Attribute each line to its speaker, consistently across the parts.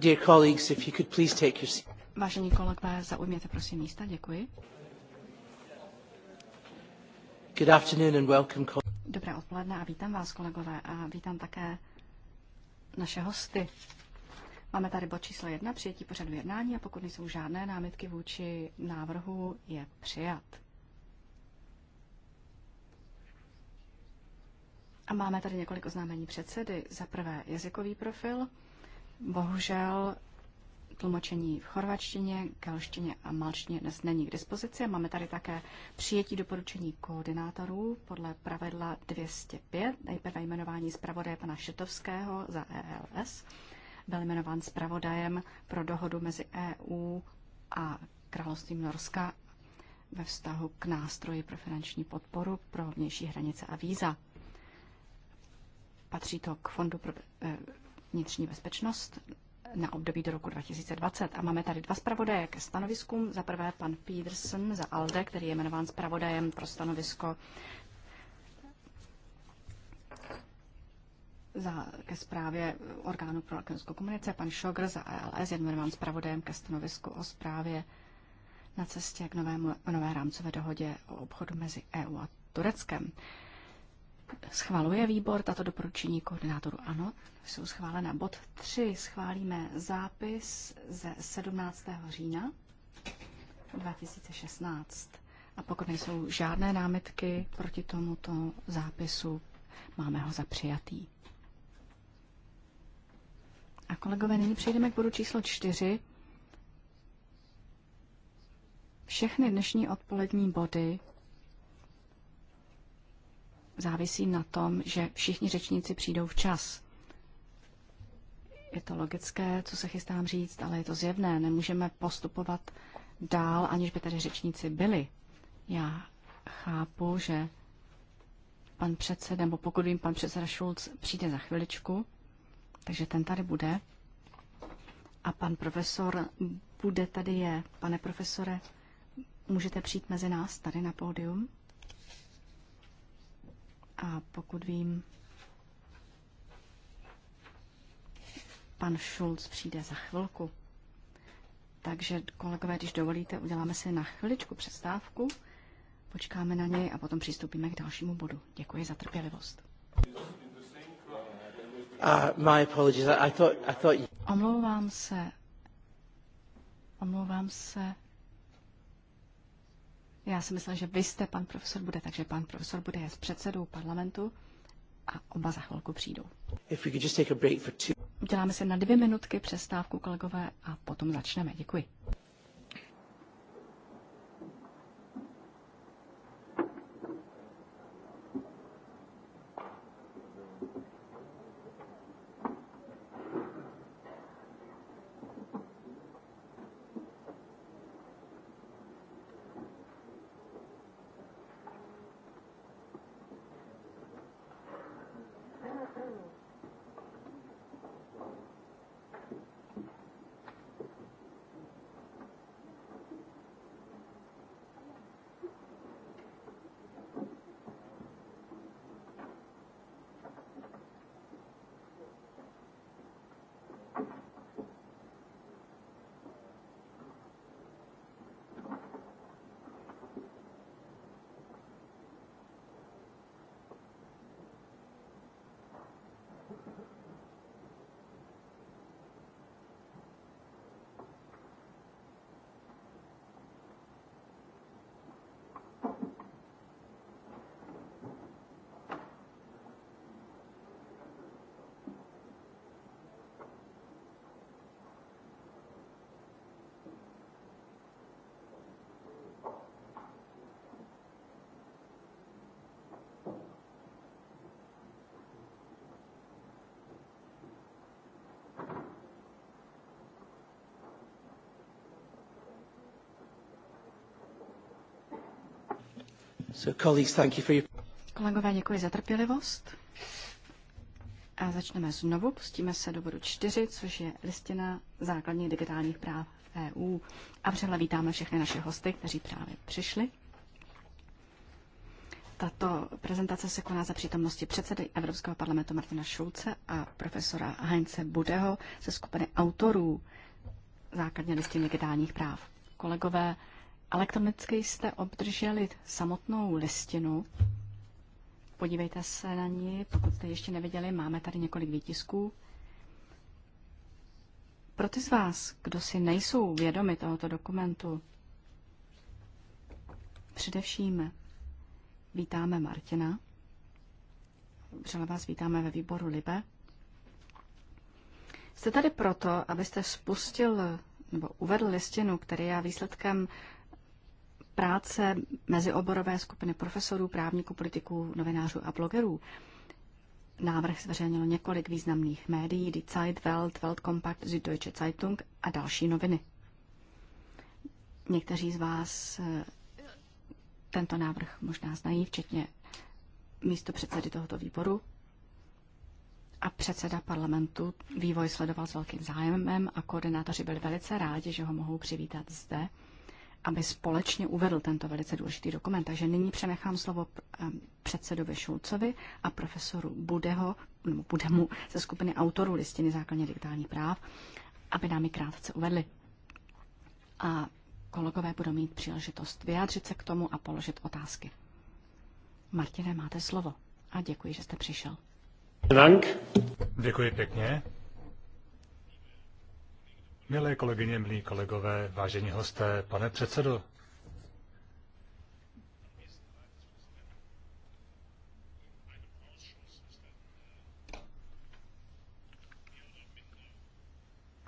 Speaker 1: Dear colleagues, if you could please take your seat.
Speaker 2: Vážení kolegové, zaujměte prosím místa, děkuji.
Speaker 1: Good afternoon and welcome.
Speaker 2: Dobré odpoledne a vítám vás, kolegové, a vítám také naše hosty. Máme tady bod číslo jedna, přijetí pořadu jednání a pokud nejsou žádné námitky vůči návrhu, je přijat. A máme tady několik oznámení předsedy. Za prvé jazykový profil. Bohužel tlumočení v chorvačtině, galštině a malštině dnes není k dispozici. Máme tady také přijetí doporučení koordinátorů podle pravidla 205, nejprve jmenování zpravodaje pana Šetovského za ELS. Byl jmenován zpravodajem pro dohodu mezi EU a Královstvím Norska ve vztahu k nástroji pro finanční podporu pro vnější hranice a víza. Patří to k Fondu pro eh, vnitřní bezpečnost na období do roku 2020. A máme tady dva zpravodaje ke stanoviskům. Za prvé pan Peterson za ALDE, který je jmenován zpravodajem pro stanovisko za, ke zprávě orgánu pro elektronickou komunice. Pan Šogr za ALS je jmenován zpravodajem ke stanovisku o zprávě na cestě k novému, nové rámcové dohodě o obchodu mezi EU a Tureckem. Uh, Schvaluje výbor tato doporučení koordinátoru? Ano, jsou schválena. Bod 3 schválíme zápis ze 17. října 2016. A pokud nejsou žádné námitky proti tomuto zápisu, máme ho za přijatý. A kolegové, nyní přejdeme k bodu číslo 4. Všechny dnešní odpolední body závisí na tom, že všichni řečníci přijdou včas. Je to logické, co se chystám říct, ale je to zjevné. Nemůžeme postupovat dál, aniž by tady řečníci byli. Já chápu, že pan předseda, nebo pokud vím, pan předseda Schulz přijde za chviličku, takže ten tady bude. A pan profesor bude tady je. Pane profesore, můžete přijít mezi nás tady na pódium? A pokud vím, pan Schulz přijde za chvilku. Takže, kolegové, když dovolíte, uděláme si na chviličku přestávku, počkáme na něj a potom přistoupíme k dalšímu bodu. Děkuji za trpělivost.
Speaker 1: Uh, my apologies. I thought, I thought you...
Speaker 2: Omlouvám se. Omlouvám se. Já jsem myslel, že vy jste pan profesor Bude, takže pan profesor Bude s předsedou parlamentu a oba za chvilku přijdou. Uděláme si na dvě minutky přestávku, kolegové, a potom začneme. Děkuji. Kolegové, děkuji za trpělivost. A začneme znovu, pustíme se do bodu 4, což je listina základních digitálních práv EU. A vřele vítáme všechny naše hosty, kteří právě přišli. Tato prezentace se koná za přítomnosti předsedy Evropského parlamentu Martina Šulce a profesora Heinze Budeho ze skupiny autorů základně listiny digitálních práv. Kolegové, Elektronicky jste obdrželi samotnou listinu. Podívejte se na ní, pokud jste ještě neviděli, máme tady několik výtisků. Pro ty z vás, kdo si nejsou vědomi tohoto dokumentu, především vítáme Martina. Vřele vás vítáme ve výboru Libe. Jste tady proto, abyste spustil nebo uvedl listinu, který je výsledkem práce mezioborové skupiny profesorů, právníků, politiků, novinářů a blogerů. Návrh zveřejnilo několik významných médií, Die Zeit, Welt, Weltkompakt, Süddeutsche Zeitung a další noviny. Někteří z vás eh, tento návrh možná znají, včetně místo předsedy tohoto výboru. A předseda parlamentu vývoj sledoval s velkým zájmem a koordinátoři byli velice rádi, že ho mohou přivítat zde aby společně uvedl tento velice důležitý dokument. Takže nyní přenechám slovo eh, předsedovi Šulcovi a profesoru Budeho, nebo Budemu ze skupiny autorů listiny základně digitálních práv, aby nám ji krátce uvedli. A kolegové budou mít příležitost vyjádřit se k tomu a položit otázky. Martine, máte slovo a děkuji, že jste přišel.
Speaker 3: Dank. Děkuji pěkně. Milé kolegyně, milí kolegové, vážení hosté, pane předsedo.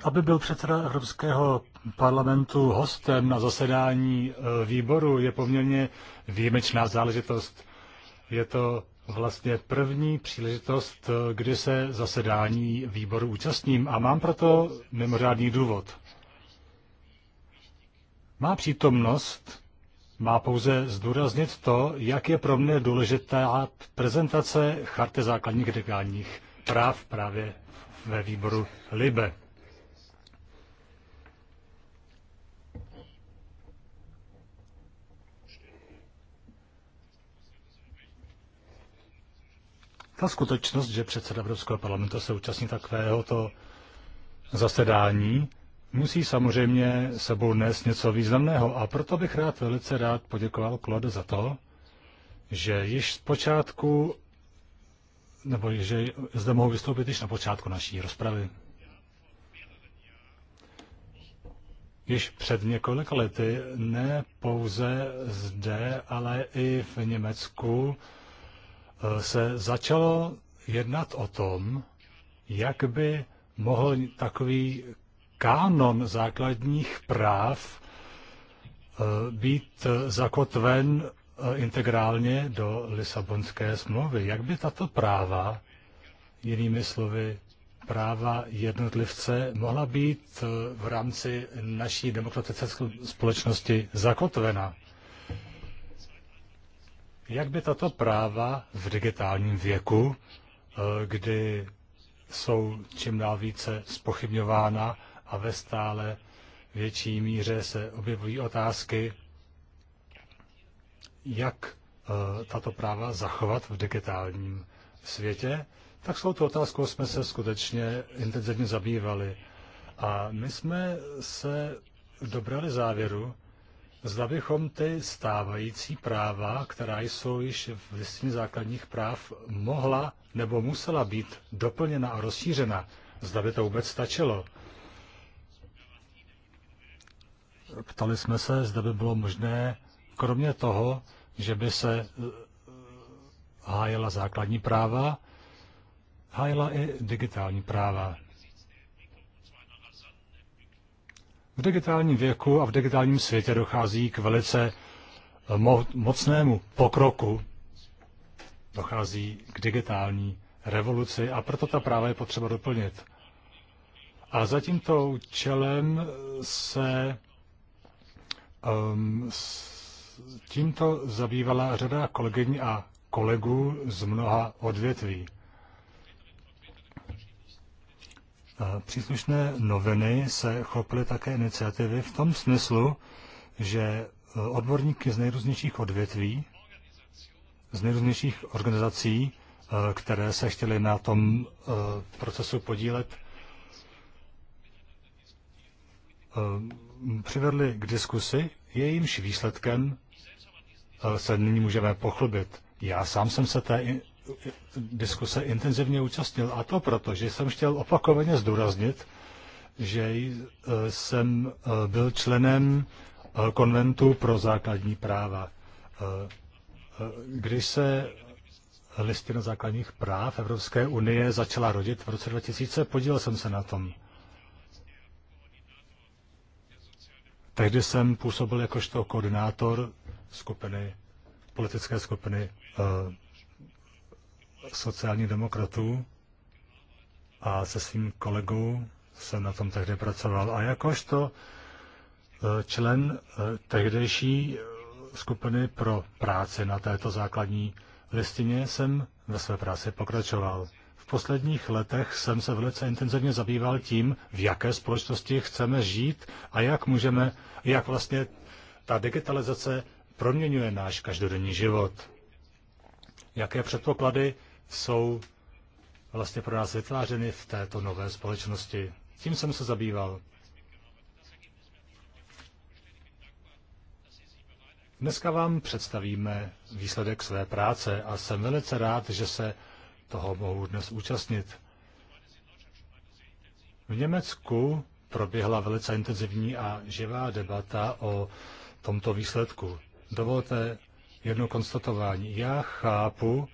Speaker 3: Aby byl předseda Evropského parlamentu hostem na zasedání e, výboru, je poměrně výjimečná záležitost. Je to vlastně první příležitost, kdy se zasedání výboru účastním a mám proto mimořádný důvod. Má přítomnost má pouze zdůraznit to, jak je pro mě důležitá prezentace Charty základních regálních práv právě ve výboru LIBE. Ta skutečnost, že předseda Evropského parlamentu se účastní takovéhoto zasedání, musí samozřejmě sebou nést něco významného a proto bych rád velice rád poděkoval Claude za to, že již z počátku, nebo že zde mohu vystoupit již na počátku naší rozpravy. Již před několika lety, ne pouze zde, ale i v Německu, Eh, se začalo jednat o tom, jak by mohl takový kánon základních práv eh, být eh, zakotven integrálně do Lisabonské smlouvy. Jak by tato práva, jinými slovy, práva jednotlivce, mohla být v rámci naší demokratické společnosti zakotvena? Jak by tato práva v digitálním věku, eh, kdy jsou čím dál více spochybňována a ve stále větší míře se objevují otázky, jak eh, tato práva zachovat v digitálním světě, tak s touto otázkou jsme se skutečně intenzivně zabývali. A my jsme se dobrali závěru, Zda bychom ty stávající práva, která jsou již v listině základních práv, mohla nebo musela být doplněna a rozšířena. Zda by to vůbec stačilo. Ptali jsme se, zda by bylo možné, kromě toho, že by se eh, hájela základní práva, hájela i digitální práva. V digitálním věku a v digitálním světě dochází k velice eh, mo- mocnému pokroku. Dochází k digitální revoluci a proto ta práva je potřeba doplnit. A za tímto účelem se um, tímto zabývala řada kolegyň a kolegů z mnoha odvětví. Příslušné noviny se chopily také iniciativy v tom smyslu, že e, odborníky z nejrůznějších odvětví, z nejrůznějších organizací, e, které se chtěly na tom e, procesu podílet, přivedli k diskusi, jejímž výsledkem se nyní můžeme pochlubit. Já sám jsem se té diskuse intenzivně účastnil. A to proto, že jsem chtěl opakovaně zdůraznit, že e, jsem e, byl členem e, konventu pro základní práva. Když se listina základních práv Evropské unie začala rodit v roce 2000, podílel jsem se na tom. Tehdy jsem působil jakožto koordinátor skupiny, politické skupiny sociálních demokratů a se svým kolegou jsem na tom tehdy pracoval. A jakožto e, člen e, tehdejší e, skupiny pro práci na této základní listině jsem ve své práci pokračoval. V posledních letech jsem se velice intenzivně zabýval tím, v jaké společnosti chceme žít a jak můžeme, jak vlastně ta digitalizace proměňuje náš každodenní život. Jaké předpoklady jsou vlastně pro nás vytvářeny v této nové společnosti. Tím jsem se zabýval. Dneska vám představíme výsledek své práce a jsem velice rád, že se toho mohu dnes účastnit. V Německu proběhla velice intenzivní a živá debata o tomto výsledku. Dovolte jedno konstatování. Já chápu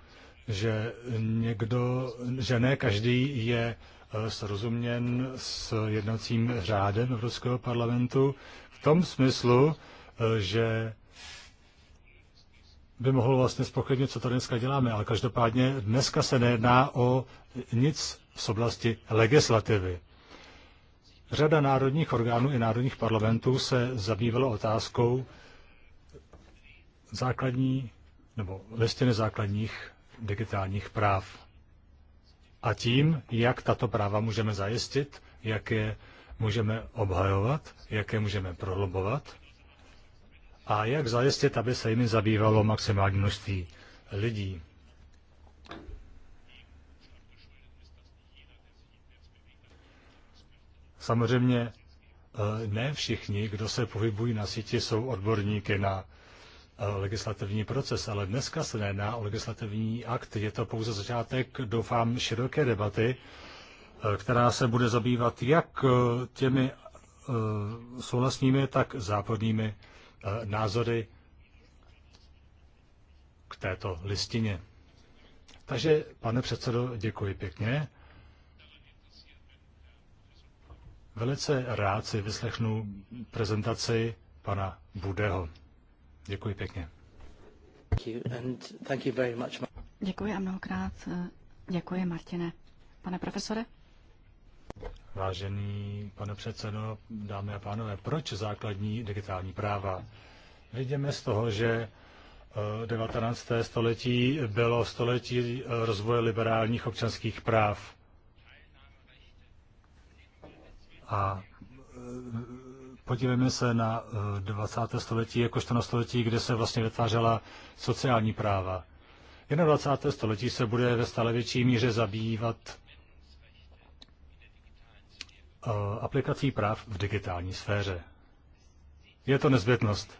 Speaker 3: že někdo, že ne každý je eh, srozuměn s jednacím řádem Evropského parlamentu v tom smyslu, eh, že by mohl vlastně spochybnit, co to dneska děláme, ale každopádně dneska se nejedná o nic z oblasti legislativy. Řada národních orgánů i národních parlamentů se zabývala otázkou základní nebo listiny základních digitálních práv. A tím, jak tato práva můžeme zajistit, jak je můžeme obhajovat, jak je můžeme prohlubovat a jak zajistit, aby se jimi zabývalo maximální množství lidí. Samozřejmě eh, ne všichni, kdo se pohybují na síti, jsou odborníky na legislativní proces, ale dneska se nejedná o legislativní akt, je to pouze začátek, doufám, široké debaty, e, která se bude zabývat jak e, těmi e, souhlasnými, tak západními názory k této listině. Takže, pane předsedo, děkuji pěkně. Velice rád si vyslechnu prezentaci pana Budeho. Děkuji pěkně.
Speaker 2: Děkuji a mnohokrát eh, děkuji, Martine. Pane profesore?
Speaker 3: Vážený pane předsedo, dámy a pánové, proč základní digitální práva? Vidíme z toho, že 19. Eh, století bylo století eh, rozvoje liberálních občanských práv. A Podívejme se na 20. Eh, století jakožto na století, kde se vlastně vytvářela sociální práva. 21. století se bude ve stále větší míře zabývat eh, aplikací práv v digitální sféře. Je to nezbytnost.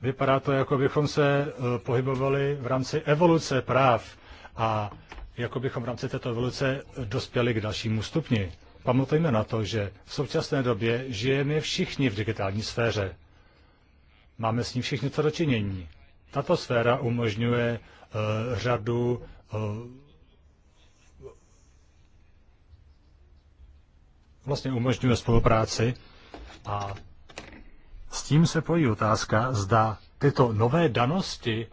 Speaker 3: Vypadá to, jako bychom se eh, pohybovali v rámci evoluce práv a jako bychom v rámci této evoluce dospěli k dalšímu stupni. Pamatujme na to, že v současné době žijeme všichni v digitální sféře. Máme s ní všichni co dočinění. Tato sféra umožňuje uh, řadu uh, vlastně umožňuje spolupráci a s tím se pojí otázka, zda tyto nové danosti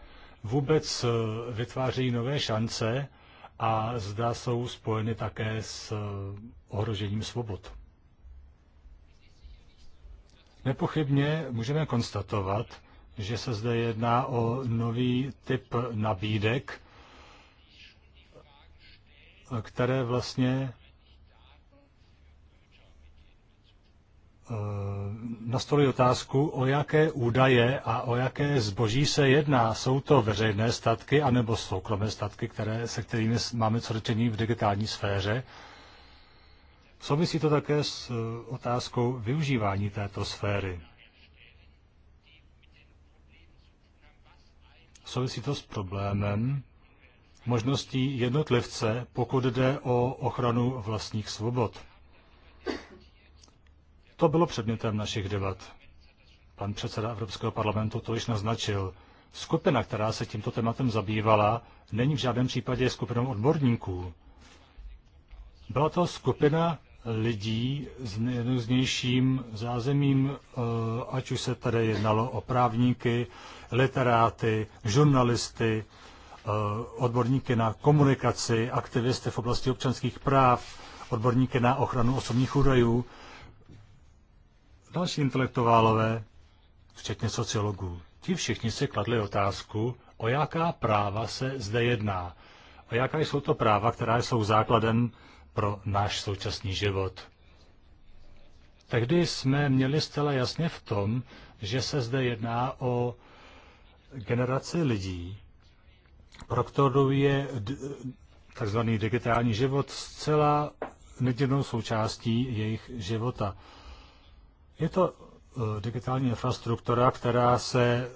Speaker 3: vůbec eh, vytvářejí nové šance a zda jsou spojeny také s ohrožením svobod. Nepochybně můžeme konstatovat, že se zde jedná o nový typ nabídek, které vlastně eh, nastolují otázku, o jaké údaje a o jaké zboží se jedná. Jsou to veřejné statky anebo soukromé statky, které, se kterými máme co v digitální sféře Souvisí to také s eh, otázkou využívání této sféry. Souvisí to s problémem možností jednotlivce, pokud jde o ochranu vlastních svobod. To bylo předmětem našich debat. Pan předseda Evropského parlamentu to již naznačil. Skupina, která se tímto tématem zabývala, není v žádném případě skupinou odborníků. Byla to skupina lidí s nejrůznějším zázemím, eh, ať už se tady jednalo o právníky, literáty, žurnalisty, eh, odborníky na komunikaci, aktivisty v oblasti občanských práv, odborníky na ochranu osobních údajů, další intelektuálové, včetně sociologů. Ti všichni si kladli otázku, o jaká práva se zde jedná. O jaká jsou to práva, která jsou základem pro náš současný život. Tehdy jsme měli zcela jasně v tom, že se zde jedná o generaci lidí, pro kterou je tzv. digitální život zcela nedělnou součástí jejich života. Je to eh, digitální infrastruktura, která se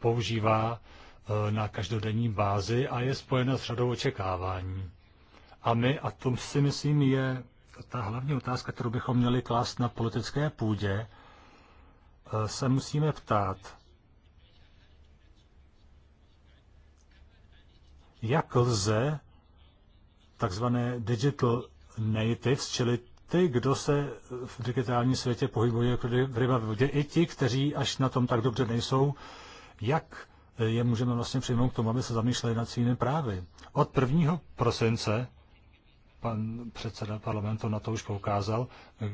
Speaker 3: používá eh, na každodenní bázi a je spojena s řadou očekávání. A my, a to si myslím, je ta hlavní otázka, kterou bychom měli klást na politické půdě, eh, se musíme ptát, jak lze takzvané digital natives, čili ty, kdo se v digitálním světě pohybuje v ryba v vodě, i ti, kteří až na tom tak dobře nejsou, jak eh, je můžeme vlastně přijmout k tomu, aby se zamýšleli nad svými právy. Od 1. prosince pan předseda parlamentu na to už poukázal,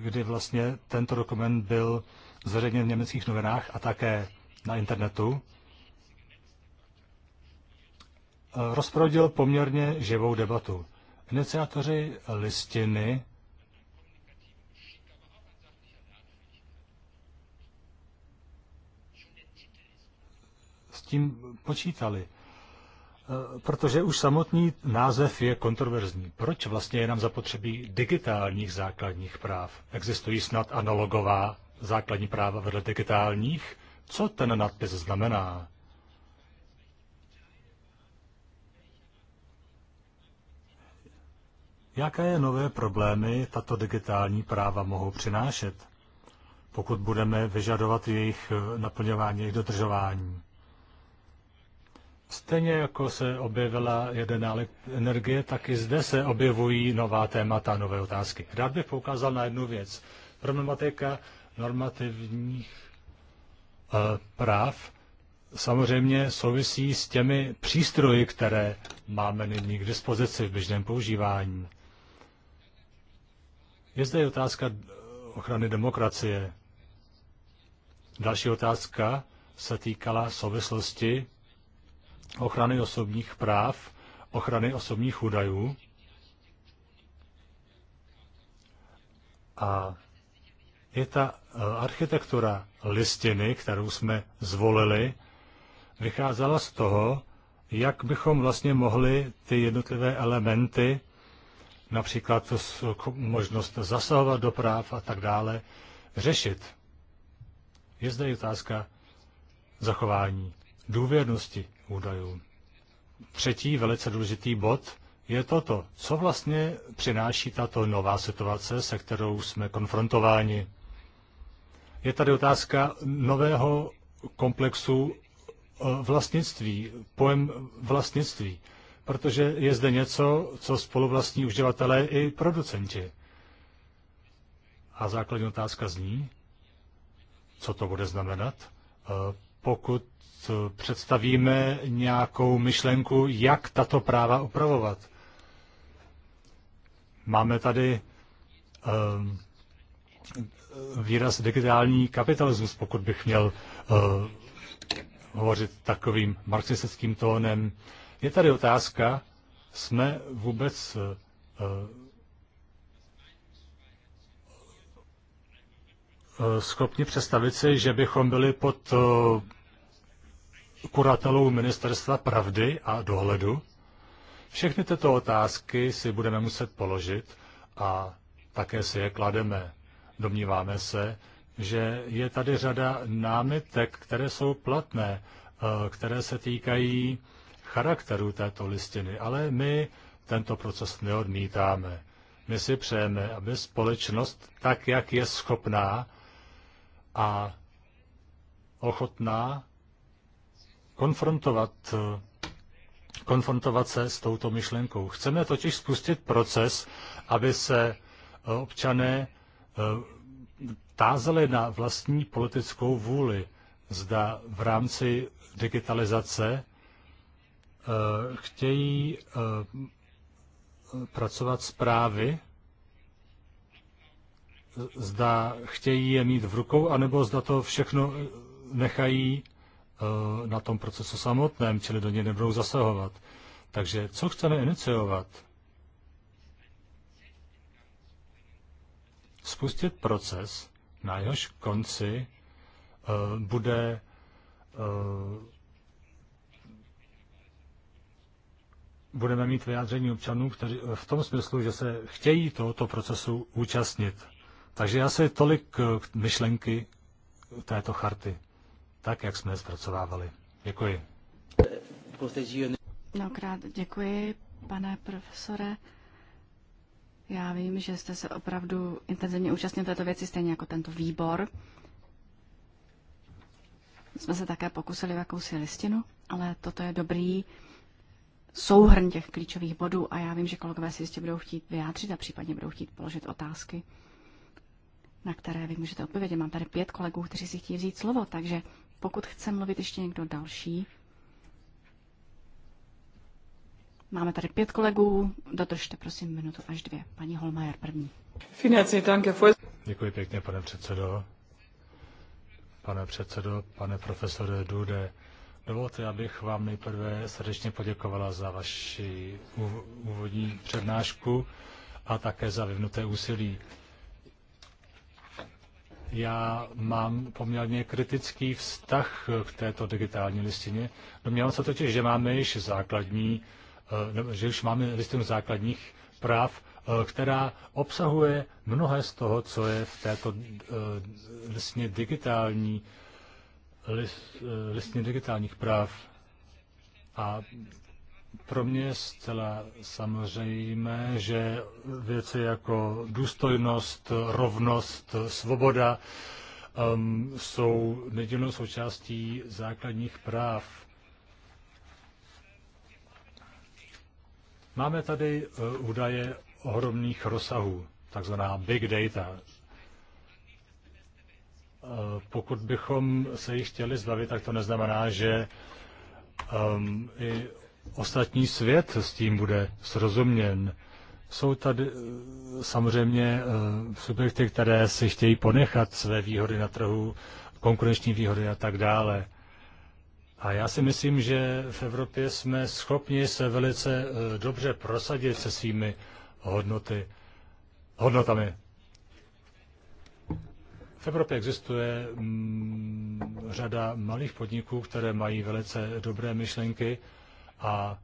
Speaker 3: kdy vlastně tento dokument byl zveřejněn v německých novinách a také na internetu. Rozprodil poměrně živou debatu. Iniciátoři listiny s tím počítali. Eh, protože už samotný název je kontroverzní. Proč vlastně je nám zapotřebí digitálních základních práv? Existují snad analogová základní práva vedle digitálních? Co ten nadpis znamená? Jaké nové problémy tato digitální práva mohou přinášet, pokud budeme vyžadovat jejich eh, naplňování, jejich dodržování? Stejně jako se objevila jedená energie, tak i zde se objevují nová témata, nové otázky. Rád bych poukázal na jednu věc. Problematika normativních e, práv samozřejmě souvisí s těmi přístroji, které máme nyní k dispozici v běžném používání. Je zde i otázka ochrany demokracie. Další otázka se týkala souvislosti ochrany osobních práv, ochrany osobních údajů. A je ta e, architektura listiny, kterou jsme zvolili, vycházela z toho, jak bychom vlastně mohli ty jednotlivé elementy, například možnost zasahovat do práv a tak dále, řešit. Je zde otázka zachování důvěrnosti, údajů. Třetí velice důležitý bod je toto. Co vlastně přináší tato nová situace, se kterou jsme konfrontováni? Je tady otázka nového komplexu eh, vlastnictví, pojem vlastnictví, protože je zde něco, co spoluvlastní uživatelé i producenti. A základní otázka zní, co to bude znamenat eh, pokud představíme nějakou myšlenku, jak tato práva upravovat. Máme tady um, výraz digitální kapitalismus, pokud bych měl uh, hovořit takovým marxistickým tónem. Je tady otázka, jsme vůbec uh, Eh, schopni představit si, že bychom byli pod eh, kuratelou Ministerstva pravdy a dohledu? Všechny tyto otázky si budeme muset položit a také si je klademe. Domníváme se, že je tady řada námitek, které jsou platné, eh, které se týkají charakteru této listiny, ale my tento proces neodmítáme. My si přejeme, aby společnost, tak jak je schopná, a ochotná konfrontovat, konfrontovat se s touto myšlenkou. Chceme totiž spustit proces, aby se eh, občané eh, tázali na vlastní politickou vůli, zda v rámci digitalizace eh, chtějí pracovat s právy zda chtějí je mít v rukou, anebo zda to všechno eh, nechají eh, na tom procesu samotném, čili do něj nebudou zasahovat. Takže co chceme iniciovat? Spustit proces, na jehož konci eh, bude budeme mít vyjádření občanů kteří, v tom smyslu, že se chtějí tohoto procesu účastnit. Takže se tolik eh, myšlenky této charty, tak jak jsme je zpracovávali. Děkuji.
Speaker 2: Mnohokrát děkuji, pane profesore. Já vím, že jste se opravdu intenzivně účastnil této věci, stejně jako tento výbor. Jsme se také pokusili v jakousi listinu, ale toto je dobrý souhrn těch klíčových bodů a já vím, že kolegové si jistě budou chtít vyjádřit a případně budou chtít položit otázky na které vy můžete odpovědět. Mám tady pět kolegů, kteří si chtějí vzít slovo, takže pokud chce mluvit ještě někdo další, Máme tady pět kolegů, dodržte prosím minutu až dvě. Paní Holmajer první.
Speaker 3: Děkuji pěkně, pane předsedo. Pane předsedo, pane profesore Dude, dovolte, abych vám nejprve srdečně poděkovala za vaši úvodní přednášku a také za vyvnuté úsilí já mám poměrně kritický vztah k této digitální listině. Domnívám se totiž, že máme již základní, eh, že už máme listinu základních práv, eh, která obsahuje mnohé z toho, co je v této eh, listině digitální, list, listině digitálních práv. A pro mě je zcela samozřejmé, že věci jako důstojnost, rovnost, svoboda um, jsou nedělnou součástí základních práv. Máme tady uh, údaje ohromných rozsahů, takzvaná big data. Uh, pokud bychom se jich chtěli zbavit, tak to neznamená, že um, i ostatní svět s tím bude srozuměn. Jsou tady eh, samozřejmě eh, subjekty, které si chtějí ponechat své výhody na trhu, konkurenční výhody a tak dále. A já si myslím, že v Evropě jsme schopni se velice eh, dobře prosadit se svými hodnoty, hodnotami. V Evropě existuje mm, řada malých podniků, které mají velice dobré myšlenky a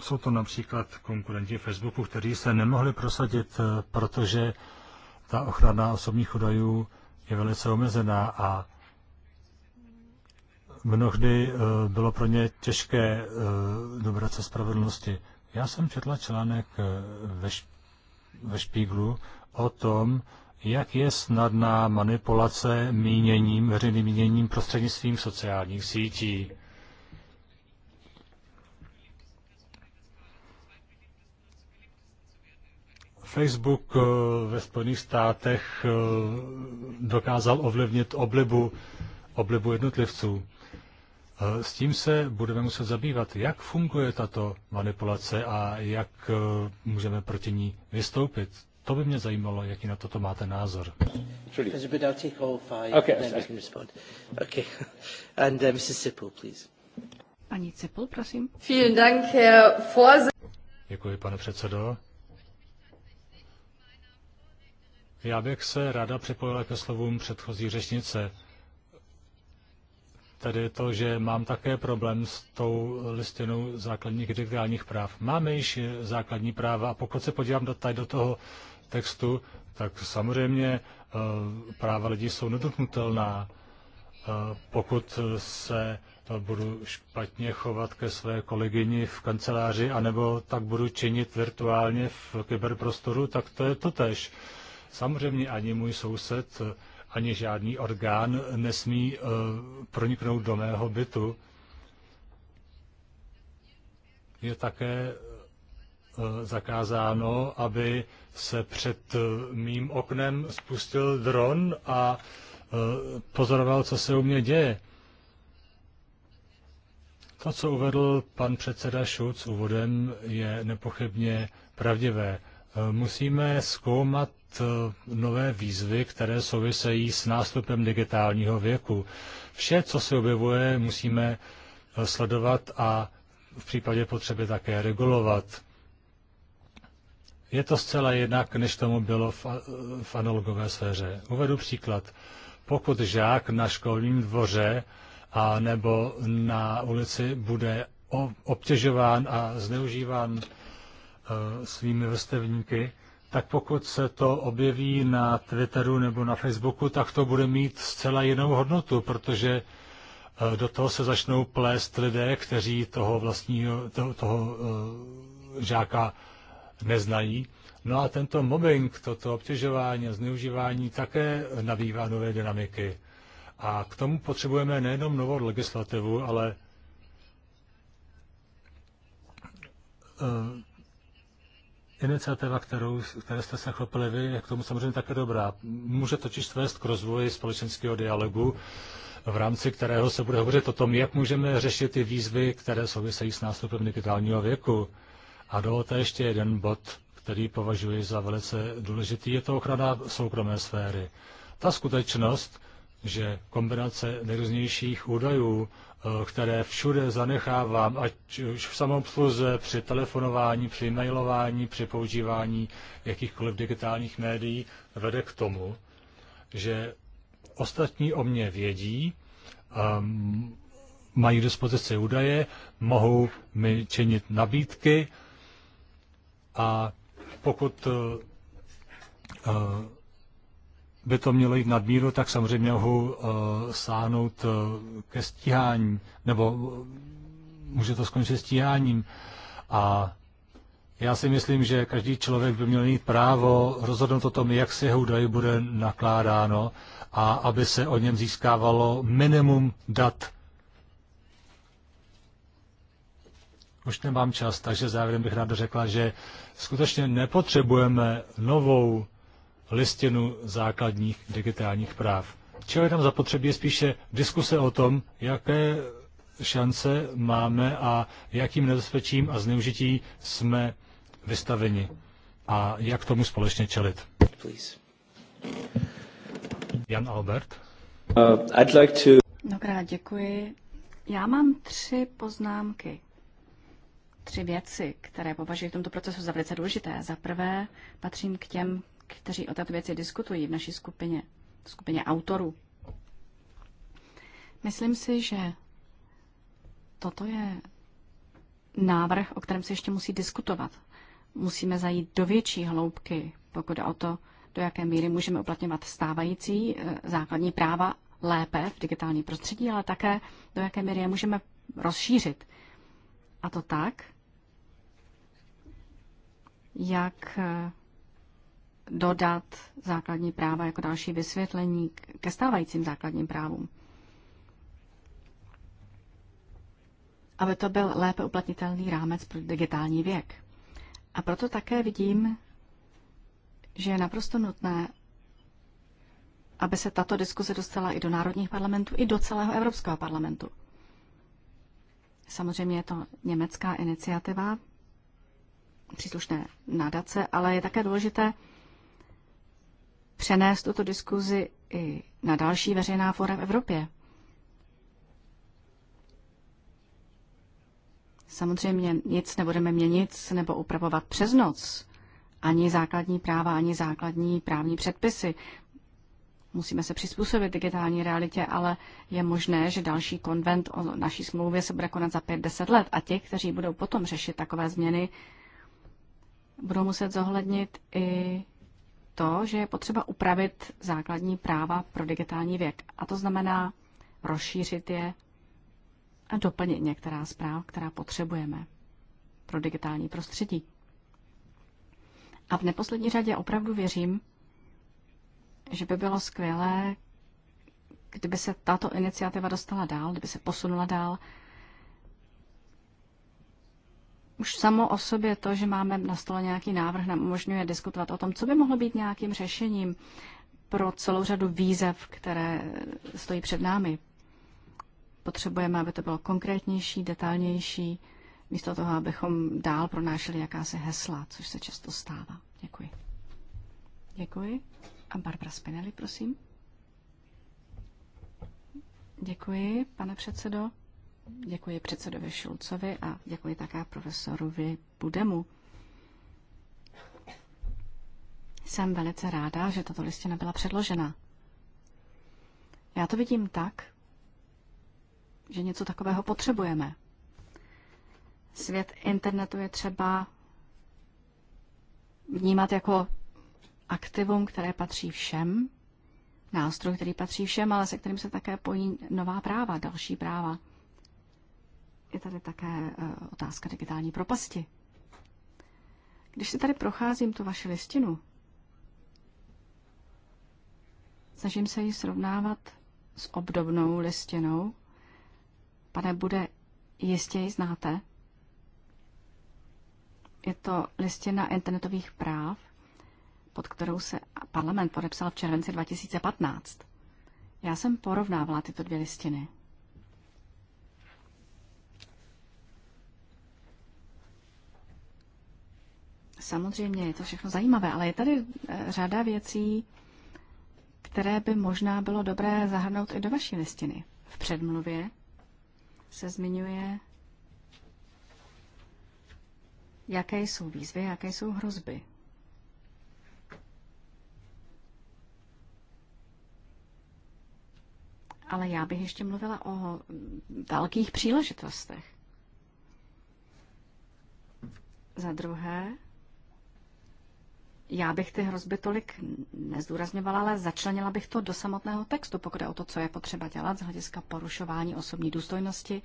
Speaker 3: jsou to například konkurenti Facebooku, kteří se nemohli prosadit, eh, protože ta ochrana osobních údajů je velice omezená a mnohdy eh, bylo pro ně těžké eh, dobrat se spravedlnosti. Já jsem četla článek ve, ve Špíglu o tom, jak je snadná manipulace míněním, veřejným míněním prostřednictvím sociálních sítí. Facebook eh, ve Spojených státech eh, dokázal ovlivnit oblibu, oblibu jednotlivců. Eh, s tím se budeme muset zabývat, jak funguje tato manipulace a jak můžeme proti ní vystoupit. To by mě
Speaker 1: zajímalo, jaký na toto máte názor. Uh, Pani Cipul, prosím. Děkuji, pane předsedo.
Speaker 3: Já bych se ráda připojila ke slovům předchozí řečnice. Tedy to, že mám také problém s tou listinou základních digitálních práv. Máme již základní práva a pokud se podívám do, tady do toho textu, tak samozřejmě eh, práva lidí jsou nedotknutelná. Eh, pokud se eh, budu špatně chovat ke své kolegyni v kanceláři, anebo tak budu činit virtuálně v kyberprostoru, tak to je to tež. Samozřejmě ani můj soused, ani žádný orgán nesmí proniknout do mého bytu. Je také zakázáno, aby se před eh, mým oknem spustil dron a eh, pozoroval, co se u mě děje. To, co uvedl pan předseda Šulc úvodem, je nepochybně pravdivé. Eh, musíme zkoumat nové výzvy, které souvisejí s nástupem digitálního věku. Vše, co se objevuje, musíme sledovat a v případě potřeby také regulovat. Je to zcela jinak, než tomu bylo v, v analogové sféře. Uvedu příklad. Pokud žák na školním dvoře a nebo na ulici bude obtěžován a zneužíván e, svými vrstevníky, tak pokud se to objeví na Twitteru nebo na Facebooku, tak to bude mít zcela jinou hodnotu, protože e, do toho se začnou plést lidé, kteří toho vlastního, to, toho e, žáka neznají. No a tento mobbing, toto obtěžování a zneužívání také nabývá nové dynamiky. A k tomu potřebujeme nejenom novou legislativu, ale eh, iniciativa, kterou, které jste se chopili vy, je k tomu samozřejmě také dobrá. Může totiž vést k rozvoji společenského dialogu, v rámci kterého se bude hovořit o tom, jak můžeme řešit ty výzvy, které souvisejí s nástupem digitálního věku. A dovolte ještě jeden bod, který považuji za velice důležitý, je to ochrana soukromé sféry. Ta skutečnost, že kombinace nejrůznějších údajů, eh, které všude zanechávám, ať už v samoobsluze, při telefonování, při mailování, při používání jakýchkoliv digitálních médií, vede k tomu, že ostatní o mě vědí, ehm, mají dispozici údaje, mohou mi činit nabídky, a pokud eh, eh, by to mělo jít nadmíru, tak samozřejmě mohu eh, sáhnout ke stíhání, nebo může to skončit stíháním. A já si myslím, že každý člověk by měl mít právo rozhodnout o tom, jak se jeho údaje bude nakládáno a aby se o něm získávalo minimum dat Už nemám čas, takže závěrem bych ráda řekla, že skutečně nepotřebujeme novou listinu základních digitálních práv. Čeho je tam zapotřebí je spíše diskuse o tom, jaké šance máme a jakým nebezpečím a zneužití jsme vystaveni a jak tomu společně čelit.
Speaker 1: Please. Jan Albert. Uh, I'd like to...
Speaker 2: Dobrá, děkuji. Já mám tři poznámky tři věci, které považuji v tomto procesu za velice důležité. Za prvé patřím k těm, kteří o této věci diskutují v naší skupině, v skupině autorů. Myslím si, že toto je návrh, o kterém se ještě musí diskutovat. Musíme zajít do větší hloubky, pokud o to, do jaké míry můžeme uplatňovat stávající eh, základní práva lépe v digitálním prostředí, ale také do jaké míry je můžeme rozšířit. A to tak, jak eh, dodat základní práva jako další vysvětlení ke stávajícím základním právům. Aby to byl lépe uplatnitelný rámec pro digitální věk. A proto také vidím, že je naprosto nutné, aby se tato diskuze dostala i do národních parlamentů, i do celého Evropského parlamentu. Samozřejmě je to německá iniciativa, příslušné nadace, ale je také důležité přenést tuto diskuzi i na další veřejná fora v Evropě. Samozřejmě nic nebudeme měnit nebo upravovat přes noc. Ani základní práva, ani základní právní předpisy. Musíme se přizpůsobit digitální realitě, ale je možné, že další konvent o naší smlouvě se bude konat za 5-10 let a ti, kteří budou potom řešit takové změny, budou muset zohlednit i to, že je potřeba upravit základní práva pro digitální věk. A to znamená rozšířit je a doplnit některá z práv, která potřebujeme pro digitální prostředí. A v neposlední řadě opravdu věřím, že by bylo skvělé, kdyby se tato iniciativa dostala dál, kdyby se posunula dál už samo o sobě to, že máme na stole nějaký návrh, nám umožňuje diskutovat o tom, co by mohlo být nějakým řešením pro celou řadu výzev, které stojí před námi. Potřebujeme, aby to bylo konkrétnější, detailnější, místo toho, abychom dál pronášeli jakási hesla, což se často stává. Děkuji. Děkuji. A Barbara Spinelli, prosím. Děkuji, pane předsedo. Děkuji předsedovi Šulcovi a děkuji také profesorovi Budemu. Jsem velice ráda, že tato listina byla předložena. Já to vidím tak, že něco takového potřebujeme. Svět internetu je třeba vnímat jako aktivum, které patří všem, nástroj, který patří všem, ale se kterým se také pojí nová práva, další práva je tady také eh, otázka digitální propasti. Když si tady procházím tu vaši listinu, snažím se ji srovnávat s obdobnou listinou. Pane Bude, jistě ji znáte. Je to listina internetových práv, pod kterou se parlament podepsal v červenci 2015. Já jsem porovnávala tyto dvě listiny. samozřejmě je to všechno zajímavé, ale je tady eh, řada věcí, které by možná bylo dobré zahrnout i do vaší listiny. V předmluvě se zmiňuje, jaké jsou výzvy, jaké jsou hrozby. Ale já bych ještě mluvila o velkých příležitostech. Za druhé, já bych ty hrozby tolik nezdůrazňovala, ale začlenila bych to do samotného textu, pokud je o to, co je potřeba dělat z hlediska porušování osobní důstojnosti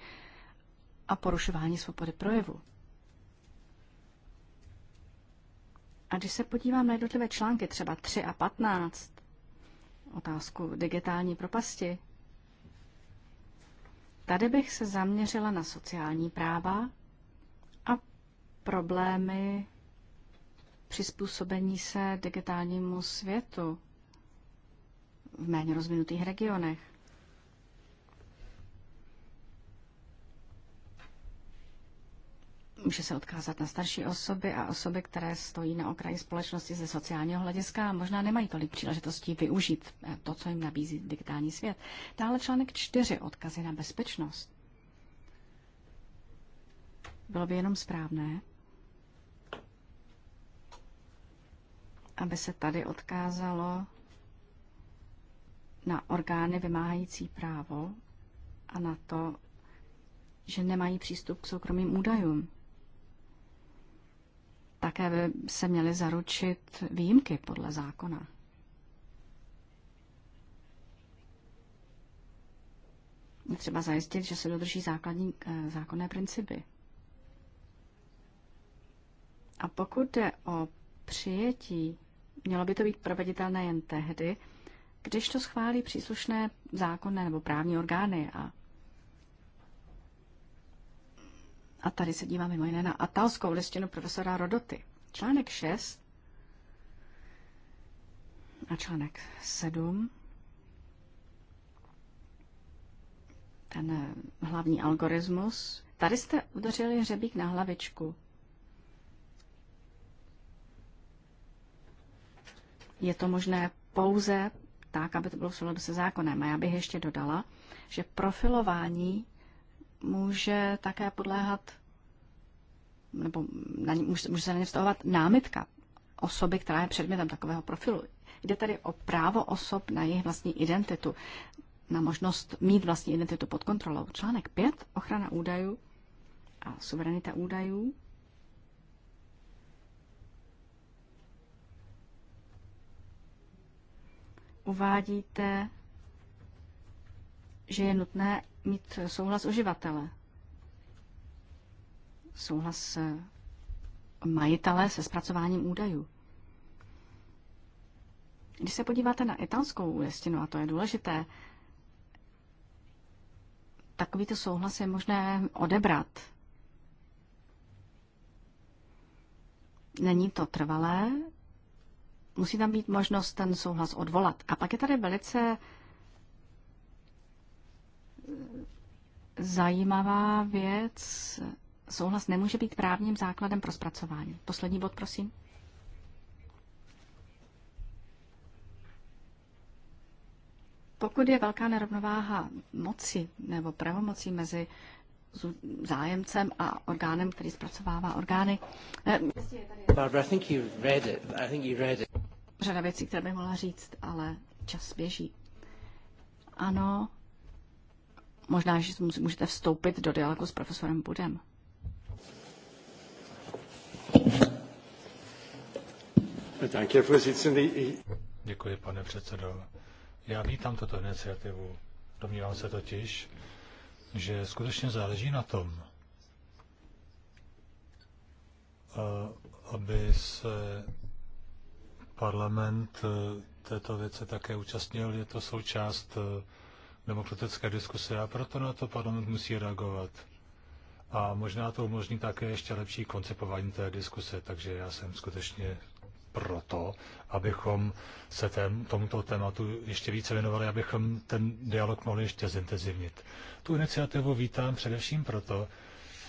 Speaker 2: a porušování svobody projevu. A když se podívám na jednotlivé články, třeba 3 a 15, otázku digitální propasti, tady bych se zaměřila na sociální práva a problémy přizpůsobení se digitálnímu světu v méně rozvinutých regionech. Může se odkázat na starší osoby a osoby, které stojí na okraji společnosti ze sociálního hlediska a možná nemají tolik příležitostí využít eh, to, co jim nabízí digitální svět. Dále článek 4, odkazy na bezpečnost. Bylo by jenom správné, aby se tady odkázalo na orgány vymáhající právo a na to, že nemají přístup k soukromým údajům. Také by se měly zaručit výjimky podle zákona. Je třeba zajistit, že se dodrží základní eh, zákonné principy. A pokud jde o přijetí mělo by to být proveditelné jen tehdy, když to schválí příslušné zákonné nebo právní orgány. A, a tady se díváme mimo jiné na atalskou listinu profesora Rodoty. Článek 6 a článek 7 ten hlavní algoritmus. Tady jste udrželi hřebík na hlavičku. Je to možné pouze tak, aby to bylo v souladu se zákonem. A já bych ještě dodala, že profilování může také podléhat, nebo na, může, může se na ně vztahovat námitka osoby, která je předmětem takového profilu. Jde tady o právo osob na jejich vlastní identitu, na možnost mít vlastní identitu pod kontrolou. Článek 5, ochrana údajů a suverenita údajů, uvádíte, že je nutné mít souhlas uživatele. Souhlas eh, majitele se zpracováním údajů. Když se podíváte na italskou listinu, a to je důležité, takovýto souhlas je možné odebrat. Není to trvalé, musí tam být možnost ten souhlas odvolat. A pak je tady velice zajímavá věc. Souhlas nemůže být právním základem pro zpracování. Poslední bod, prosím. Pokud je velká nerovnováha moci nebo pravomocí mezi zájemcem a orgánem, který zpracovává orgány. Eh,
Speaker 1: Barbara, I think you read it. I think you read it
Speaker 2: řada věcí, které bych mohla říct, ale čas běží. Ano, možná, že můžete vstoupit do dialogu s profesorem Budem.
Speaker 3: Děkuji, pane předsedo. Já vítám tuto iniciativu. Domnívám se totiž, že skutečně záleží na tom, eh, aby se parlament eh, této věce také účastnil, je to součást eh, demokratické diskuse a proto na to parlament musí reagovat. A možná to umožní také ještě lepší koncipování té diskuse, takže já jsem skutečně proto, abychom se tém, tomuto tématu ještě více věnovali, abychom ten dialog mohli ještě zintenzivnit. Tu iniciativu vítám především proto,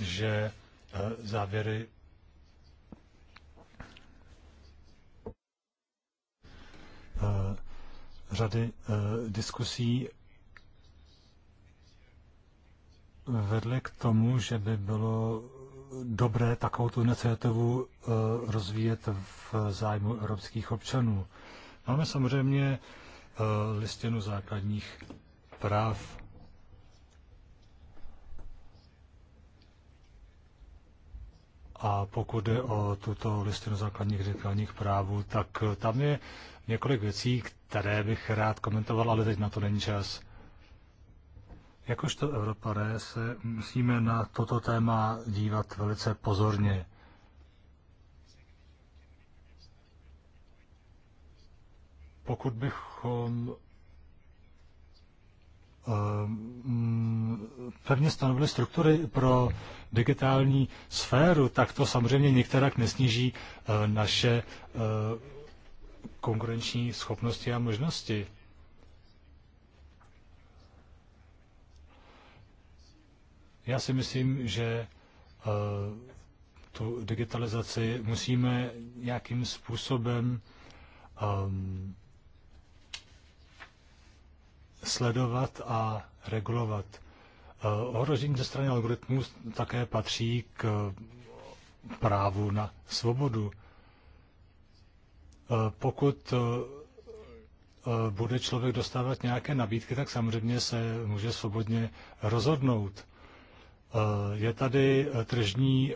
Speaker 3: že eh, závěry Eh, řady eh, diskusí vedly k tomu, že by bylo dobré takovou tu iniciativu eh, rozvíjet v zájmu evropských občanů. Máme samozřejmě listinu základních práv. A pokud je o tuto listinu základních digitálních právů, tak tam je několik věcí, které bych rád komentoval, ale teď na to není čas. Jakožto Evropané se musíme na toto téma dívat velice pozorně. Pokud bychom eh, mm, pevně stanovily struktury pro digitální sféru, tak to samozřejmě některak nesníží eh, naše eh, konkurenční schopnosti a možnosti. Já si myslím, že eh, tu digitalizaci musíme nějakým způsobem ehm, sledovat a regulovat. Eh, ohrožení ze strany algoritmů také patří k eh, právu na svobodu. Eh, pokud eh, eh, bude člověk dostávat nějaké nabídky, tak samozřejmě se může svobodně rozhodnout. Je tady tržní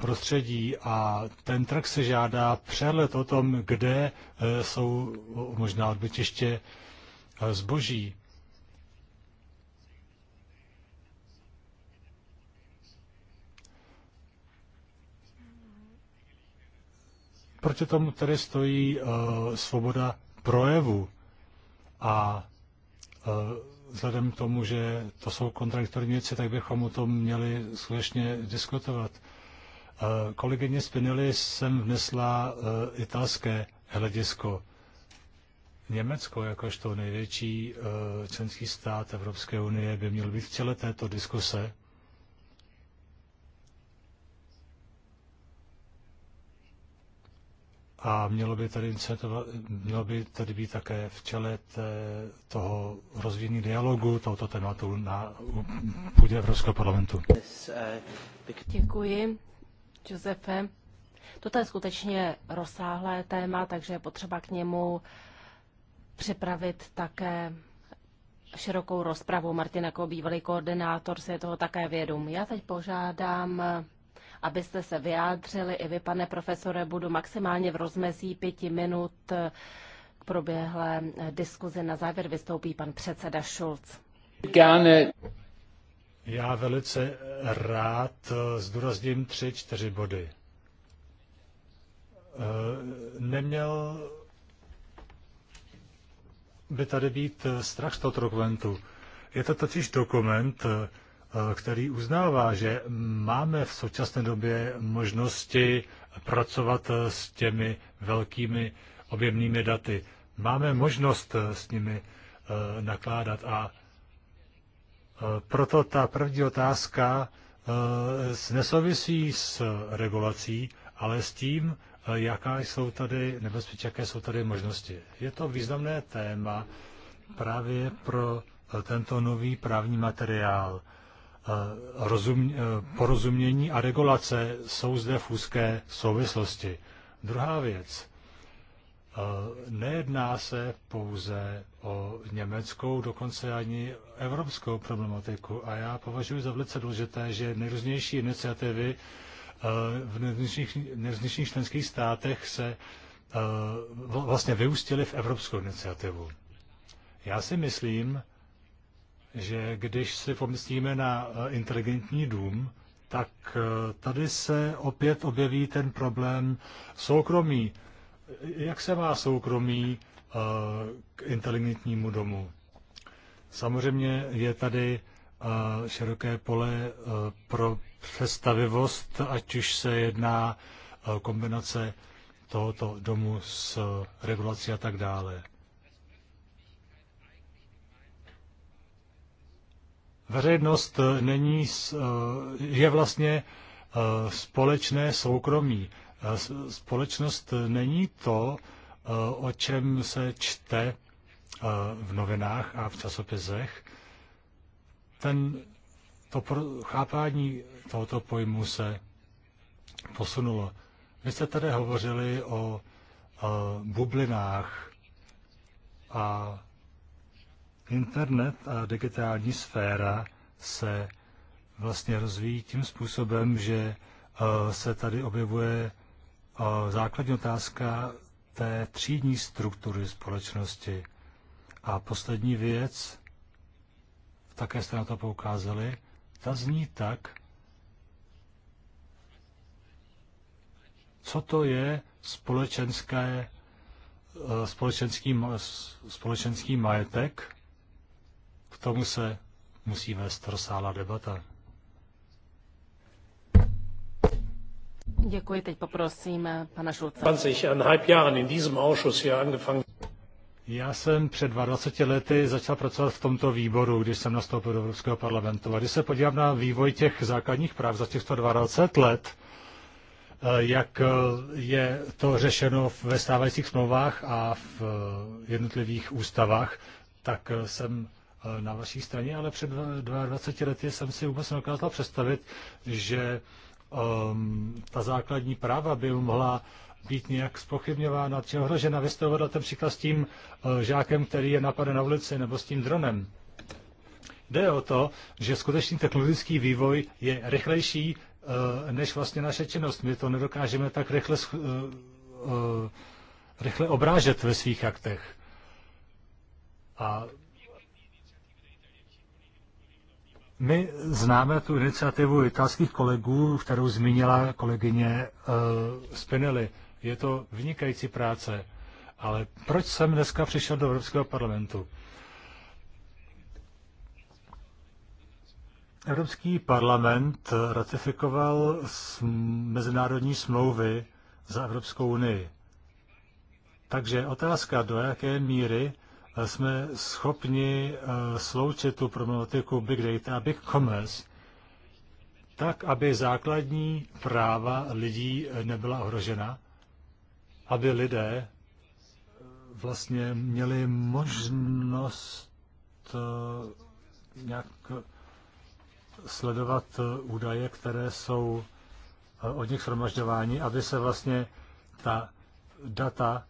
Speaker 3: prostředí a ten trh se žádá přehled o tom, kde jsou možná odbytiště zboží. proti tomu tedy stojí uh, svoboda projevu. A uh, vzhledem k tomu, že to jsou kontradiktorní věci, tak bychom o tom měli skutečně diskutovat. Uh, kolegyně Spinelli jsem vnesla uh, italské hledisko. Německo, jakožto největší uh, členský stát Evropské unie, by měl být v čele této diskuse a mělo by tady, mělo by tady být také v čele té, toho rozvíjení dialogu tohoto tématu na půdě Evropského parlamentu.
Speaker 1: Děkuji, Josefe.
Speaker 4: Toto je skutečně rozsáhlé téma, takže je potřeba k němu připravit také širokou rozpravu. Martin jako bývalý koordinátor se je toho také vědom. Já teď požádám abyste se vyjádřili. I vy, pane profesore, budu maximálně v rozmezí pěti minut k proběhlé diskuzi. Na závěr vystoupí pan předseda Schulz.
Speaker 1: Gerne.
Speaker 3: Já velice rád zdůrazním tři, čtyři body. E, neměl by tady být strach z toho dokumentu. Je to totiž dokument, který uznává, že máme v současné době možnosti pracovat s těmi velkými objemnými daty. Máme možnost s nimi eh, nakládat a eh, proto ta první otázka eh, nesouvisí s regulací, ale s tím, jaká jsou tady nebezpečí, jaké jsou tady možnosti. Je to významné téma právě pro tento nový právní materiál rozum, e, porozumění a regulace jsou zde v úzké souvislosti. Druhá věc. E, nejedná se pouze o německou, dokonce ani evropskou problematiku. A já považuji za velice důležité, že nejrůznější iniciativy e, v nejrůznějších, nejrůznějších členských státech se vlastně vyústily v evropskou iniciativu. Já si myslím, že když si pomyslíme na eh, inteligentní dům, tak eh, tady se opět objeví ten problém soukromí. Jak se má soukromí eh, k inteligentnímu domu? Samozřejmě je tady široké pole pro představivost, ať už se jedná kombinace tohoto domu s regulací a tak dále. veřejnost eh, není, eh, je vlastně eh, společné soukromí. Společnost není to, o čem se čte v novinách a v časopisech. Ten, to chápání tohoto pojmu se posunulo. Vy jste tady hovořili o bublinách a Internet a digitální sféra se vlastně rozvíjí tím způsobem, že eh, se tady objevuje eh, základní otázka té třídní struktury společnosti. A poslední věc, také jste na to poukázali, ta zní tak, co to je společenské, eh, společenský, společenský majetek, tomu se musí vést rozsáhlá debata.
Speaker 4: Děkuji, teď poprosím eh, pana Šulce.
Speaker 3: Já jsem před 22 lety začal pracovat v tomto výboru, když jsem nastoupil do Evropského parlamentu. A když se podívám na vývoj těch základních práv za těchto 22 let, eh, jak eh, je to řešeno ve stávajících smlouvách a v jednotlivých ústavách, tak jsem Eh, na vaší straně, ale před 22 lety jsem si vůbec nedokázal představit, že um, ta základní práva by mohla být nějak spochybňována či ohrožena. Vy jste uvedl ten příklad s tím uh, žákem, který je napaden na ulici, nebo s tím dronem. Jde o to, že skutečný technologický vývoj je rychlejší uh, než vlastně naše činnost. My to nedokážeme tak rychle, uh, uh, rychle obrážet ve svých aktech. A My známe tu iniciativu italských kolegů, kterou zmínila kolegyně uh, Spinelli. Je to vynikající práce, ale proč jsem dneska přišel do Evropského parlamentu? Evropský parlament ratifikoval mezinárodní smlouvy za Evropskou unii. Takže otázka, do jaké míry jsme schopni eh, sloučit tu problematiku big data a big commerce, tak, aby základní práva lidí eh, nebyla ohrožena, aby lidé eh, vlastně měli možnost nějak sledovat údaje, které jsou od nich shromažďováni, aby se vlastně ta data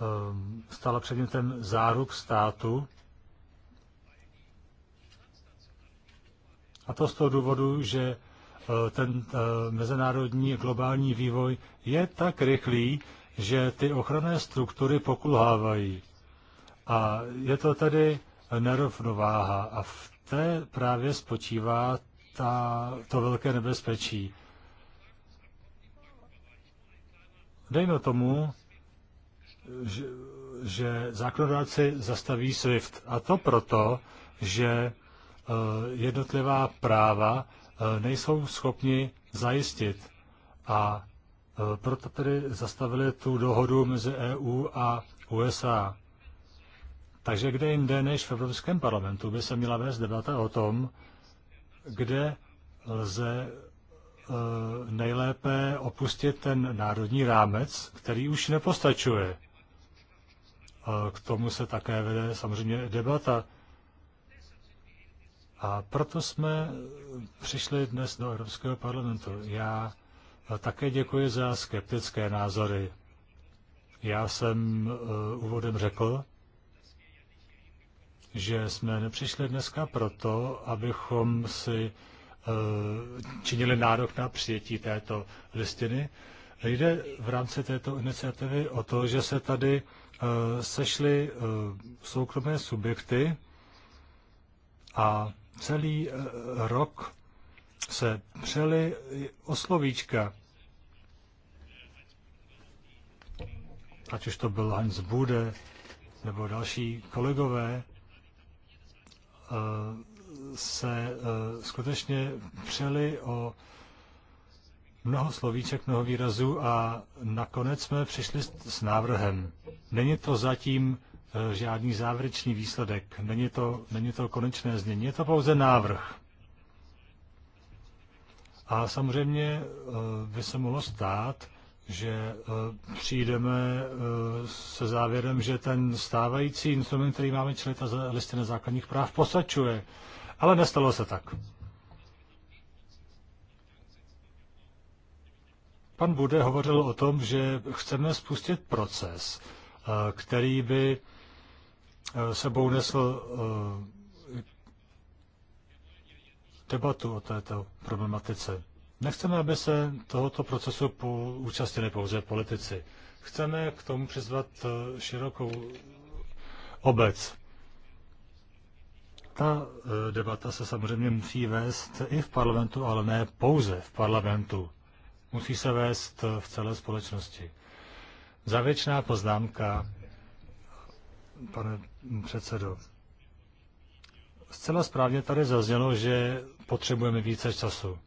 Speaker 3: Ehm, stala předmětem záruk státu. A to z toho důvodu, že eh, ten eh, mezinárodní globální vývoj je tak rychlý, že ty ochranné struktury pokulhávají. A je to tedy nerovnováha a v té právě spočívá ta, to velké nebezpečí. Dejme tomu, že, že zákonodáci zastaví SWIFT. A to proto, že e, jednotlivá práva e, nejsou schopni zajistit. A e, proto tedy zastavili tu dohodu mezi EU a USA. Takže kde jinde než v Evropském parlamentu by se měla vést debata o tom, kde lze nejlépe opustit ten národní rámec, který už nepostačuje. K tomu se také vede samozřejmě debata. A proto jsme přišli dnes do Evropského parlamentu. Já také děkuji za skeptické názory. Já jsem eh, úvodem řekl, že jsme nepřišli dneska proto, abychom si eh, činili nárok na přijetí této listiny. Jde v rámci této iniciativy o to, že se tady Eh, sešly eh, soukromé subjekty a celý eh, rok se přeli o slovíčka. Ať už to byl Hans Bude nebo další kolegové, se skutečně přeli o mnoho slovíček, mnoho výrazů a nakonec jsme přišli s návrhem. Není to zatím eh, žádný závěrečný výsledek, není to, není to konečné znění, je to pouze návrh. A samozřejmě eh, by se mohlo stát, že eh, přijdeme se závěrem, že ten stávající instrument, který máme, čili ta listina základních práv, posačuje. Ale nestalo se tak. Pan Bude hovořil o tom, že chceme spustit proces, který by e, sebou nesl e, debatu o této problematice. Nechceme, aby se tohoto procesu účastnili pouze politici. Chceme k tomu přizvat e, širokou obec. Ta debata se samozřejmě musí vést i v parlamentu, ale ne pouze v parlamentu. Musí se vést v celé společnosti. Závěrečná poznámka, pane předsedo. Zcela správně tady zaznělo, že potřebujeme více času.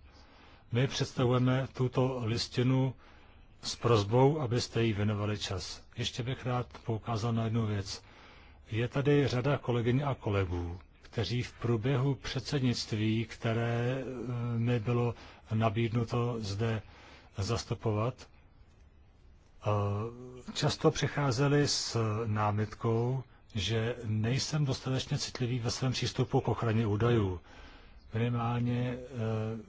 Speaker 3: My představujeme tuto listinu s prozbou, abyste jí věnovali čas. Ještě bych rád poukázal na jednu věc. Je tady řada kolegyň a kolegů, kteří v průběhu předsednictví, které eh, mi bylo nabídnuto zde zastupovat, často přicházeli s námitkou, že nejsem dostatečně citlivý ve svém přístupu k ochraně údajů. Minimálně eh,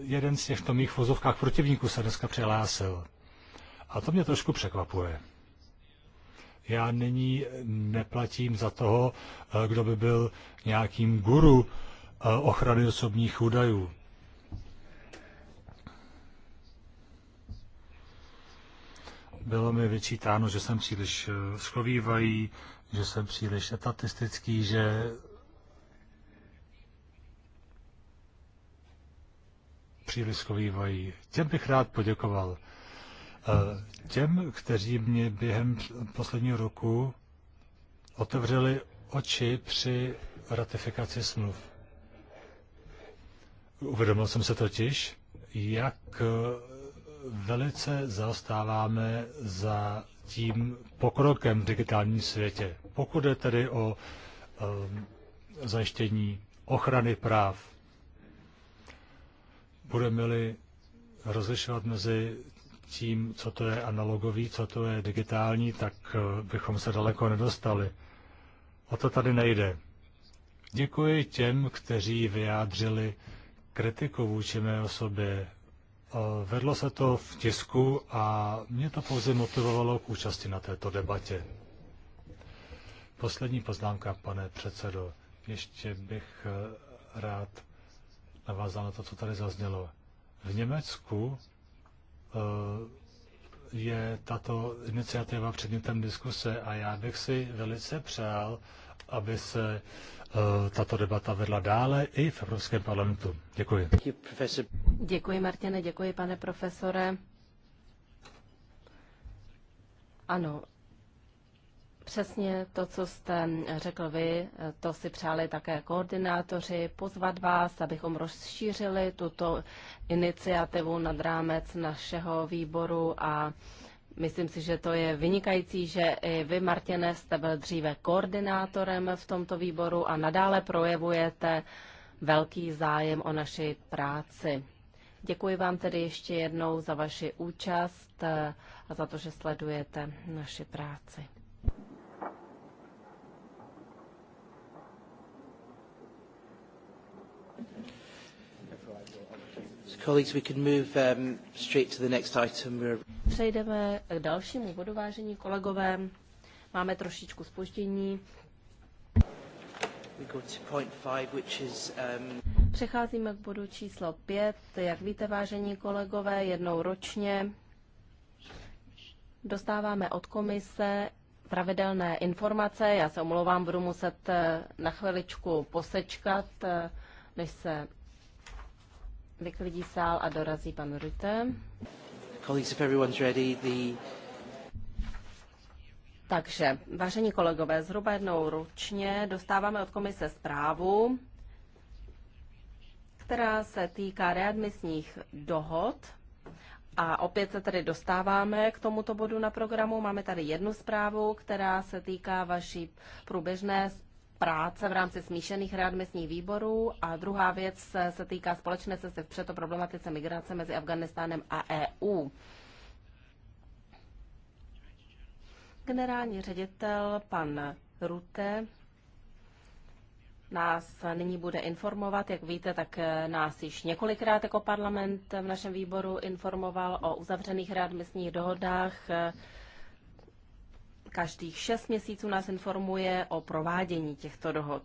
Speaker 3: jeden z těchto mých vozovkách protivníků se dneska přihlásil. A to mě trošku překvapuje. Já nyní neplatím za toho, eh, kdo by byl nějakým guru eh, ochrany osobních údajů. Bylo mi vyčítáno, že jsem příliš eh, schovývají, že jsem příliš etatistický, že příliš schovývají. Těm bych rád poděkoval. Eh, těm, kteří mě během posledního roku otevřeli oči při ratifikaci smluv. Uvědomil jsem se totiž, jak eh, velice zaostáváme za tím pokrokem v digitálním světě. Pokud je tedy o um, zajištění ochrany práv, budeme-li rozlišovat mezi tím, co to je analogový, co to je digitální, tak eh, bychom se daleko nedostali. O to tady nejde. Děkuji těm, kteří vyjádřili kritiku vůči mé osobě. Eh, vedlo se to v tisku a mě to pouze motivovalo k účasti na této debatě. Poslední poznámka, pane předsedo. Ještě bych eh, rád navázal na to, co tady zaznělo. V Německu eh, je tato iniciativa předmětem diskuse a já bych si velice přál, aby se eh, tato debata vedla dále i v Evropském parlamentu. Děkuji.
Speaker 4: Děkuji, Martine, děkuji, pane profesore. Ano, přesně to, co jste řekl vy, to si přáli také koordinátoři, pozvat vás, abychom rozšířili tuto iniciativu nad rámec našeho výboru a Myslím si, že to je vynikající, že i vy, Martine, jste byl dříve koordinátorem v tomto výboru a nadále projevujete velký zájem o naši práci. Děkuji vám tedy ještě jednou za vaši účast eh, a za to, že sledujete naši práci.
Speaker 1: Colleagues, we can move um, straight to the next item. We're...
Speaker 4: Přejdeme k dalšímu bodu, vážení kolegové. Máme trošičku spoždění.
Speaker 1: We go to point five, which is, um...
Speaker 4: Přecházíme k bodu číslo 5. Jak víte, vážení kolegové, jednou ročně dostáváme od komise pravidelné informace. Já se omlouvám, budu muset eh, na chviličku posečkat, eh, než se vyklidí sál a dorazí pan Rutte.
Speaker 1: Colleagues, if everyone's ready, the...
Speaker 4: Takže, vážení kolegové, zhruba jednou ručně dostáváme od komise zprávu, která se týká readmisních dohod a opět se tedy dostáváme k tomuto bodu na programu. Máme tady jednu zprávu, která se týká vaší průběžné práce v rámci smíšených readmisních výborů a druhá věc se týká společné cesty vpřed o problematice migrace mezi Afganistánem a EU. Generální ředitel pan Rute nás nyní bude informovat. Jak víte, tak nás již několikrát jako parlament v našem výboru informoval o uzavřených readmisních dohodách Každých šest měsíců nás informuje o provádění těchto dohod.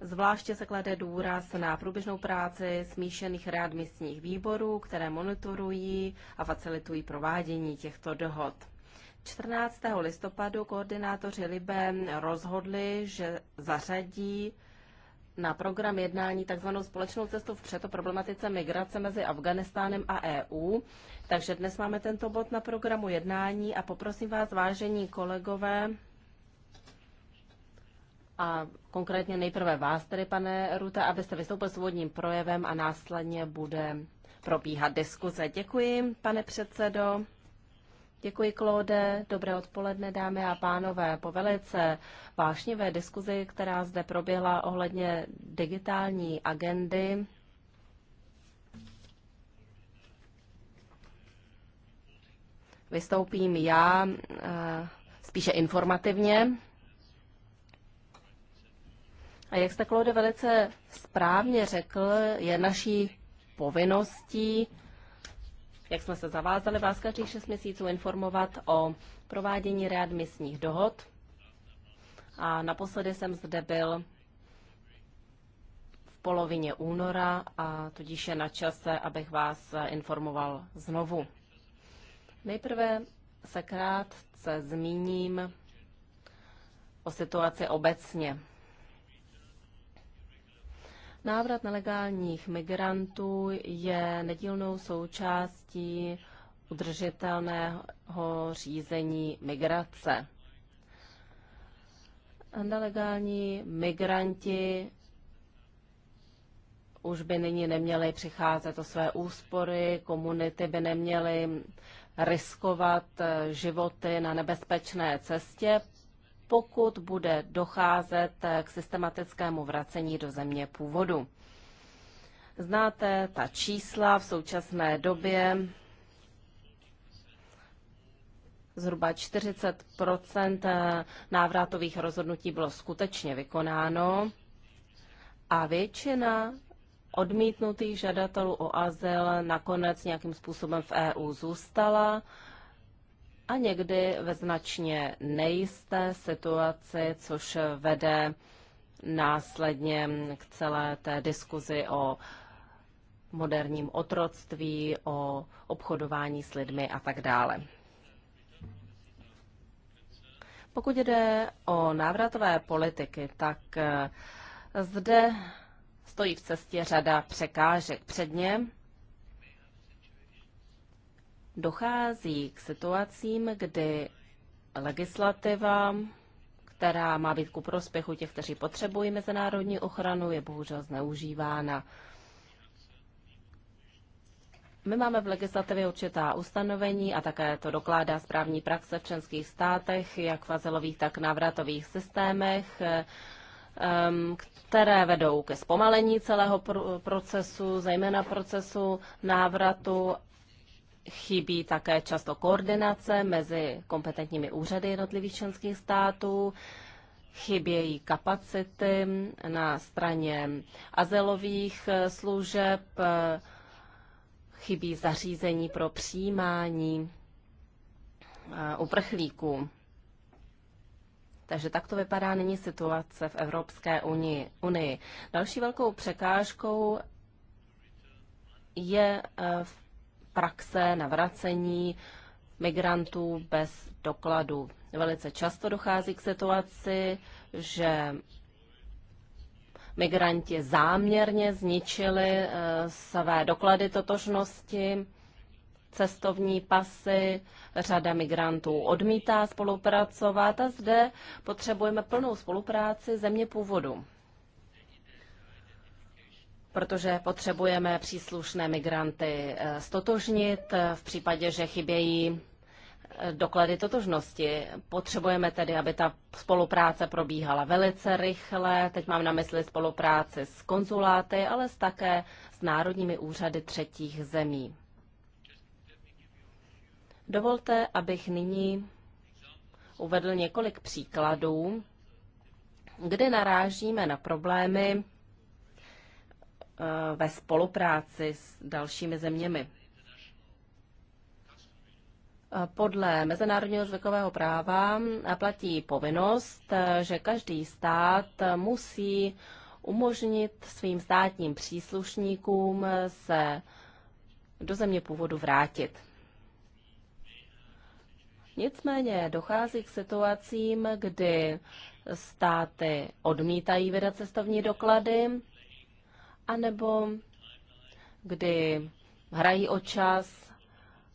Speaker 4: Zvláště se klade důraz na průběžnou práci smíšených readmisních výborů, které monitorují a facilitují provádění těchto dohod. 14. listopadu koordinátoři Libe rozhodli, že zařadí na program jednání takzvanou společnou cestu v o problematice migrace mezi Afganistánem a EU. Takže dnes máme tento bod na programu jednání a poprosím vás, vážení kolegové, a konkrétně nejprve vás tedy, pane Ruta, abyste vystoupil s úvodním projevem a následně bude probíhat diskuze. Děkuji, pane předsedo. Děkuji, Claude. Dobré odpoledne, dámy a pánové. Po velice vášnivé diskuzi, která zde proběhla ohledně digitální agendy, vystoupím já eh, spíše informativně. A jak jste, Claude, velice správně řekl, je naší povinností jak jsme se zavázali vás každých 6 měsíců informovat o provádění readmisních dohod. A naposledy jsem zde byl v polovině února a tudíž je na čase, abych vás informoval znovu. Nejprve se krátce zmíním o situaci obecně. Návrat nelegálních migrantů je nedílnou součástí udržitelného řízení migrace. Nelegální migranti už by nyní neměli přicházet o své úspory, komunity by neměly riskovat životy na nebezpečné cestě, pokud bude docházet k systematickému vracení do země původu. Znáte ta čísla v současné době. Zhruba 40 eh, návratových rozhodnutí bylo skutečně vykonáno a většina odmítnutých žadatelů o azyl nakonec nějakým způsobem v EU zůstala a někdy ve značně nejisté situaci, což vede následně k celé té diskuzi o moderním otroctví, o obchodování s lidmi a tak dále. Pokud jde o návratové politiky, tak eh, zde stojí v cestě řada překážek. Předně dochází k situacím, kdy legislativa, která má být ku prospěchu těch, kteří potřebují mezinárodní ochranu, je bohužel zneužívána. My máme v legislativě určitá ustanovení a také to dokládá správní praxe v členských státech, jak v azylových, tak návratových systémech, ehm, které vedou ke zpomalení celého procesu, zejména procesu návratu Chybí také často koordinace mezi kompetentními úřady jednotlivých členských států, chybějí kapacity na straně azylových služeb, chybí zařízení pro přijímání uprchlíků. Takže tak to vypadá nyní situace v Evropské unii. unii. Další velkou překážkou je e, v praxe navracení migrantů bez dokladu. Velice často dochází k situaci, že migranti záměrně zničili eh, své doklady totožnosti, cestovní pasy, řada migrantů odmítá spolupracovat a zde potřebujeme plnou spolupráci země původu protože potřebujeme příslušné migranty eh, stotožnit eh, v případě, že chybějí eh, doklady totožnosti. Potřebujeme tedy, aby ta spolupráce probíhala velice rychle. Teď mám na mysli spolupráci s konzuláty, ale s také s národními úřady třetích zemí. Dovolte, abych nyní uvedl několik příkladů, kde narážíme na problémy, Eh, ve spolupráci s dalšími zeměmi. Eh, podle mezinárodního zvykového práva platí povinnost, eh, že každý stát musí umožnit svým státním příslušníkům se do země původu vrátit. Nicméně dochází k situacím, kdy státy odmítají vydat cestovní doklady anebo kdy hrají o čas,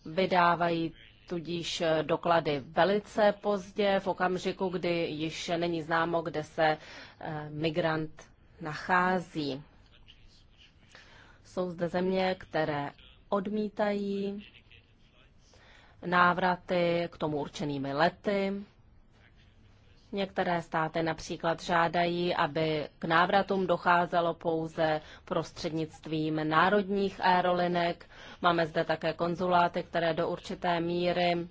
Speaker 4: vydávají tudíž doklady velice pozdě, v okamžiku, kdy již není známo, kde se eh, migrant nachází. Jsou zde země, které odmítají návraty k tomu určenými lety. Některé státy například žádají, aby k návratům docházelo pouze prostřednictvím národních aerolinek. Máme zde také konzuláty, které do určité míry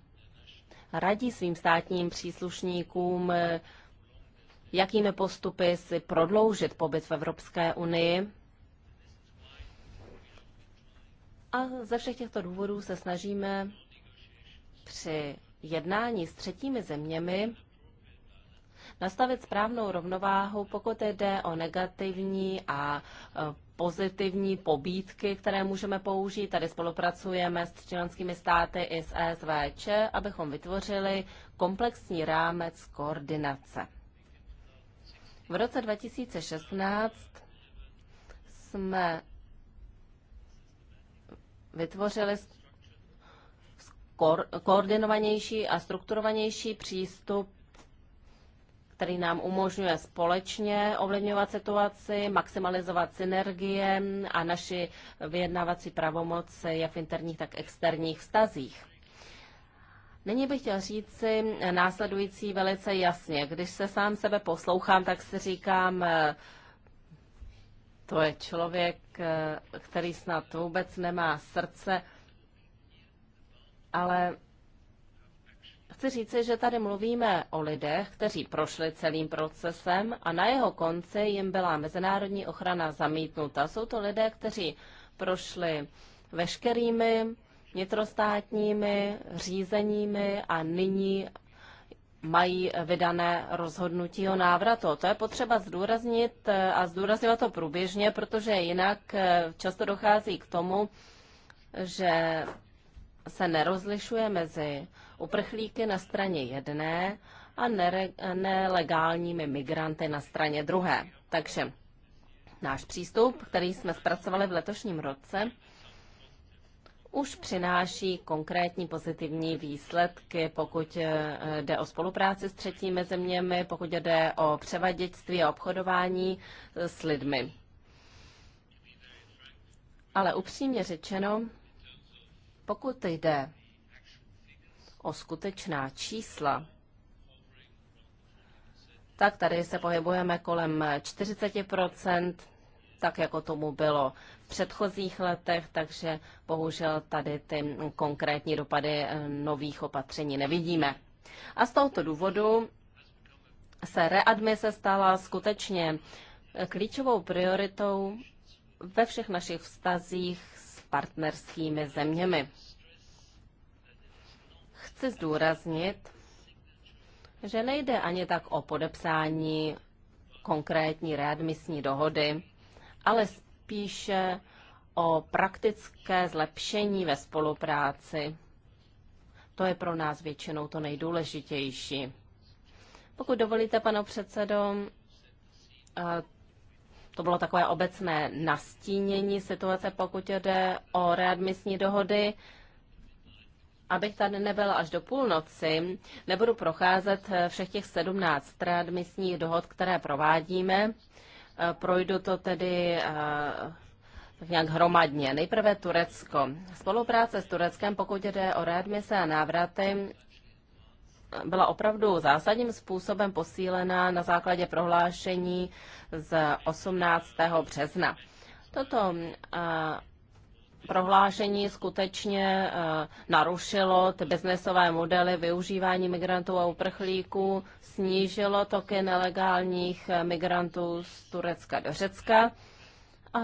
Speaker 4: radí svým státním příslušníkům, jakými postupy si prodloužit pobyt v Evropské unii. A ze všech těchto důvodů se snažíme při jednání s třetími zeměmi nastavit správnou rovnováhu, pokud jde o negativní a e, pozitivní pobídky, které můžeme použít. Tady spolupracujeme s členskými státy i s ESVČ, abychom vytvořili komplexní rámec koordinace. V roce 2016 jsme vytvořili koordinovanější a strukturovanější přístup který nám umožňuje společně ovlivňovat situaci, maximalizovat synergie a naši vyjednávací pravomoc jak v interních, tak externích vztazích. Nyní bych chtěl říci následující velice jasně. Když se sám sebe poslouchám, tak si říkám, to je člověk, který snad vůbec nemá srdce, ale chci říci, že tady mluvíme o lidech, kteří prošli celým procesem a na jeho konci jim byla mezinárodní ochrana zamítnuta. Jsou to lidé, kteří prošli veškerými vnitrostátními řízeními a nyní mají vydané rozhodnutí o návratu. To je potřeba zdůraznit a zdůrazňovat to průběžně, protože jinak eh, často dochází k tomu, že se nerozlišuje mezi uprchlíky na straně jedné a nelegálními migranty na straně druhé. Takže náš přístup, který jsme zpracovali v letošním roce, už přináší konkrétní pozitivní výsledky, pokud eh, jde o spolupráci s třetími zeměmi, pokud jde o převaděčství a obchodování eh, s lidmi. Ale upřímně řečeno, pokud jde o skutečná čísla, tak tady se pohybujeme kolem 40 tak jako tomu bylo v předchozích letech, takže bohužel tady ty konkrétní dopady eh, nových opatření nevidíme. A z tohoto důvodu se readmise stala skutečně eh, klíčovou prioritou ve všech našich vztazích s partnerskými zeměmi chci zdůraznit, že nejde ani tak o podepsání konkrétní readmisní dohody, ale spíše o praktické zlepšení ve spolupráci. To je pro nás většinou to nejdůležitější. Pokud dovolíte, pane předsedo, to bylo takové obecné nastínění situace, pokud jde o readmisní dohody abych tady nebyla až do půlnoci, nebudu procházet eh, všech těch 17 readmisních dohod, které provádíme. Eh, projdu to tedy eh, tak nějak hromadně. Nejprve Turecko. Spolupráce s Tureckem, pokud jde o readmise a návraty, byla opravdu zásadním způsobem posílena na základě prohlášení z 18. března. Toto prohlášení skutečně eh, narušilo ty biznesové modely využívání migrantů a uprchlíků, snížilo toky nelegálních eh, migrantů z Turecka do Řecka a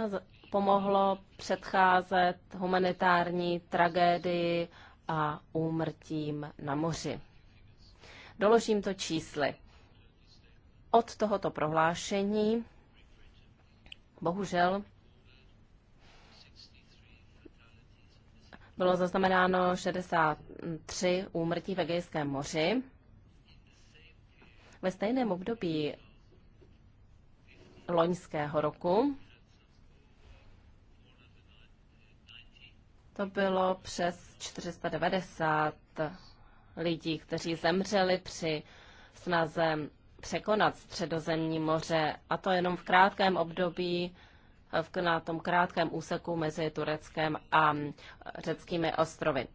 Speaker 4: pomohlo předcházet humanitární tragédii a úmrtím na moři. Doložím to čísly. Od tohoto prohlášení bohužel bylo zaznamenáno 63 úmrtí v Egejském moři. Ve stejném období loňského roku to bylo přes 490 lidí, kteří zemřeli při snaze překonat středozemní moře, a to jenom v krátkém období v, na tom krátkém úseku mezi Tureckem a řeckými ostrovy.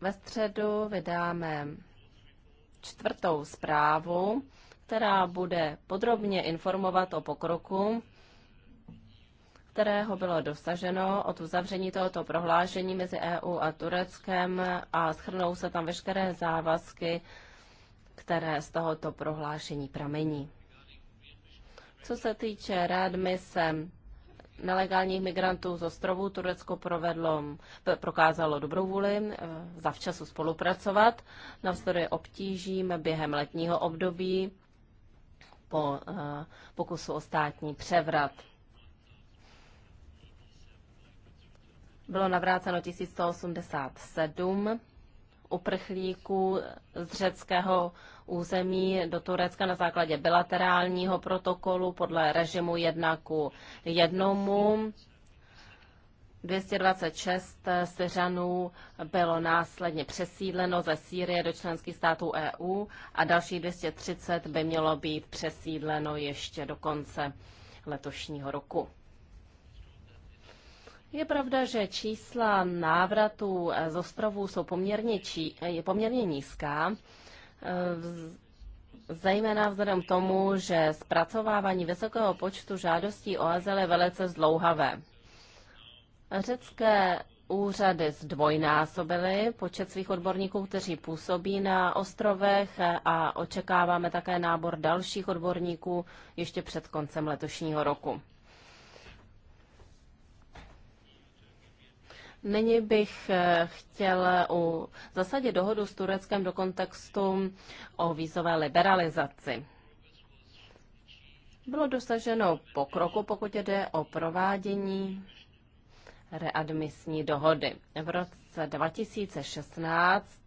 Speaker 4: Ve středu vydáme čtvrtou zprávu, která bude podrobně informovat o pokroku, kterého bylo dosaženo od uzavření tohoto prohlášení mezi EU a Tureckem a schrnou se tam veškeré závazky, které z tohoto prohlášení pramení. Co se týče readmise nelegálních migrantů z ostrovů, Turecko provedlo, prokázalo dobrou vůli eh, zavčasu spolupracovat navzdory obtížím během letního období po eh, pokusu o státní převrat. Bylo navráceno 1187 uprchlíků z řeckého území do Turecka na základě bilaterálního protokolu podle režimu jednaku jednomu. 226 Syřanů bylo následně přesídleno ze Sýrie do členských států EU a další 230 by mělo být přesídleno ještě do konce letošního roku. Je pravda, že čísla návratů z ostrovů jsou poměrně, či, poměrně nízká. Eh, zejména vzhledem k tomu, že zpracovávání vysokého počtu žádostí o azyl je velice zdlouhavé. Řecké úřady zdvojnásobily počet svých odborníků, kteří působí na ostrovech a očekáváme také nábor dalších odborníků ještě před koncem letošního roku. Nyní bych eh, chtěl eh, u, zasadě dohodu s Tureckem do kontextu o vízové liberalizaci. Bylo dosaženo pokroku, pokud jde o provádění readmisní dohody. V roce 2016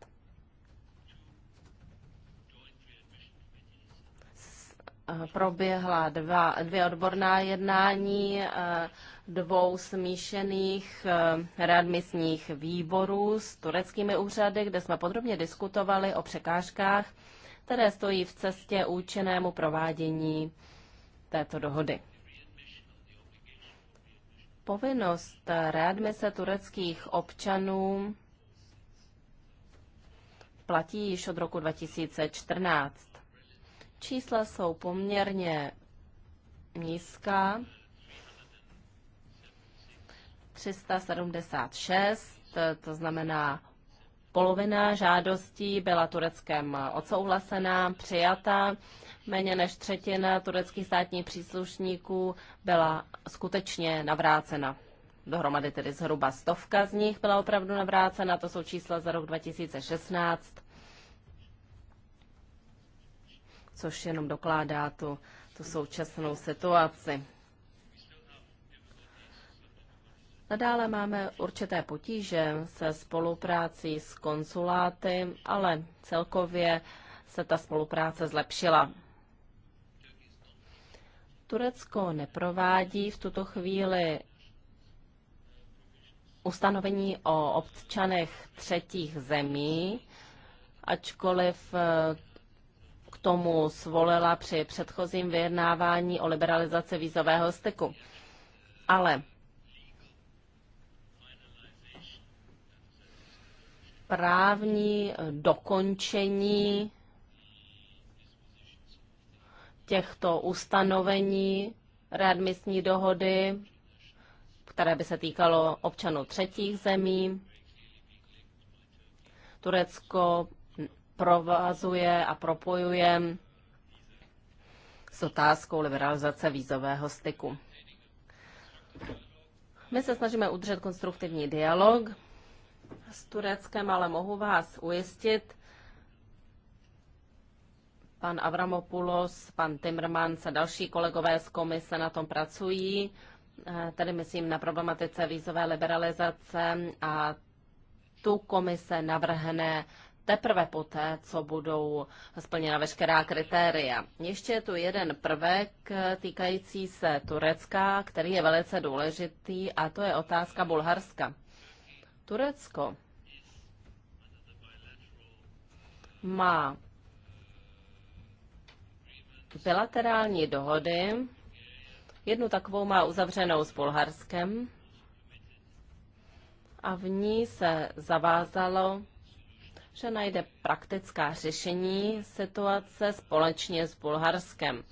Speaker 4: eh, proběhla dva, dvě odborná jednání dvou smíšených eh, readmisních výborů s tureckými úřady, kde jsme podrobně diskutovali o překážkách, které stojí v cestě účinnému provádění této dohody. Povinnost readmise tureckých občanů platí již od roku 2014. Čísla jsou poměrně nízká, 376, to znamená polovina žádostí byla Tureckem odsouhlasená, přijata. Méně než třetina tureckých státních příslušníků byla skutečně navrácena. Dohromady tedy zhruba stovka z nich byla opravdu navrácena, to jsou čísla za rok 2016, což jenom dokládá tu, tu současnou situaci. Nadále máme určité potíže se spoluprácí s konsuláty, ale celkově se ta spolupráce zlepšila. Turecko neprovádí v tuto chvíli ustanovení o občanech třetích zemí, ačkoliv eh, k tomu svolila při předchozím vyjednávání o liberalizaci vízového styku. Ale správní eh, dokončení těchto ustanovení readmisní dohody, které by se týkalo občanů třetích zemí. Turecko provazuje a propojuje s otázkou liberalizace vízového styku. My se snažíme udržet konstruktivní dialog s Tureckem, ale mohu vás ujistit, pan Avramopoulos, pan Timmermans a další kolegové z komise na tom pracují, eh, tedy myslím na problematice vízové liberalizace a tu komise navrhne teprve poté, co budou splněna veškerá kritéria. Ještě je tu jeden prvek eh, týkající se Turecka, který je velice důležitý, a to je otázka Bulharska. Turecko má bilaterální dohody. Jednu takovou má uzavřenou s Bulharskem a v ní se zavázalo, že najde praktická řešení situace společně s Bulharskem.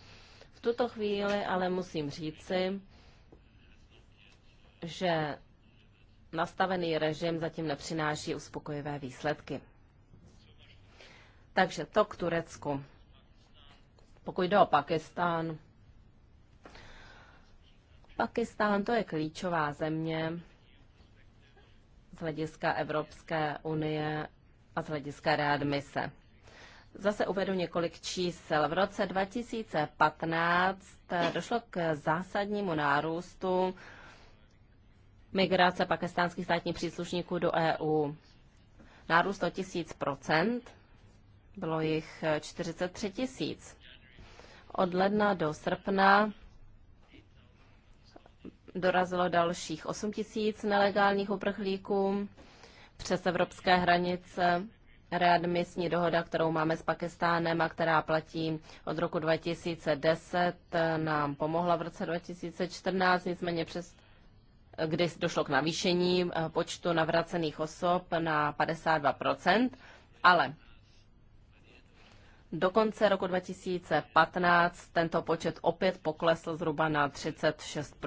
Speaker 4: V tuto chvíli ale musím říci, že nastavený režim zatím nepřináší uspokojivé výsledky. Takže to k Turecku. Pokud jde o Pakistán, Pakistán to je klíčová země z hlediska Evropské unie a z hlediska readmise. Zase uvedu několik čísel. V roce 2015 eh, došlo k zásadnímu nárůstu migrace pakistánských státních příslušníků do EU. Nárůst 100 tisíc procent, bylo jich 43 eh, tisíc. Od ledna do srpna dorazilo dalších 8 tisíc nelegálních uprchlíků přes evropské hranice. Readmisní dohoda, kterou máme s Pakistánem a která platí od roku 2010, eh, nám pomohla v roce 2014, nicméně přes kdy došlo k navýšení eh, počtu navracených osob na 52%, ale do konce roku 2015 tento počet opět poklesl zhruba na 36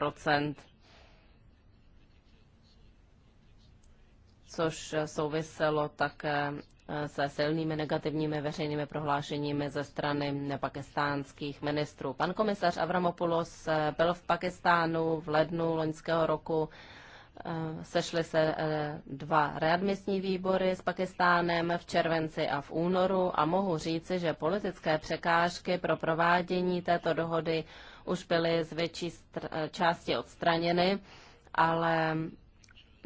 Speaker 4: což souviselo také se silnými negativními veřejnými prohlášeními ze strany pakistánských ministrů. Pan komisař Avramopoulos eh, byl v Pakistánu v lednu loňského roku. Eh, sešly se eh, dva readmisní výbory s Pakistánem v červenci a v únoru a mohu říci, že politické překážky pro provádění této dohody už byly z větší části odstraněny, ale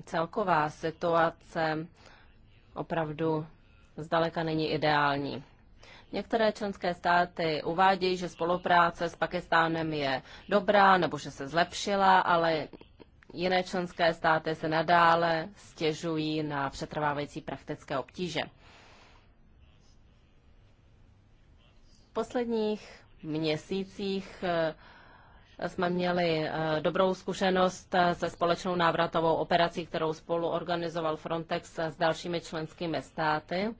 Speaker 4: celková situace opravdu zdaleka není ideální. Některé členské státy uvádějí, že spolupráce s Pakistánem je dobrá nebo že se zlepšila, ale jiné členské státy se nadále stěžují na přetrvávající praktické obtíže. V posledních měsících eh, jsme měli eh, dobrou zkušenost eh, se společnou návratovou operací, kterou spolu organizoval Frontex eh, s dalšími členskými státy.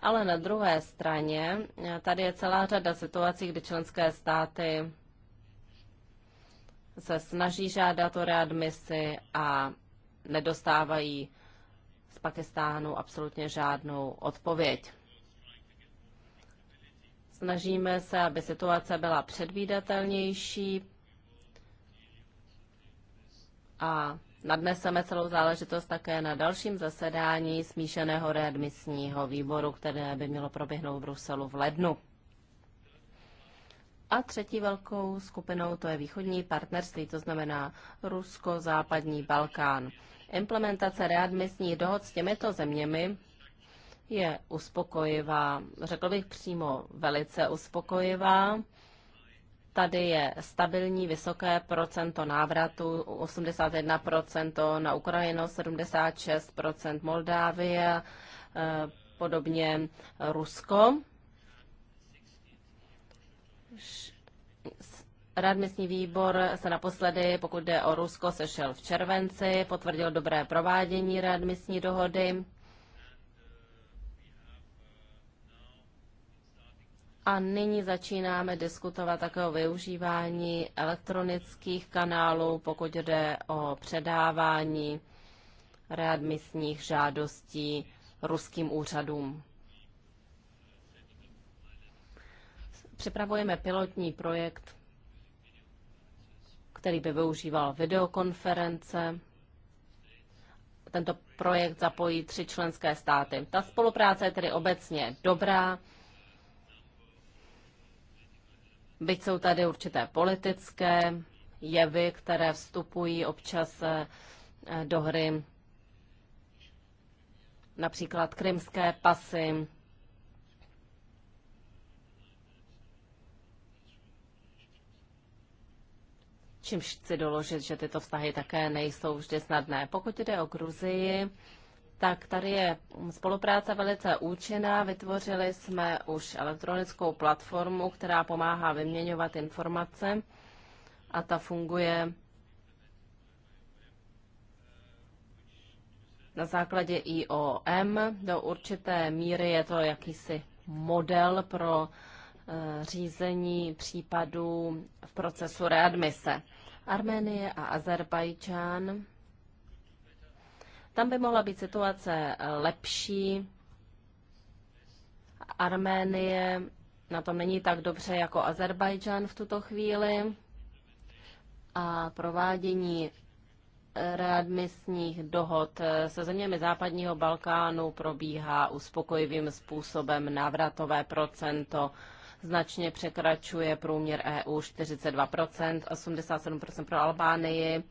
Speaker 4: Ale na druhé straně tady je celá řada situací, kdy členské státy se snaží žádat o readmisi a nedostávají z Pakistánu absolutně žádnou odpověď. Snažíme se, aby situace byla předvídatelnější, a nadneseme celou záležitost také na dalším zasedání smíšeného readmisního výboru, které by mělo proběhnout v Bruselu v lednu. A třetí velkou skupinou to je východní partnerství, to znamená Rusko-Západní Balkán. Implementace readmisních dohod s těmito zeměmi je uspokojivá, řekl bych přímo velice uspokojivá. Tady je stabilní vysoké procento návratu, 81% na Ukrajinu, 76% Moldávie, eh, podobně Rusko. Radmistní výbor se naposledy, pokud jde o Rusko, sešel v červenci, potvrdil dobré provádění radmistní dohody. A nyní začínáme diskutovat také o využívání elektronických kanálů, pokud jde o předávání readmisních žádostí ruským úřadům. Připravujeme pilotní projekt, který by využíval videokonference. Tento projekt zapojí tři členské státy. Ta spolupráce je tedy obecně dobrá byť jsou tady určité politické jevy, které vstupují občas eh, do hry, například krymské pasy, čímž chci doložit, že tyto vztahy také nejsou vždy snadné. Pokud jde o Gruzii, tak tady je spolupráce velice účinná. Vytvořili jsme už elektronickou platformu, která pomáhá vyměňovat informace a ta funguje na základě IOM. Do určité míry je to jakýsi model pro eh, řízení případů v procesu readmise.
Speaker 1: Arménie
Speaker 4: a Azerbajdžán tam by mohla být situace eh, lepší. Arménie na tom není tak dobře jako Azerbajdžán v tuto chvíli a provádění eh, readmisních dohod eh, se zeměmi západního Balkánu probíhá uspokojivým způsobem. Návratové procento značně překračuje průměr EU 42%, 87% pro Albánii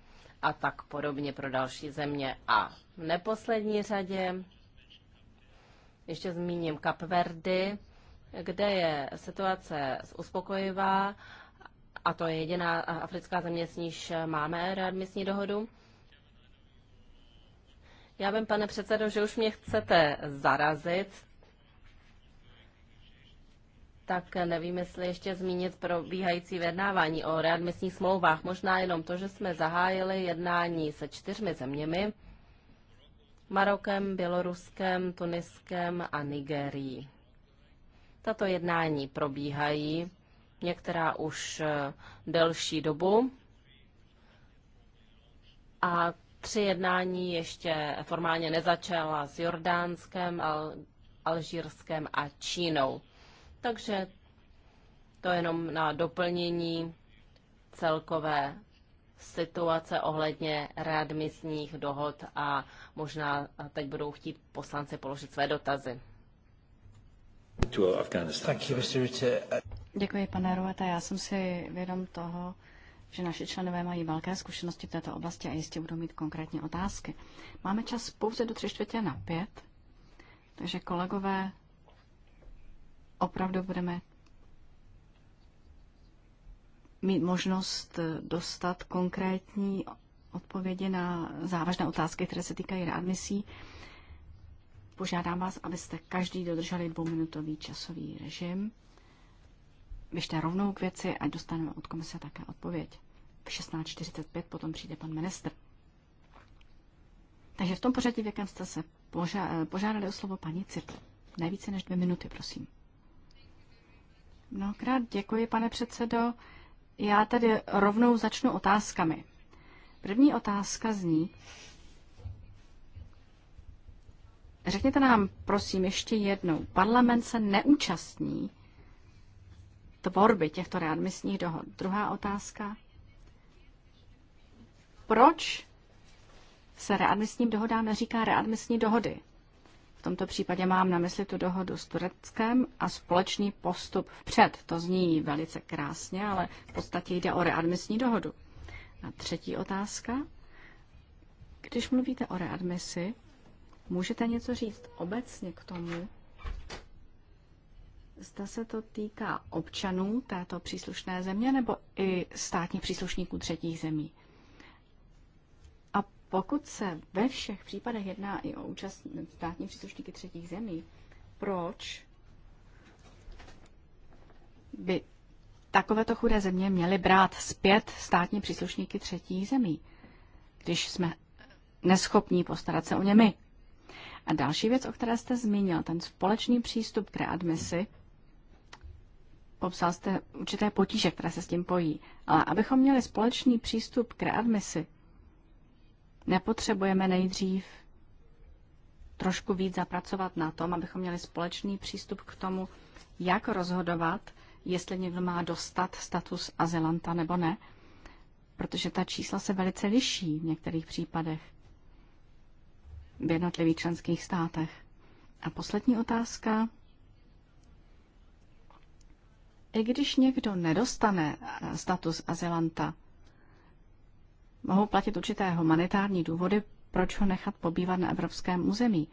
Speaker 4: a tak podobně pro další země. A v neposlední řadě ještě zmíním Kapverdy, kde je situace uspokojivá a to je jediná africká země, s níž máme readmisní dohodu. Já vím, pane předsedo, že už mě chcete zarazit, tak nevím, jestli ještě zmínit probíhající vyjednávání o readmisních smlouvách. Možná jenom to, že jsme zahájili jednání se čtyřmi zeměmi. Marokem, Běloruskem, Tuniskem a Nigerií. Tato jednání probíhají, některá už eh, delší dobu. A tři jednání ještě formálně nezačala s Jordánskem, Alžírskem a Čínou. Takže to jenom na doplnění celkové situace ohledně readmisních dohod a možná teď budou chtít poslanci položit své
Speaker 1: dotazy.
Speaker 2: Děkuji, pane Rueta. Já jsem si vědom toho, že naši členové mají velké zkušenosti v této oblasti a jistě budou mít konkrétní otázky. Máme čas pouze do tři čtvrtě na pět, takže kolegové, opravdu budeme mít možnost dostat konkrétní odpovědi na závažné otázky, které se týkají readmisí. Požádám vás, abyste každý dodrželi dvouminutový časový režim. Vyšte rovnou k věci, ať dostaneme od komise také odpověď. V 16.45 potom přijde pan ministr. Takže v tom pořadí, v jakém jste se požádali o slovo paní Cirk. Nejvíce než dvě minuty, prosím. Mnohokrát děkuji, pane předsedo. Já tady rovnou začnu otázkami. První otázka zní, řekněte nám, prosím, ještě jednou, parlament se neúčastní tvorby těchto readmisních dohod. Druhá otázka, proč se readmisním dohodám neříká readmisní dohody? tomto případě mám na mysli tu dohodu s Tureckem a společný postup vpřed. To zní velice krásně, ale v podstatě jde o readmisní dohodu. A třetí otázka. Když mluvíte o readmisi, můžete něco říct obecně k tomu, zda se to týká občanů této příslušné země nebo i státních příslušníků třetích zemí? Pokud se ve všech případech jedná i o účast státní příslušníky třetích zemí, proč by takovéto chudé země měly brát zpět státní příslušníky třetích zemí, když jsme neschopní postarat se o ně my? A další věc, o které jste zmínil, ten společný přístup k readmisi, popsal jste určité potíže, které se s tím pojí. Ale abychom měli společný přístup k readmisi, nepotřebujeme nejdřív trošku víc zapracovat na tom, abychom měli společný přístup k tomu, jak rozhodovat, jestli někdo má dostat status azylanta nebo ne, protože ta čísla se velice liší v některých případech v jednotlivých členských státech. A poslední otázka. I když někdo nedostane eh, status azylanta, mohou platit určité humanitární důvody, proč ho nechat pobývat na evropském území.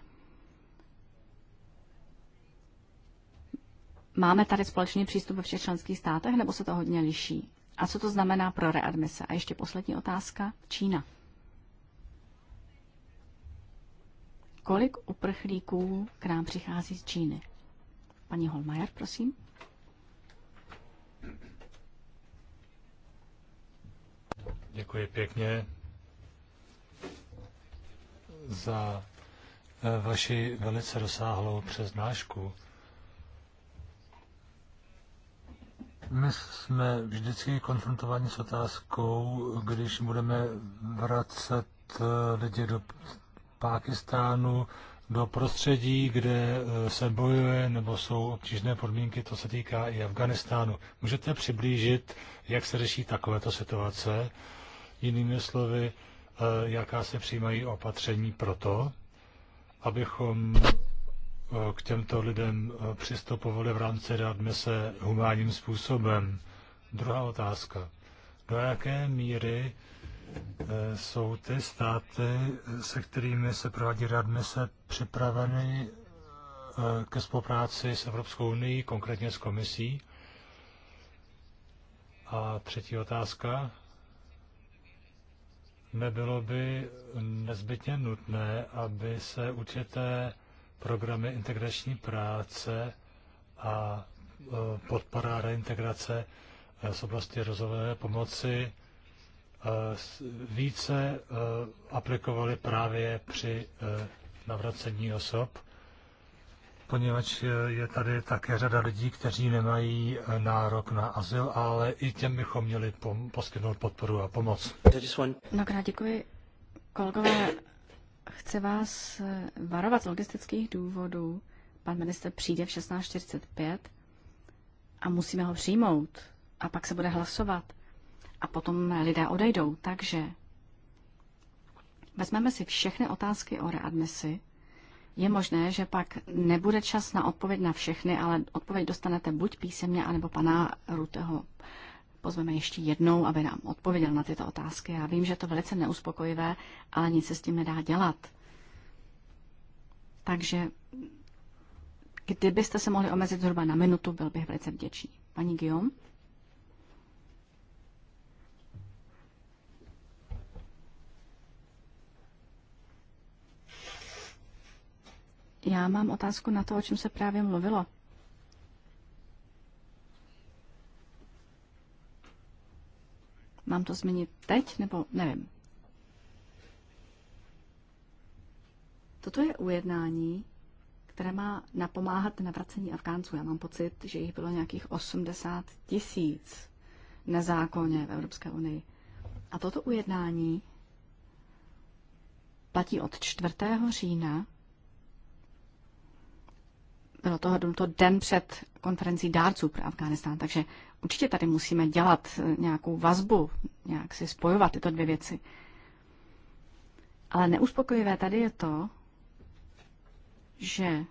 Speaker 2: Máme tady společný přístup ve všech členských státech, nebo se to hodně liší? A co to znamená pro readmise? A ještě poslední otázka. Čína. Kolik uprchlíků k nám přichází z Číny? Paní Holmajer, prosím.
Speaker 3: Děkuji pěkně za eh, vaši velice rozsáhlou přeznášku. My jsme vždycky konfrontováni s otázkou, když budeme vracet eh, lidi do Pákistánu, do prostředí, kde eh, se bojuje nebo jsou obtížné podmínky, to se týká i Afganistánu. Můžete přiblížit, jak se řeší takovéto situace? Jinými slovy, eh, jaká se přijímají opatření pro to, abychom eh, k těmto lidem eh, přistupovali v rámci se humánním způsobem. Druhá otázka. Do jaké míry jsou ty státy, se kterými se provádí se připraveny ke spolupráci s Evropskou unii, konkrétně s komisí? A třetí otázka nebylo by nezbytně nutné, aby se určité programy integrační práce a e, podpora reintegrace e, z oblasti rozvojové pomoci e, více aplikovaly právě při navracení osob poněvadž eh, je tady také řada lidí, kteří nemají eh, nárok na azyl, ale i těm bychom měli poskytnout podporu a pomoc.
Speaker 2: Mnohokrát děkuji. Kolegové, chci vás eh, varovat z logistických důvodů. Pan minister přijde v 16.45 a musíme ho přijmout. A pak se bude hlasovat. A potom lidé odejdou. Takže vezmeme si všechny otázky o readmisi je možné, že pak nebude čas na odpověď na všechny, ale odpověď dostanete buď písemně, anebo pana Ruteho pozveme ještě jednou, aby nám odpověděl na tyto otázky. Já vím, že to velice neuspokojivé, ale nic se s tím nedá dělat. Takže kdybyste se mohli omezit zhruba na minutu, byl bych velice vděčný. Paní Guillaume? Já mám otázku na to, o čem se právě mluvilo. Mám to změnit teď, nebo nevím. Toto je ujednání, které má napomáhat navracení Afgánců. Já mám pocit, že jich bylo nějakých 80 tisíc nezákonně v Evropské unii. A toto ujednání platí od 4. října bylo to hodnuto den před konferencí dárců pro Afghánistán, takže určitě tady musíme dělat eh, nějakou vazbu, nějak si spojovat tyto dvě věci. Ale neuspokojivé tady je to, že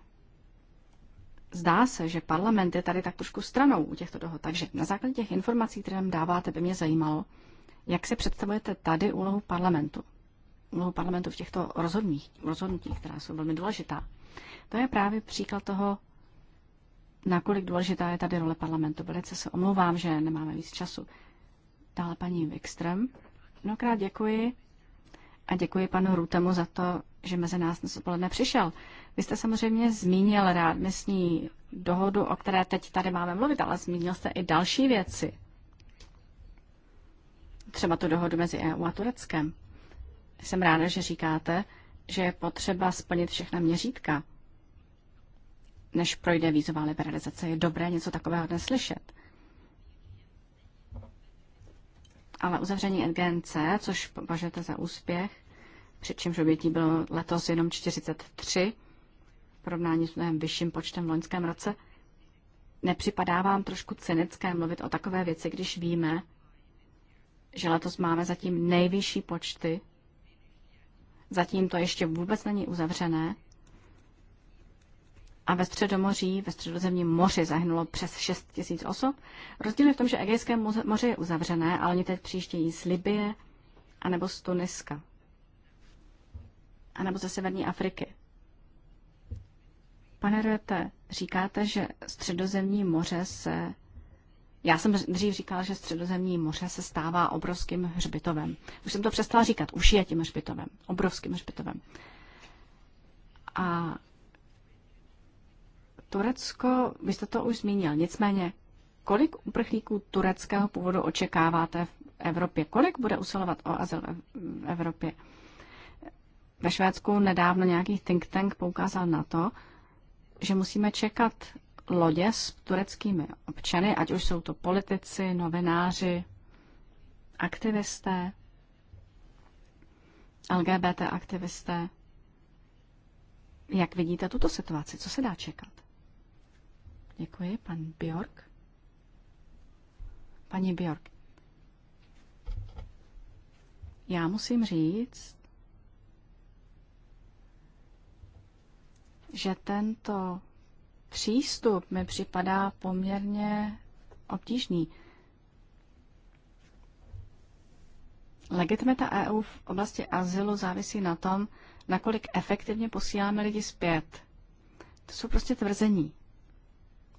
Speaker 2: zdá se, že parlament je tady tak trošku stranou u těchto dohod. Takže na základě těch informací, které nám dáváte, by mě zajímalo, jak se představujete tady úlohu parlamentu. Úlohu parlamentu v těchto rozhodních, rozhodnutích, která jsou velmi důležitá. To je právě příklad toho, nakolik důležitá je tady role parlamentu. Velice se omlouvám, že nemáme víc času. Dále paní Wikström. Mnohokrát děkuji a děkuji panu Rutemu za to, že mezi nás dnes odpoledne přišel. Vy jste samozřejmě zmínil rád dnesní dohodu, o které teď tady máme mluvit, ale zmínil jste i další věci. Třeba tu dohodu mezi EU a Tureckem. Jsem ráda, že říkáte, že je potřeba splnit všechna měřítka, než projde vízová liberalizace. Je dobré něco takového dnes slyšet. Ale uzavření NGNC, což považujete za úspěch, přičemž obětí bylo letos jenom 43, v porovnání s mnohem vyšším počtem v loňském roce, nepřipadá vám trošku cynické mluvit o takové věci, když víme, že letos máme zatím nejvyšší počty Zatím to ještě vůbec není uzavřené. A ve Středomoří, ve Středozemním moři zahynulo přes 6 tisíc osob. Rozdíl je v tom, že Egejské moře je uzavřené, ale oni teď příštějí z Libie anebo z Tuniska. anebo ze Severní Afriky. Pane Rete, říkáte, že Středozemní moře se já jsem dřív říkala, že středozemní moře se stává obrovským hřbitovem. Už jsem to přestala říkat, už je tím hřbitovem, obrovským hřbitovem. A Turecko, vy jste to už zmínil, nicméně, kolik uprchlíků tureckého původu očekáváte v Evropě? Kolik bude usilovat o azyl v Evropě? Ve Švédsku nedávno nějaký think tank poukázal na to, že musíme čekat lodě s tureckými občany, ať už jsou to politici, novináři, aktivisté, LGBT aktivisté. Jak vidíte tuto situaci? Co se dá čekat? Děkuji, pan Bjork. Paní Bjork, já musím říct, že tento přístup mi připadá poměrně obtížný. Legitimita EU v oblasti azylu závisí na tom, nakolik efektivně posíláme lidi zpět. To jsou prostě tvrzení.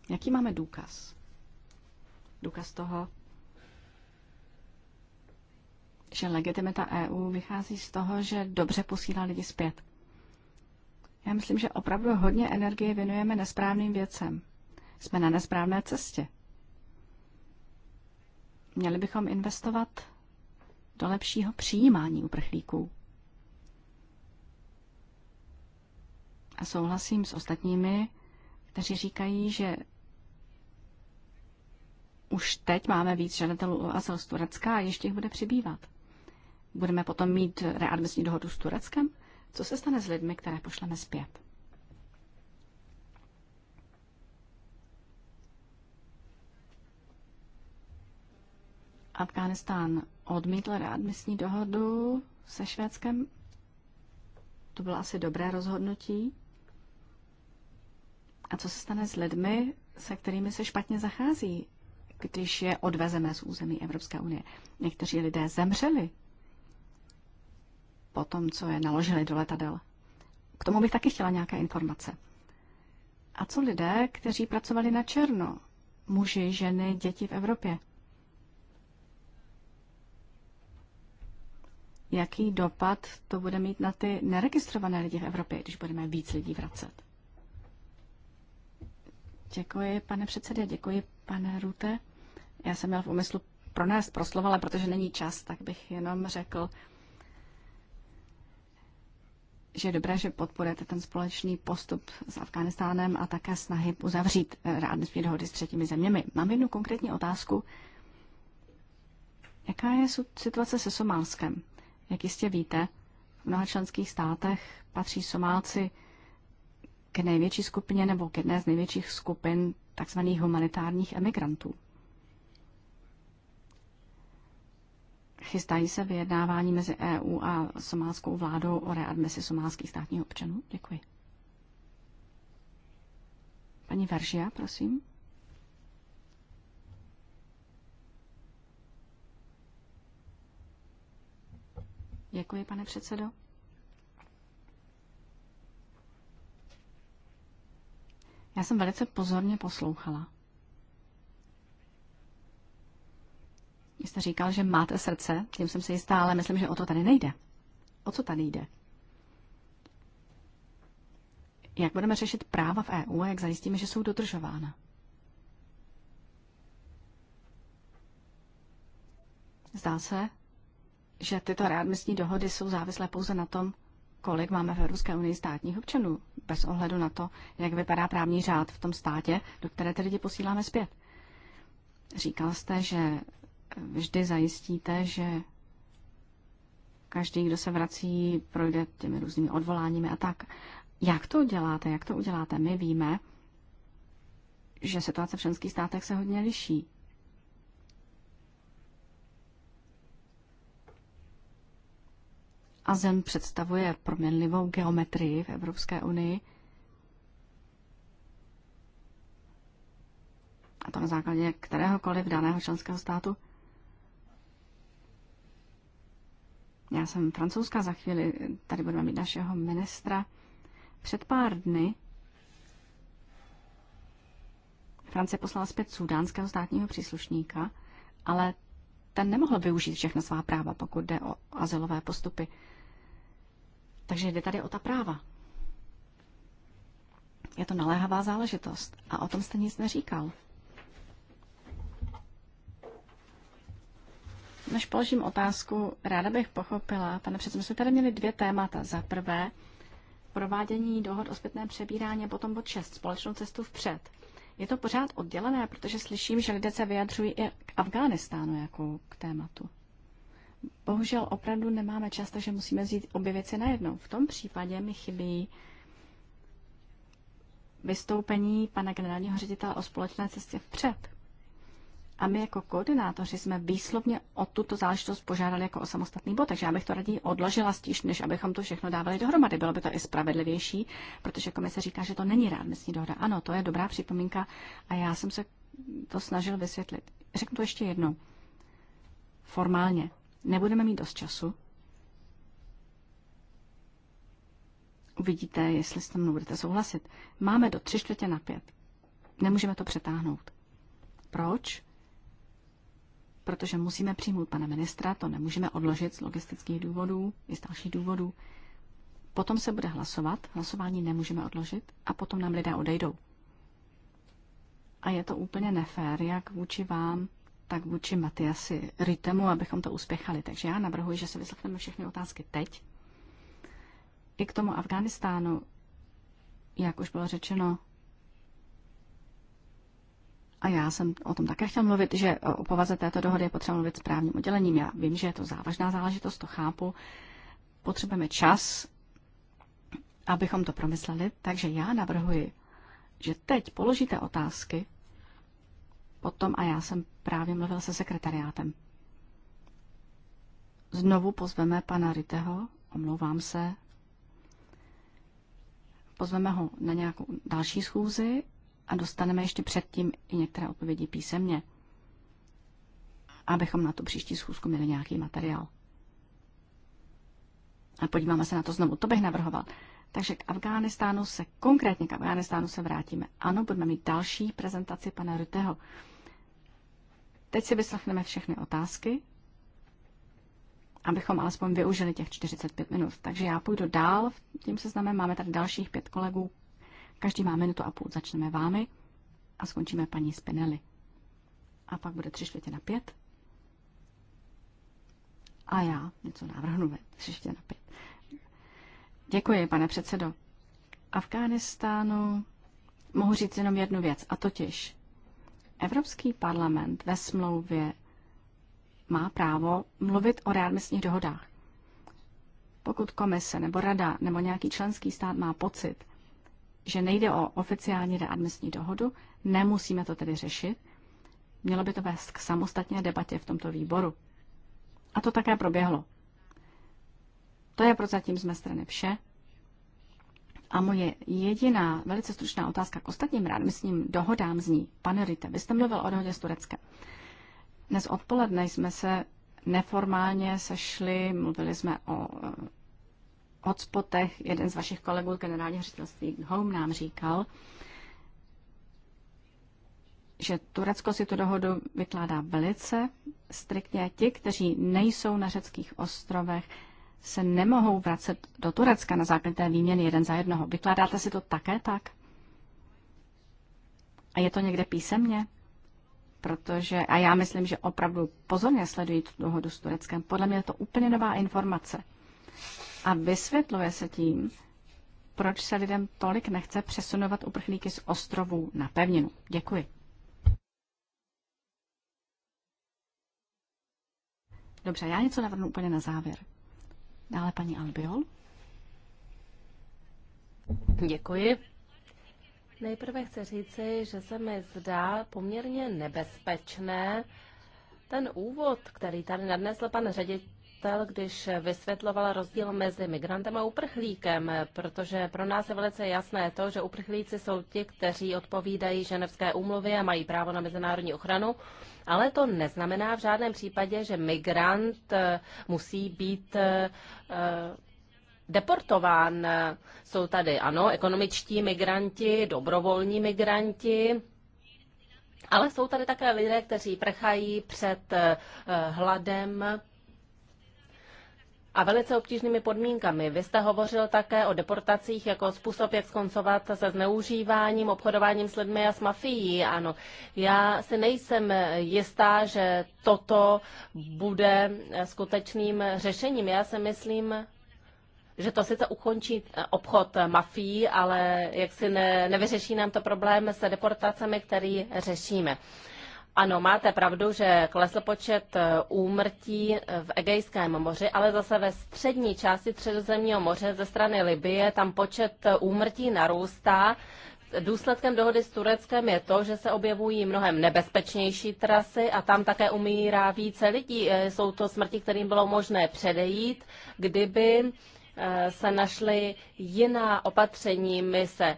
Speaker 2: Jaký máme důkaz? Důkaz toho, že legitimita EU vychází z toho, že dobře posílá lidi zpět. Já myslím, že opravdu hodně energie věnujeme nesprávným věcem. Jsme na nesprávné cestě. Měli bychom investovat do lepšího přijímání uprchlíků. A souhlasím s ostatními, kteří říkají, že už teď máme víc žadatelů o azyl z Turecka a ještě jich bude přibývat. Budeme potom mít readmisní dohodu s Tureckem? Co se stane s lidmi, které pošleme zpět? Afghánistán odmítl readmisní dohodu se Švédskem. To bylo asi dobré rozhodnutí. A co se stane s lidmi, se kterými se špatně zachází, když je odvezeme z území Evropské unie? Někteří lidé zemřeli po tom, co je naložili do letadel. K tomu bych taky chtěla nějaké informace. A co lidé, kteří pracovali na černo? Muži, ženy, děti v Evropě? Jaký dopad to bude mít na ty neregistrované lidi v Evropě, když budeme víc lidí vracet? Děkuji, pane předsedě, děkuji, pane Rute. Já jsem měl v úmyslu pronést proslov, ale protože není čas, tak bych jenom řekl, že je dobré, že podporujete ten společný postup s Afghánistánem a také snahy uzavřít eh, readmisní dohody s třetími zeměmi. Mám jednu konkrétní otázku. Jaká je situace se Somálskem? Jak jistě víte, v mnoha členských státech patří Somálci k největší skupině nebo k jedné z největších skupin tzv. humanitárních emigrantů. Chystají se vyjednávání mezi EU a somálskou vládou o readmisi somálských státních občanů? Děkuji. Paní Veržia, prosím. Děkuji, pane předsedo. Já jsem velice pozorně poslouchala. Vy jste říkal, že máte srdce, tím jsem si jistá, ale myslím, že o to tady nejde. O co tady jde? Jak budeme řešit práva v EU a jak zajistíme, že jsou dodržována? Zdá se, že tyto readmisní dohody jsou závislé pouze na tom, kolik máme v Evropské unii státních občanů, bez ohledu na to, jak vypadá právní řád v tom státě, do které ty lidi posíláme zpět. Říkal jste, že vždy zajistíte, že každý, kdo se vrací, projde těmi různými odvoláními a tak. Jak to uděláte? Jak to uděláte? My víme, že situace v členských státech se hodně liší. A zem představuje proměnlivou geometrii v Evropské unii. A to na základě kteréhokoliv daného členského státu Já jsem francouzská, za chvíli tady budeme mít našeho ministra. Před pár dny Francie poslala zpět sudánského státního příslušníka, ale ten nemohl využít všechna svá práva, pokud jde o azylové postupy. Takže jde tady o ta práva. Je to naléhavá záležitost a o tom jste nic neříkal. Než položím otázku, ráda bych pochopila, pane předsedo, my jsme tady měli dvě témata. Za prvé, provádění dohod o zpětné přebírání a potom bod 6, společnou cestu vpřed. Je to pořád oddělené, protože slyším, že lidé se vyjadřují i k Afghánistánu jako k tématu. Bohužel opravdu nemáme čas, takže musíme vzít obě věci najednou. V tom případě mi chybí vystoupení pana generálního ředitele o společné cestě vpřed. A my jako koordinátoři jsme výslovně o tuto záležitost požádali jako o samostatný bod, takže já bych to raději odložila stíž, než abychom to všechno dávali dohromady. Bylo by to i spravedlivější, protože komise říká, že to není readmisní dohoda. Ano, to je dobrá připomínka a já jsem se to snažil vysvětlit. Řeknu to ještě jednou. Formálně. Nebudeme mít dost času. Uvidíte, jestli s tím budete souhlasit. Máme do tři čtvrtě na pět. Nemůžeme to přetáhnout. Proč? protože musíme přijmout pana ministra, to nemůžeme odložit z logistických důvodů i z dalších důvodů. Potom se bude hlasovat, hlasování nemůžeme odložit a potom nám lidé odejdou. A je to úplně nefér, jak vůči vám, tak vůči Matiasi Rytemu, abychom to uspěchali. Takže já navrhuji, že se vyslechneme všechny otázky teď. I k tomu Afganistánu, jak už bylo řečeno, a já jsem o tom také chtěl mluvit, že e, o povaze této dohody je potřeba mluvit s právním oddělením. Já vím, že je to závažná záležitost, to chápu. Potřebujeme čas, abychom to promysleli, takže já navrhuji, že teď položíte otázky, potom a já jsem právě mluvil se sekretariátem. Znovu pozveme pana Riteho, omlouvám se, pozveme ho na nějakou další schůzi a dostaneme ještě předtím i některé odpovědi písemně, abychom na tu příští schůzku měli nějaký materiál. A podíváme se na to znovu, to bych navrhoval. Takže k Afghánistánu se, konkrétně k Afghánistánu se vrátíme. Ano, budeme mít další prezentaci pana Ruteho. Teď si vyslechneme všechny otázky, abychom alespoň využili těch 45 minut. Takže já půjdu dál, tím seznamem máme tady dalších pět kolegů, Každý má minutu a půl. Začneme vámi a skončíme paní Spinelli. A pak bude tři čtvrtě na pět. A já něco navrhnu ve tři čtvrtě na pět. Děkuji, pane předsedo. Afghánistánu mohu říct jenom jednu věc, a totiž Evropský parlament ve smlouvě má právo mluvit o readmisních dohodách. Pokud komise nebo rada nebo nějaký členský stát má pocit, že nejde o oficiální readmisní dohodu, nemusíme to tedy řešit. Mělo by to vést k samostatné debatě v tomto výboru. A to také proběhlo. To je prozatím z mé strany vše. A moje jediná velice stručná otázka k ostatním readmisním dohodám zní, pane Rite, vy jste mluvil o dohodě s Tureckem. Dnes odpoledne jsme se neformálně sešli, mluvili jsme o hotspotech. Jeden z vašich kolegů, generálního ředitelství Home, nám říkal, že Turecko si tu dohodu vykládá velice striktně. Ti, kteří nejsou na řeckých ostrovech, se nemohou vracet do Turecka na základě té výměny jeden za jednoho. Vykládáte si to také tak? A je to někde písemně? Protože, a já myslím, že opravdu pozorně sledují tu dohodu s Tureckem. Podle mě je to úplně nová informace. A vysvětluje se tím, proč se lidem tolik nechce přesunovat uprchlíky z ostrovů na pevninu. Děkuji. Dobře, já něco navrhnu úplně na závěr. Dále paní Albiol.
Speaker 4: Děkuji. Nejprve chci říci, že se mi zdá poměrně nebezpečné ten úvod, který tady nadnesl pan ředitel, Krystel, když vysvětlovala rozdíl mezi migrantem a uprchlíkem, protože pro nás je velice jasné to, že uprchlíci jsou ti, kteří odpovídají ženevské úmluvě a mají právo na mezinárodní ochranu, ale to neznamená v žádném případě, že migrant eh, musí být eh, eh, deportován. Jsou tady, ano, ekonomičtí migranti, dobrovolní migranti, ale jsou tady také lidé, kteří prchají před hladem a velice obtížnými podmínkami. Vy jste hovořil také o deportacích jako způsob, jak skoncovat se zneužíváním, obchodováním s lidmi a s mafií. Ano, já si nejsem jistá, že toto bude skutečným řešením. Já si myslím, že to sice ukončí obchod mafií, ale jak si ne, nevyřeší nám to problém se deportacemi, který řešíme. Ano, máte pravdu, že klesl počet eh, úmrtí eh, v Egejském moři, ale zase ve střední části Středozemního moře ze strany Libie tam počet eh, úmrtí narůstá. Důsledkem dohody s Tureckem je to, že se objevují mnohem nebezpečnější trasy a tam také umírá více lidí. Jsou to smrti, kterým bylo možné předejít, kdyby se našly jiná opatření. My se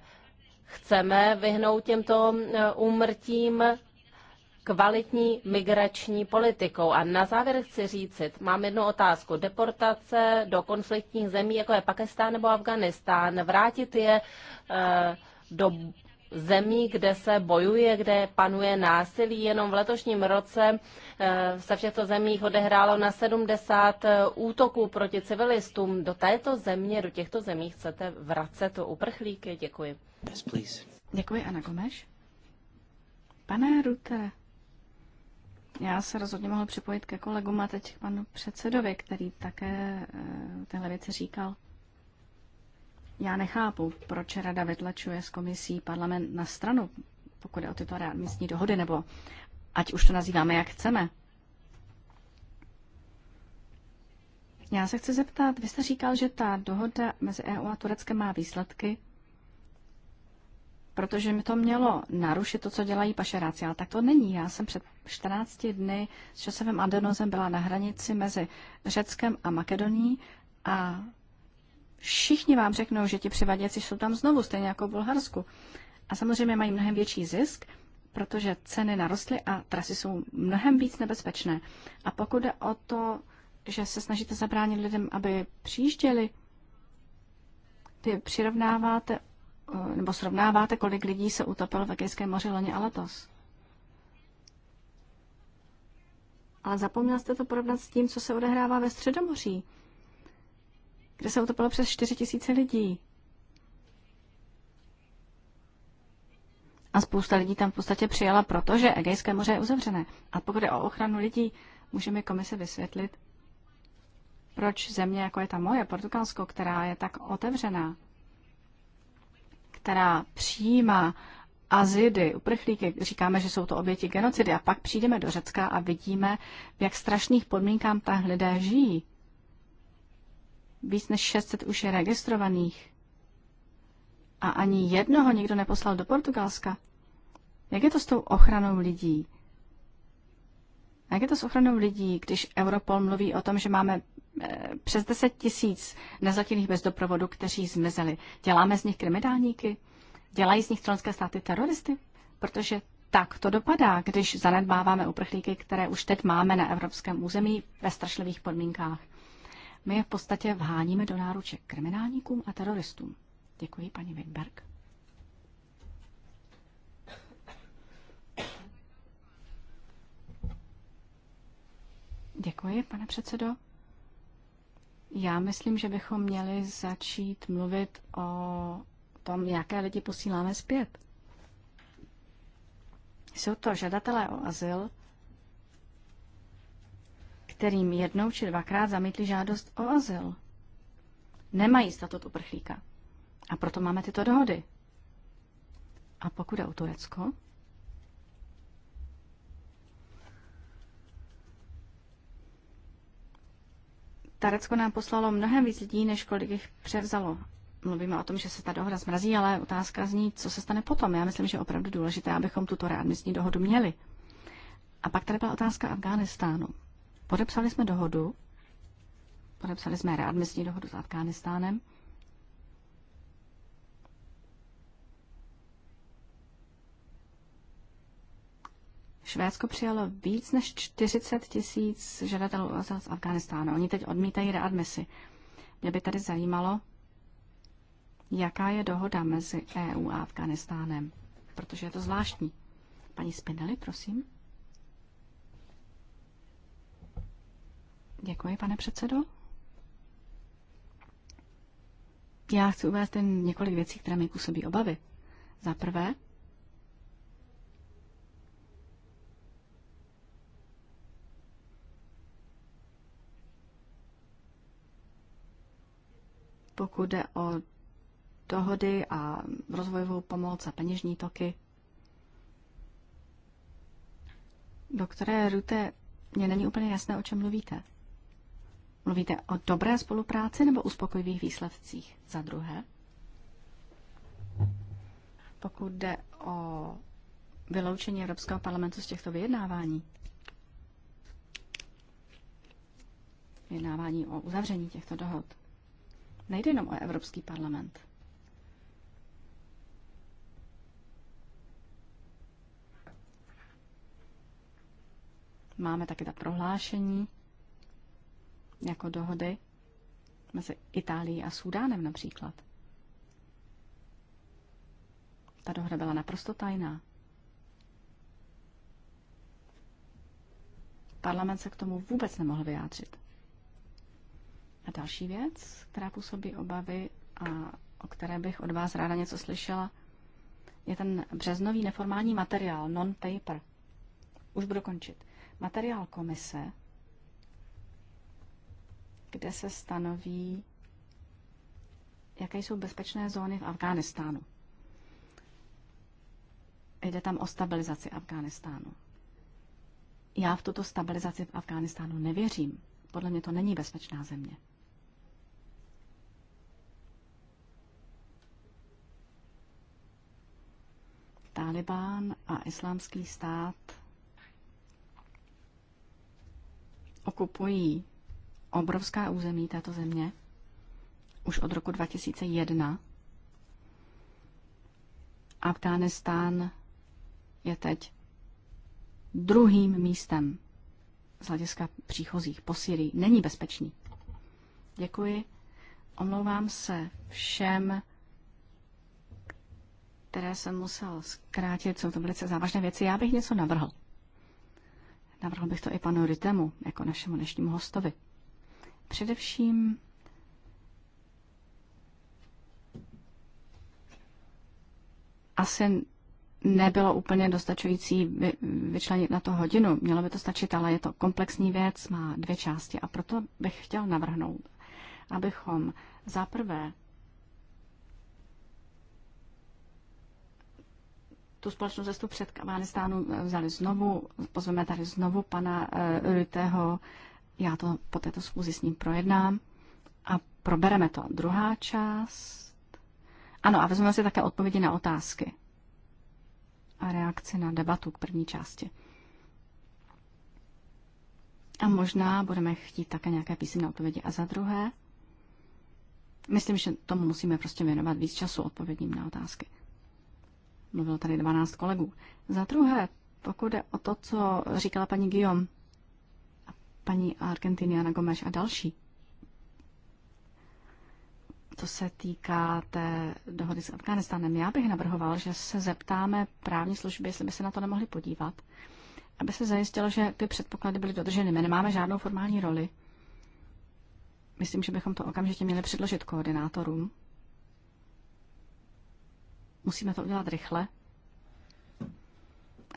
Speaker 4: chceme vyhnout těmto úmrtím, kvalitní migrační politikou. A na závěr chci říct, mám jednu otázku. Deportace do konfliktních zemí, jako je Pakistán nebo Afganistán, vrátit je eh, do zemí, kde se bojuje, kde panuje násilí. Jenom v letošním roce eh, se v těchto zemích odehrálo na 70 eh, útoků proti civilistům. Do této země, do těchto zemí chcete vracet uprchlíky? Děkuji.
Speaker 2: Yes, please. Děkuji, Ana Gomeš. Pane Rutere, já se rozhodně mohl připojit ke kolegům a teď k panu předsedovi, který také eh, tyhle věci říkal. Já nechápu, proč rada vytlačuje z komisí parlament na stranu, pokud je o tyto místní dohody, nebo ať už to nazýváme, jak chceme. Já se chci zeptat, vy jste říkal, že ta dohoda mezi EU a Tureckem má výsledky, protože mi to mělo narušit to, co dělají pašeráci, ale tak to není. Já jsem před 14 dny s časovým adenozem byla na hranici mezi Řeckem a Makedonií a všichni vám řeknou, že ti přivaděci jsou tam znovu, stejně jako v Bulharsku. A samozřejmě mají mnohem větší zisk, protože ceny narostly a trasy jsou mnohem víc nebezpečné. A pokud jde o to, že se snažíte zabránit lidem, aby přijížděli, ty přirovnáváte Eh, nebo srovnáváte, kolik lidí se utopilo v Egejském moři loni a letos. Ale zapomněl jste to porovnat s tím, co se odehrává ve Středomoří, kde se utopilo přes 4 tisíce lidí. A spousta lidí tam v podstatě přijela, protože Egejské moře je uzavřené. A pokud je o ochranu lidí, můžeme komise vysvětlit, proč země, jako je ta moje, Portugalsko, která je tak otevřená, která přijímá azidy, uprchlíky, říkáme, že jsou to oběti genocidy a pak přijdeme do Řecka a vidíme, v jak strašných podmínkám tam lidé žijí. Víc než 600 už je registrovaných. A ani jednoho nikdo neposlal do Portugalska. Jak je to s tou ochranou lidí? Jak je to s ochranou lidí, když Europol mluví o tom, že máme Eh, přes 10 tisíc nezletilých bez doprovodu, kteří zmizeli. Děláme z nich kriminálníky? Dělají z nich členské státy teroristy? Protože tak to dopadá, když zanedbáváme uprchlíky, které už teď máme na evropském území ve strašlivých podmínkách. My je v podstatě vháníme do náruče kriminálníkům a teroristům. Děkuji, paní Weinberg. Děkuji, pane předsedo. Já myslím, že bychom měli začít mluvit o tom, jaké lidi posíláme zpět. Jsou to žadatelé o azyl, kterým jednou či dvakrát zamítli žádost o azyl. Nemají statut uprchlíka. A proto máme tyto dohody. A pokud je o Turecko, Tarecko nám poslalo mnohem víc lidí, než kolik jich převzalo. Mluvíme o tom, že se ta dohoda zmrazí, ale otázka zní, co se stane potom. Já myslím, že je opravdu důležité, abychom tuto readmisní dohodu měli. A pak tady byla otázka Afghánistánu. Podepsali jsme dohodu, podepsali jsme readmisní dohodu s Afghánistánem, Švédsko přijalo víc než 40 tisíc žadatelů o z Afganistánu. Oni teď odmítají readmisi. Mě by tady zajímalo, jaká je dohoda mezi EU a Afganistánem, protože je to zvláštní. Paní Spinelli, prosím. Děkuji, pane předsedo. Já chci uvést jen několik věcí, které mi působí obavy. Za prvé, Pokud jde o dohody a rozvojovou pomoc a peněžní toky, doktore Rute, mně není úplně jasné, o čem mluvíte. Mluvíte o dobré spolupráci nebo uspokojivých výsledcích? Za druhé, pokud jde o vyloučení Evropského parlamentu z těchto vyjednávání, vyjednávání o uzavření těchto dohod. Nejde jenom o Evropský parlament. Máme také ta prohlášení jako dohody mezi Itálií a Súdánem, například. Ta dohoda byla naprosto tajná. Parlament se k tomu vůbec nemohl vyjádřit. A další věc, která působí obavy a o které bych od vás ráda něco slyšela, je ten březnový neformální materiál, non-paper. Už budu končit. Materiál komise, kde se stanoví, jaké jsou bezpečné zóny v Afghánistánu. Jde tam o stabilizaci Afghánistánu. Já v tuto stabilizaci v Afghánistánu nevěřím. Podle mě to není bezpečná země. Taliban a islámský stát okupují obrovská území této země už od roku 2001. Afghánistán je teď druhým místem z hlediska příchozích po Syrii. Není bezpečný. Děkuji. Omlouvám se všem které jsem musel zkrátit, jsou to velice závažné věci. Já bych něco navrhl. Navrhl bych to i panu Rytemu, jako našemu dnešnímu hostovi. Především asi nebylo úplně dostačující vyčlenit na to hodinu. Mělo by to stačit, ale je to komplexní věc, má dvě části a proto bych chtěl navrhnout, abychom zaprvé tu společnou cestu před Kavánistánu eh, vzali znovu, pozveme tady znovu pana Rutého, eh, já to po této schůzi s ním projednám a probereme to. Druhá část. Ano, a vezmeme si také odpovědi na otázky a reakci na debatu k první části. A možná budeme chtít také nějaké písemné odpovědi. A za druhé, myslím, že tomu musíme prostě věnovat víc času odpovědím na otázky. Mluvilo tady 12 kolegů. Za druhé, pokud jde o to, co říkala paní Guillaume, a paní Argentiniana Gomes a další, to se týká té dohody s Afganistánem, já bych navrhoval, že se zeptáme právní služby, jestli by se na to nemohli podívat, aby se zajistilo, že ty předpoklady byly dodrženy. My nemáme žádnou formální roli. Myslím, že bychom to okamžitě měli předložit koordinátorům, Musíme to udělat rychle,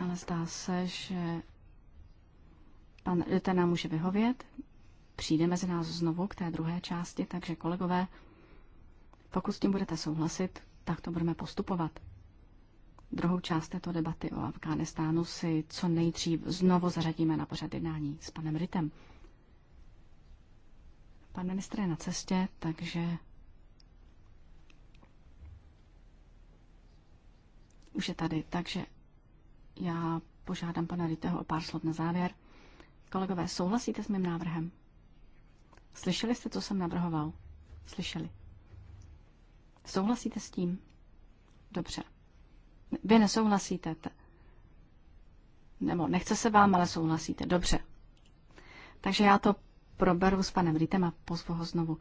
Speaker 2: ale zdá se, že pan ten nám může vyhovět. Přijde mezi nás znovu k té druhé části, takže kolegové, pokud s tím budete souhlasit, tak to budeme postupovat. Druhou část této debaty o Afghánistánu si co nejdřív znovu zařadíme na pořad jednání s panem Ritem. Pan ministr je na cestě, takže Už je tady, takže já požádám pana Ritého o pár slov na závěr. Kolegové, souhlasíte s mým návrhem? Slyšeli jste, co jsem navrhoval? Slyšeli. Souhlasíte s tím? Dobře. Vy nesouhlasíte. T- nebo nechce se vám, ale souhlasíte. Dobře. Takže já to proberu s panem Ritem a pozvu ho znovu.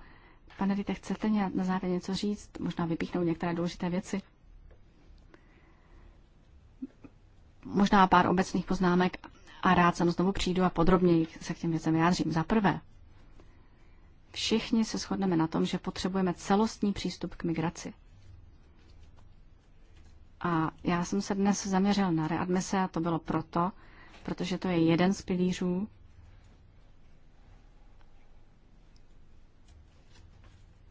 Speaker 2: Pane Rite, chcete na závěr něco říct? Možná vypíchnout některé důležité věci? Možná pár obecných poznámek a rád sem znovu přijdu a podrobněji se k těm věcem vyjádřím. Za prvé, všichni se shodneme na tom, že potřebujeme celostní přístup k migraci. A já jsem se dnes zaměřil na readmise a to bylo proto, protože to je jeden z pilířů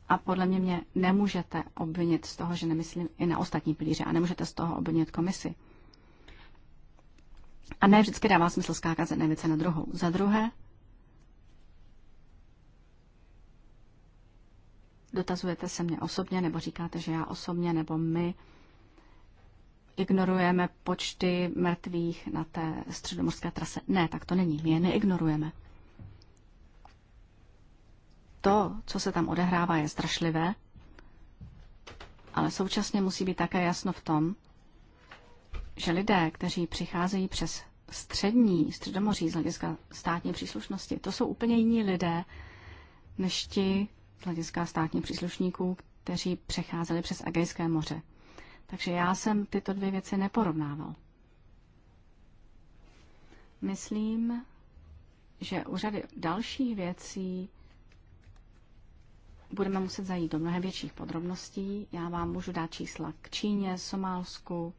Speaker 2: A podle mě mě nemůžete obvinit z toho, že nemyslím i na ostatní pilíře a nemůžete z toho obvinit komisi. A ne vždycky dává smysl skákat z jedné věce na druhou. Za druhé, dotazujete se mě osobně, nebo říkáte, že já osobně, nebo my ignorujeme počty mrtvých na té středomorské trase. Ne, tak to není. My je neignorujeme. To, co se tam odehrává, je strašlivé, ale současně musí být také jasno v tom, že lidé, kteří přicházejí přes střední středomoří z hlediska státní příslušnosti, to jsou úplně jiní lidé, než ti z hlediska státních příslušníků, kteří přecházeli přes Egejské moře. Takže já jsem tyto dvě věci neporovnával. Myslím, že u řady dalších věcí budeme muset zajít do mnohem větších podrobností. Já vám můžu dát čísla k Číně, Somálsku,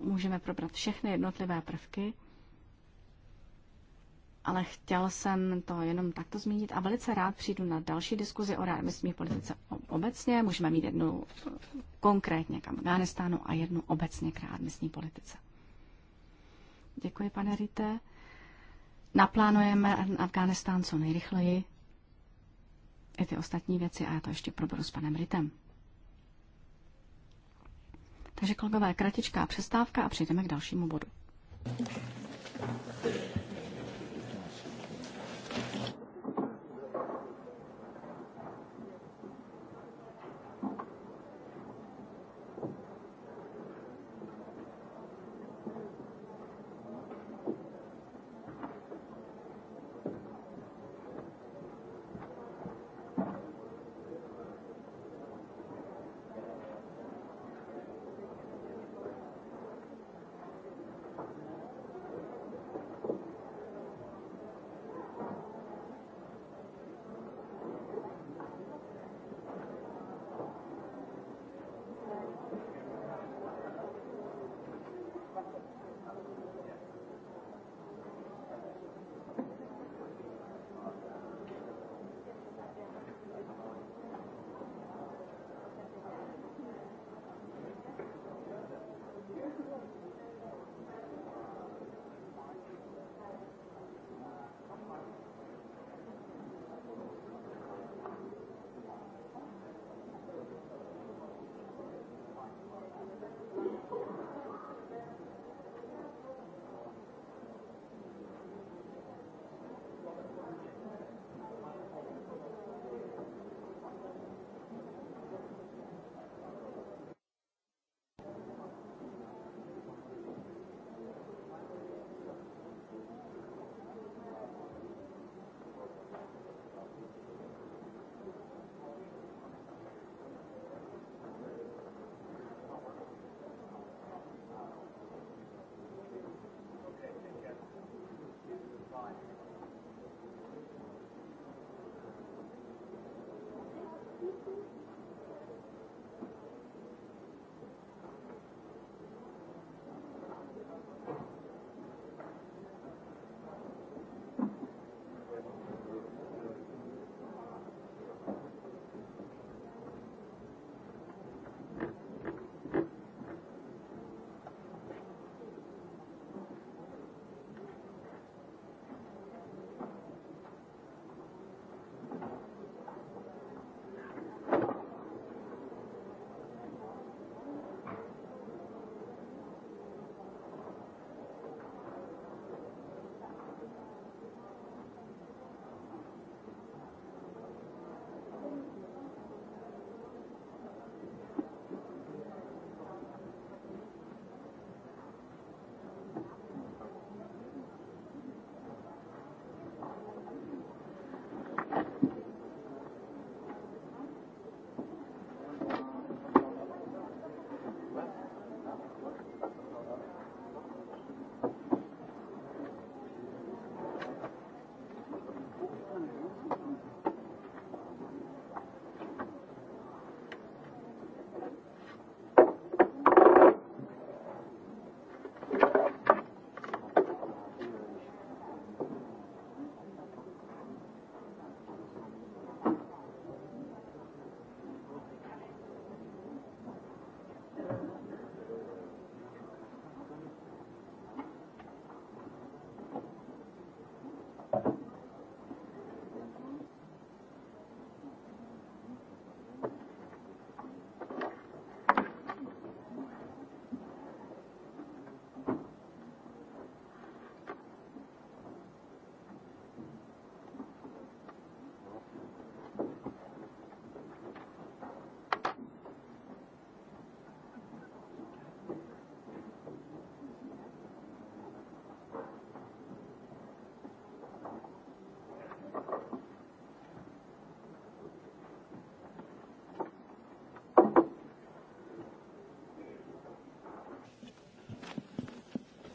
Speaker 2: můžeme probrat všechny jednotlivé prvky, ale chtěl jsem to jenom takto zmínit a velice rád přijdu na další diskuzi o readmisní politice obecně. Můžeme mít jednu konkrétně k Afganistánu a jednu obecně k readmisní politice. Děkuji, pane Rite. Naplánujeme Afganistán co nejrychleji. I ty ostatní věci a já to ještě proberu s panem Ritem. Takže kolegové, kratičká přestávka a přejdeme k dalšímu bodu.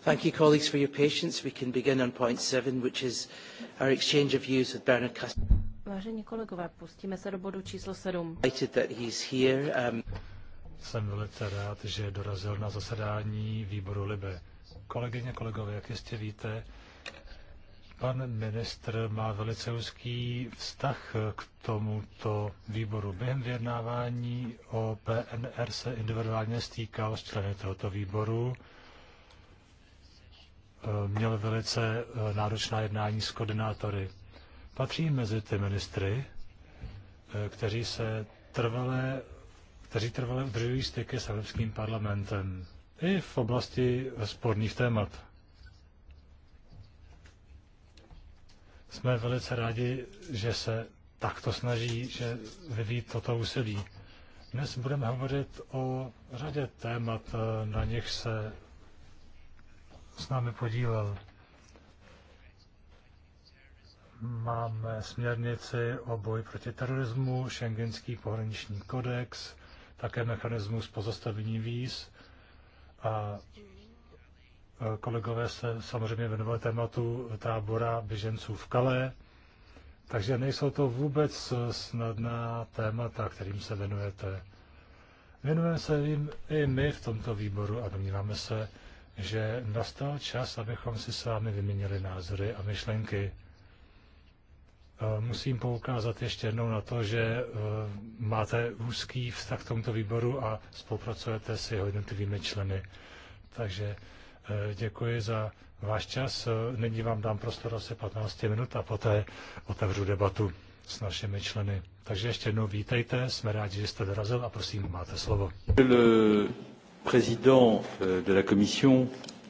Speaker 1: Thank you, colleagues, for your patience. We can begin on point seven, which is our exchange of views with Bernard Custin.
Speaker 4: Vážení kolegové, pustíme se do bodu číslo 7.
Speaker 1: here. Um... Jsem velice rád, že dorazil na zasedání
Speaker 3: výboru Libe. Kolegyně, kolegové, jak jistě víte, pan ministr má velice úzký vztah k tomuto výboru. Během vyjednávání o PNR se individuálně stýkal s členy tohoto výboru Eh, měl velice eh, náročná jednání s koordinátory. Patří mezi ty ministry, eh, kteří se trvalé, kteří trvalé udržují styky s Evropským parlamentem i v oblasti sporných témat. Jsme velice rádi, že se takto snaží, že vyvíjí toto úsilí. Dnes budeme hovořit o řadě témat, na nich se s námi podílel. Máme směrnici o boji proti terorismu, šengenský pohraniční kodex, také mechanismus pozastavení víz a e, kolegové se samozřejmě věnovali tématu tábora běženců v Kale, takže nejsou to vůbec snadná témata, kterým se věnujete. Věnujeme se jim i my v tomto výboru a domníváme se, že nastal čas, abychom si s vámi vyměnili názory a myšlenky. E, musím poukázat ještě jednou na to, že e, máte úzký vztah k tomuto výboru a spolupracujete s jeho jednotlivými členy. Takže e, děkuji za váš čas. Nyní vám dám prostor asi 15 minut a poté otevřu debatu s našimi členy. Takže ještě jednou vítejte, jsme rádi, že jste dorazil a prosím, máte slovo président euh, de la Commission,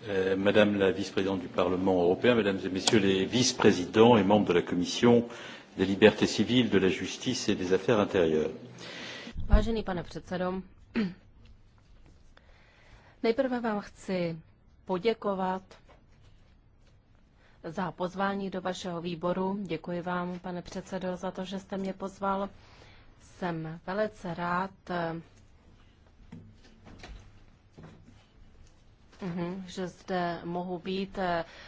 Speaker 3: euh, Madame la vice-présidente du Parlement européen, Mesdames et Messieurs les vice-présidents et membres de la Commission des libertés civiles, de la justice et des affaires intérieures.
Speaker 4: Vážený pane předsedo, nejprve vám chci poděkovat za pozvání do vašeho výboru. Děkuji vám, pane předsedo, za to, že jste mě pozval. Jsem velice rád, Mm-hmm, že zde mohu být.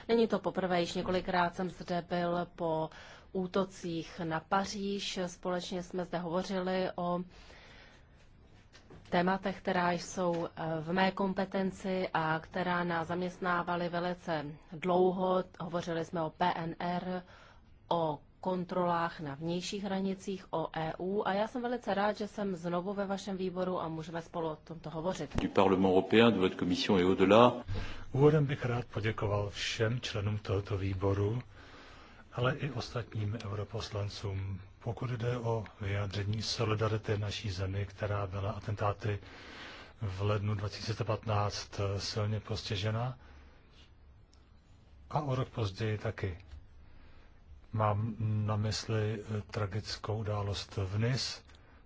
Speaker 4: Není to poprvé, již několikrát jsem zde byl po útocích na Paříž. Společně jsme zde hovořili o tématech, která jsou eh, v mé kompetenci a která nás zaměstnávaly velice dlouho. Hovořili jsme o PNR, o kontrolách na vnějších hranicích, o EU a já jsem velice rád, že jsem znovu ve vašem výboru a můžeme spolu o tomto hovořit. Du
Speaker 3: Parlement européen, de votre commission et au-delà. Úvodem bych rád poděkoval všem členům tohoto výboru, ale i ostatním europoslancům, pokud jde o vyjádření solidarity naší zemi, která byla atentáty v lednu 2015 silně postižena a o rok později taky. Mám na mysli eh, tragickou událost v Nis,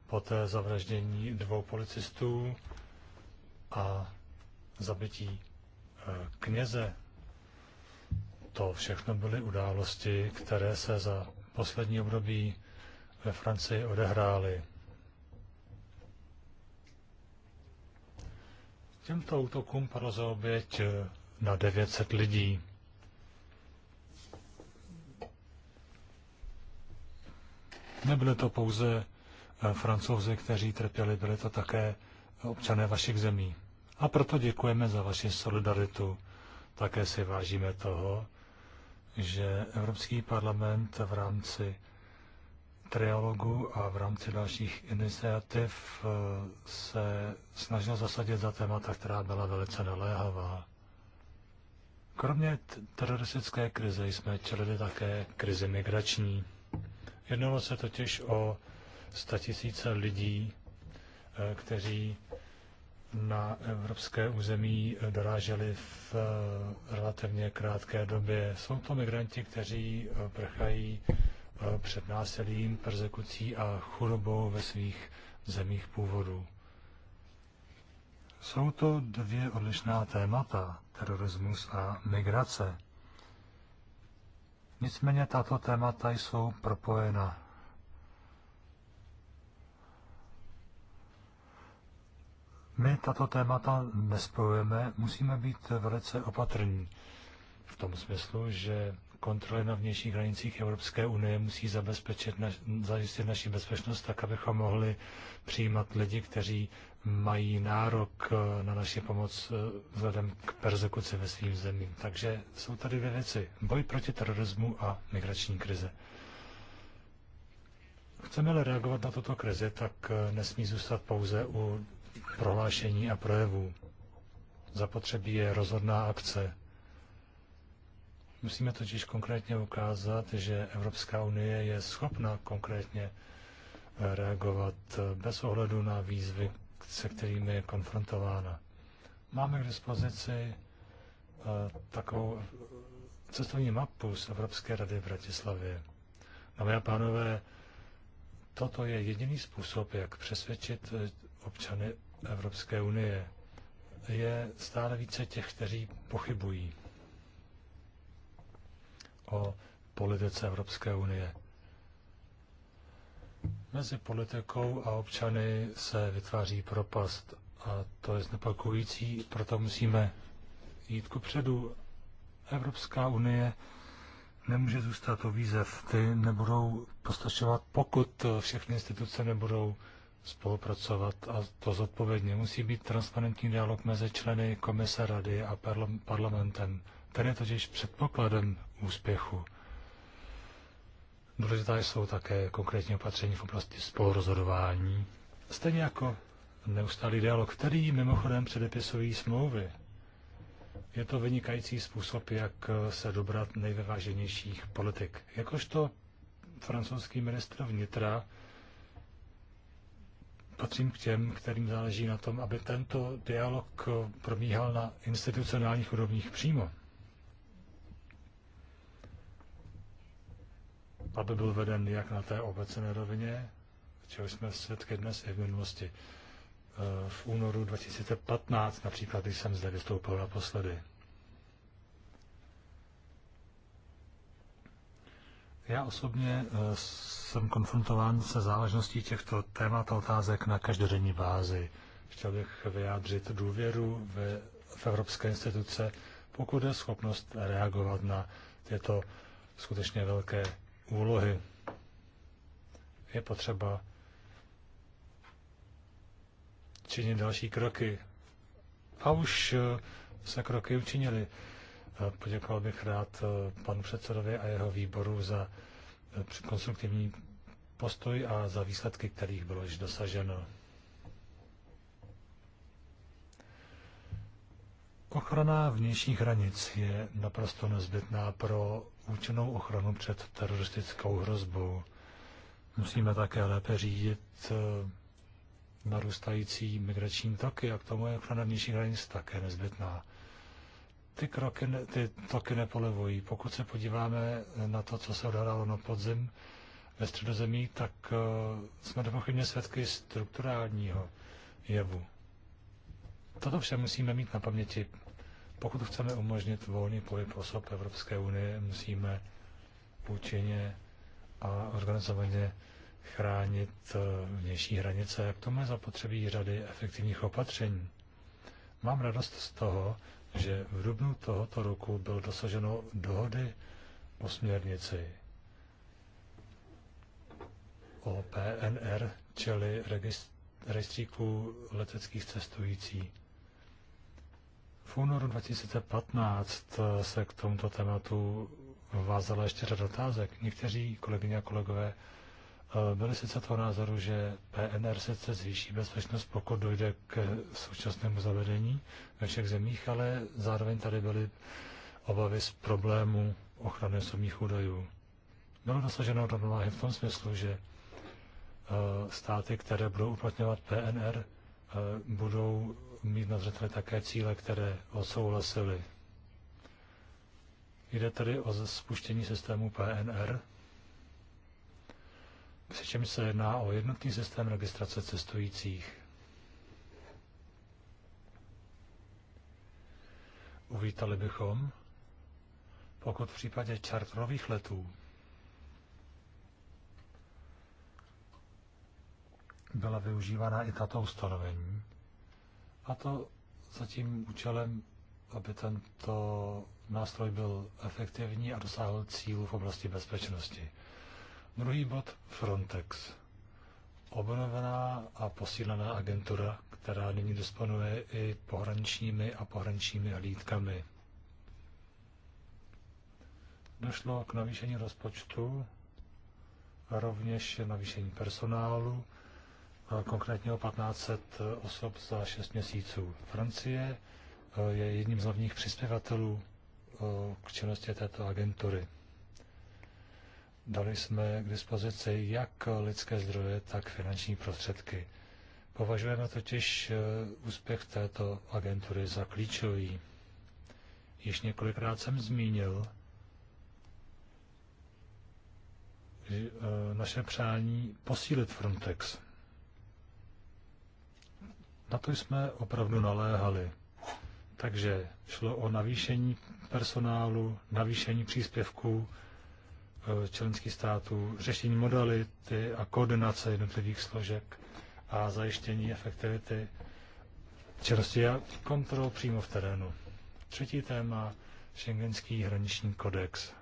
Speaker 3: poté zavraždění dvou policistů a zabití eh, kněze. To všechno byly události, které se za poslední období ve Francii odehrály. Těmto útokům padlo za oběť eh, na 900 lidí. Nebyly to pouze eh, francouzi, kteří trpěli, byly to také občané vašich zemí. A proto děkujeme za vaši solidaritu. Také si vážíme toho, že Evropský parlament v rámci trialogu a v rámci dalších iniciativ eh, se snažil zasadit za témata, která byla velice naléhavá. Kromě teroristické krize jsme čelili také krizi migrační. Jednalo se totiž o statisíce lidí, eh, kteří na evropské území eh, doráželi v eh, relativně krátké době. Jsou to migranti, kteří prchají před násilím, persekucí a chudobou ve svých zemích původu. Jsou to dvě odlišná témata, terorismus a migrace. Nicméně tato témata jsou propojena. My tato témata nespojujeme, musíme být velice opatrní v tom smyslu, že kontroly na vnějších hranicích Evropské unie musí zabezpečit zajistit naši bezpečnost tak, abychom mohli přijímat lidi, kteří mají nárok eh, na naši pomoc eh, vzhledem k persekuci ve svým zemím. Takže jsou tady dvě věci. Boj proti terorismu a migrační krize. Chceme-li reagovat na toto krizi, tak eh, nesmí zůstat pouze u prohlášení a projevů. Zapotřebí je rozhodná akce. Musíme totiž konkrétně ukázat, že Evropská unie je schopna konkrétně reagovat bez ohledu na výzvy, se kterými je konfrontována. Máme k dispozici eh, takovou cestovní mapu z Evropské rady v Bratislavě. Dámy a pánové, toto je jediný způsob, jak přesvědčit eh, občany Evropské unie. Je stále více těch, kteří pochybují o politice Evropské unie. Mezi politikou a občany se vytváří propast a to je znepokojící, proto musíme jít ku předu. Evropská unie nemůže zůstat o výzev. Ty nebudou postačovat, pokud všechny instituce nebudou spolupracovat a to zodpovědně. Musí být transparentní dialog mezi členy komise rady a parlamentem. Ten je totiž předpokladem úspěchu. Důležitá jsou také konkrétní opatření v oblasti spolurozhodování, stejně jako neustálý dialog, který mimochodem předepisují smlouvy. Je to vynikající způsob, jak se dobrat nejvyváženějších politik. Jakožto francouzský ministr vnitra patřím k těm, kterým záleží na tom, aby tento dialog probíhal na institucionálních úrovních přímo. aby byl veden jak na té obecné rovině, čeho jsme svědky dnes i v minulosti. E, v únoru 2015 například, když jsem zde vystoupil naposledy. Já osobně e, jsem konfrontován se záležností těchto témat a otázek na každodenní bázi. Chtěl bych vyjádřit důvěru ve, v evropské instituce, pokud je schopnost reagovat na tyto skutečně velké úlohy. Je potřeba činit další kroky. A už eh, se kroky učinili. Eh, poděkoval bych rád eh, panu předsedovi a jeho výboru za konstruktivní postoj a za výsledky, kterých bylo již dosaženo. Ochrana vnějších hranic je naprosto nezbytná pro účinnou ochranu před teroristickou hrozbou. Musíme také lépe řídit eh, narůstající migrační toky a k tomu je ochrana vnějších hranic také nezbytná. Ty, kroky, ty toky nepolevují. Pokud se podíváme na to, co se odhrálo na podzim ve středozemí, tak eh, jsme nepochybně svědky strukturálního jevu. Toto vše musíme mít na paměti pokud chceme umožnit volný pohyb osob Evropské unie, musíme účinně a organizovaně chránit eh, vnější hranice. K tomu je zapotřebí řady efektivních opatření. Mám radost z toho, že v dubnu tohoto roku bylo dosaženo dohody o směrnici o PNR, čili registr rejstříku leteckých cestující. V únoru 2015 eh, se k tomuto tématu vázala ještě řada otázek. Někteří kolegyně a kolegové eh, byli sice toho názoru, že PNR sice zvýší bezpečnost, pokud dojde k současnému zavedení ve všech zemích, ale zároveň tady byly obavy z problému ochrany osobních údajů. Bylo dosaženo rovnováhy v tom smyslu, že eh, státy, které budou uplatňovat PNR, budou mít na zřetele také cíle, které odsouhlasili. Jde tedy o spuštění systému PNR, přičemž se jedná o jednotný systém registrace cestujících. Uvítali bychom, pokud v případě čartrových letů byla využívána i tato ustanovení, a to za tím účelem, aby tento nástroj byl efektivní a dosáhl cílů v oblasti bezpečnosti. Druhý bod Frontex. Obnovená a posílená agentura, která nyní disponuje i pohraničními a pohraničními hlídkami. Došlo k navýšení rozpočtu, rovněž navýšení personálu, konkrétně o 1500 osob za 6 měsíců. Francie eh, je jedním z hlavních přispěvatelů eh, k činnosti této agentury. Dali jsme k dispozici jak lidské zdroje, tak finanční prostředky. Považujeme totiž eh, úspěch této agentury za klíčový. Již několikrát jsem zmínil naše přání posílit Frontex. Na to jsme opravdu naléhali. Takže šlo o navýšení personálu, navýšení příspěvků e, členských států, řešení modality a koordinace jednotlivých složek a zajištění efektivity činnosti a kontrol přímo v terénu. Třetí téma Schengenský hraniční kodex.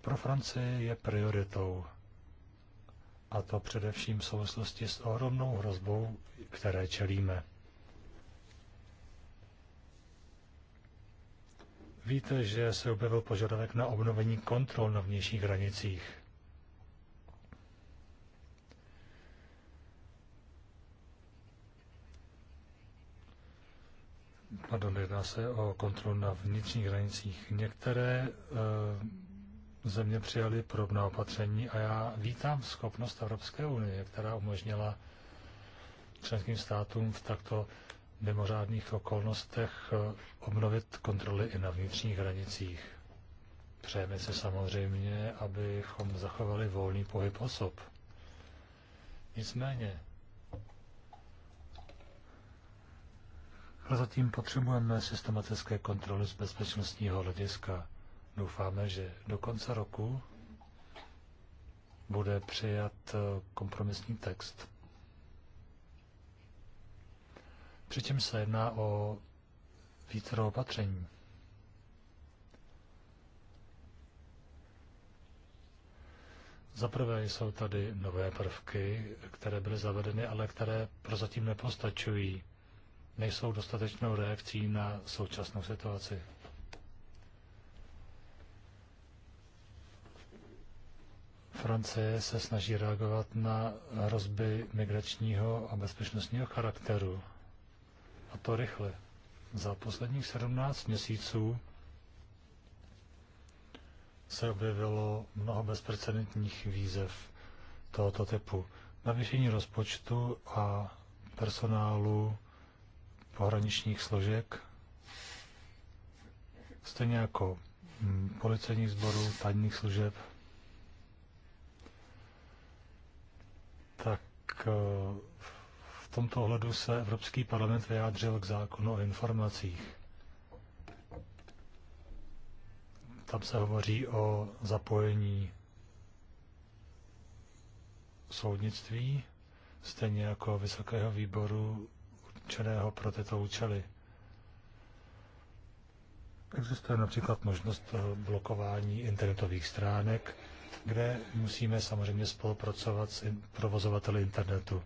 Speaker 3: Pro Francii je prioritou a to především v souvislosti s ohromnou hrozbou, které čelíme. Víte, že se objevil požadavek na obnovení kontrol na vnějších hranicích. Pardon, jedná se o kontrol na vnitřních hranicích. Některé e, země přijaly podobná opatření a já vítám schopnost Evropské unie, která umožnila členským státům v takto mimořádných okolnostech eh, obnovit kontroly i na vnitřních hranicích. Přejeme se samozřejmě, abychom zachovali volný pohyb osob. Nicméně, zatím potřebujeme systematické kontroly z bezpečnostního hlediska. Doufáme, že do konce roku bude přijat eh, kompromisní text. Přičem se jedná o vícero opatření. Zaprvé jsou tady nové prvky, které byly zavedeny, ale které prozatím nepostačují. Nejsou dostatečnou reakcí na současnou situaci. Francie se snaží reagovat na hrozby migračního a bezpečnostního charakteru. A to rychle. Za posledních 17 měsíců se objevilo mnoho bezprecedentních výzev tohoto typu. Navýšení rozpočtu a personálu pohraničních složek, stejně jako mm, policejních sborů, tajných služeb, Eh, v tomto ohledu se Evropský parlament vyjádřil k zákonu o informacích. Tam se hovoří o zapojení soudnictví, stejně jako Vysokého výboru určeného pro tyto účely. Existuje například možnost blokování internetových stránek, kde musíme samozřejmě spolupracovat s provozovateli internetu.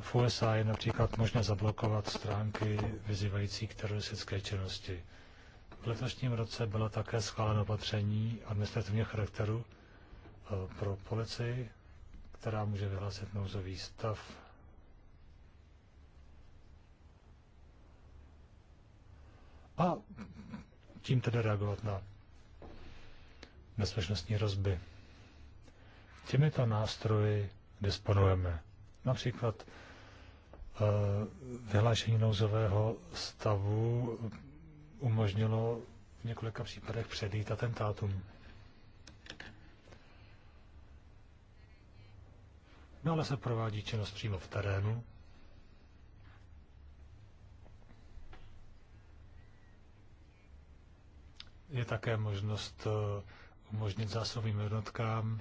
Speaker 3: V USA je například možné zablokovat stránky vyzývající k teroristické činnosti. V letošním roce bylo také schváleno opatření administrativního charakteru eh, pro policii, která může vyhlásit nouzový stav. A tím tedy reagovat na bezpečnostní rozby. Těmito nástroji disponujeme. Například eh, vyhlášení nouzového stavu umožnilo v několika případech předjít atentátům. Dále no, se provádí činnost přímo v terénu. Je také možnost eh, umožnit zásovým jednotkám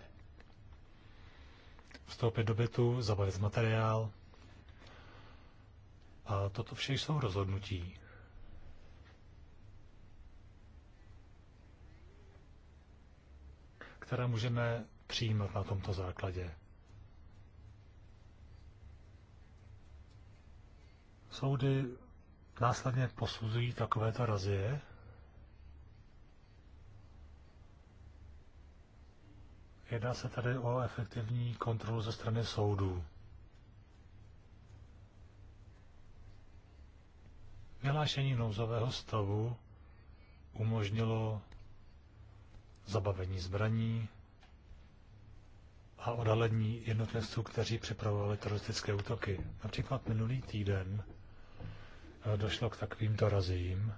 Speaker 3: vstoupit do bytu, zabavit materiál. A toto vše jsou rozhodnutí. které můžeme přijímat na tomto základě. Soudy následně posuzují takovéto razie, Jedná se tady o efektivní kontrolu ze strany soudů. Vyhlášení nouzového stavu umožnilo zabavení zbraní a odhalení jednotlivců, kteří připravovali teroristické útoky. Například minulý týden eh, došlo k takovýmto razím.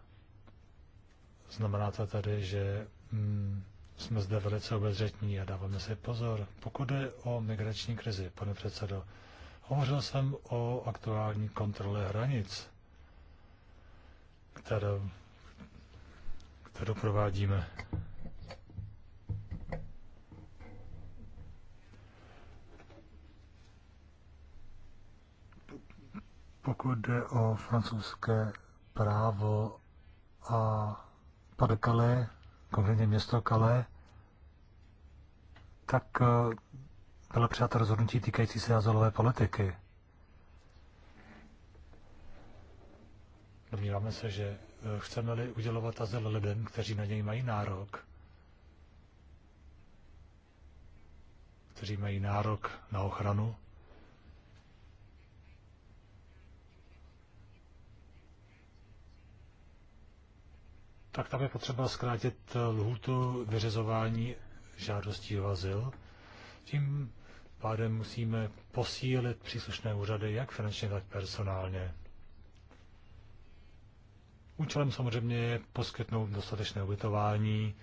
Speaker 3: Znamená to tedy, že mm, jsme zde velice obezřetní a dáváme si pozor. Pokud je o migrační krizi, pane předsedo, hovořil jsem o aktuální kontrole hranic, kterou, kterou provádíme. Pokud jde o francouzské právo a pas konkrétně město Kalé, tak eh, byla přijata rozhodnutí týkající se azolové politiky. Domníváme se, že eh, chceme-li udělovat azyl lidem, kteří na něj mají nárok, kteří mají nárok na ochranu, tak tam je potřeba zkrátit eh, lhůtu vyřizování žádostí o azyl. Tím pádem musíme posílit příslušné úřady, jak finančně, tak personálně. Účelem samozřejmě je poskytnout dostatečné ubytování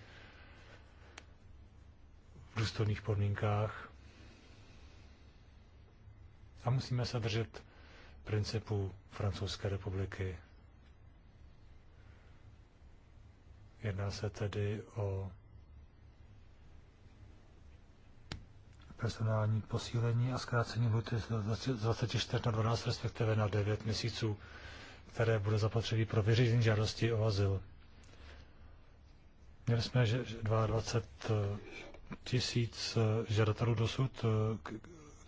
Speaker 3: v důstojných podmínkách a musíme se držet principů Francouzské republiky. Jedná se tedy o personální posílení a zkrácení lhuty z 24 na 12, respektive na 9 měsíců, které bude zapotřebí pro vyřízení žádosti o azyl. Měli jsme 22 eh, tisíc eh, žadatelů dosud,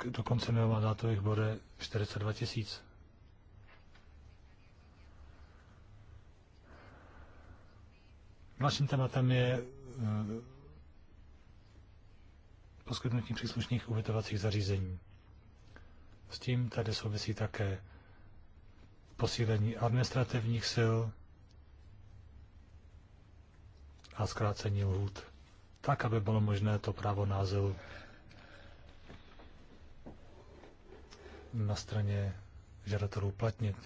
Speaker 3: eh, do konce mého mandátu jich bude 42 tisíc. Dalším tématem je eh, poskytnutí příslušných ubytovacích zařízení. S tím tady souvisí také posílení administrativních sil a zkrácení lhůt, tak, aby bylo možné to právo názilu na straně žadatelů platnit.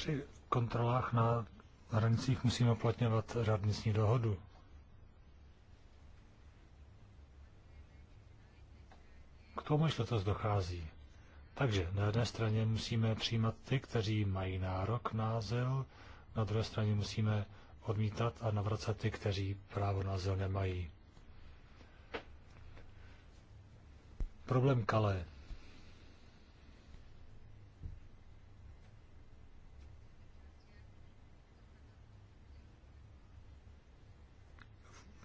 Speaker 3: Při kontrolách na hranicích musíme uplatňovat řádnicní dohodu. K tomu již letos dochází. Takže na jedné straně musíme přijímat ty, kteří mají nárok na azyl, na druhé straně musíme odmítat a navracet ty, kteří právo na azyl nemají. Problém Kalé.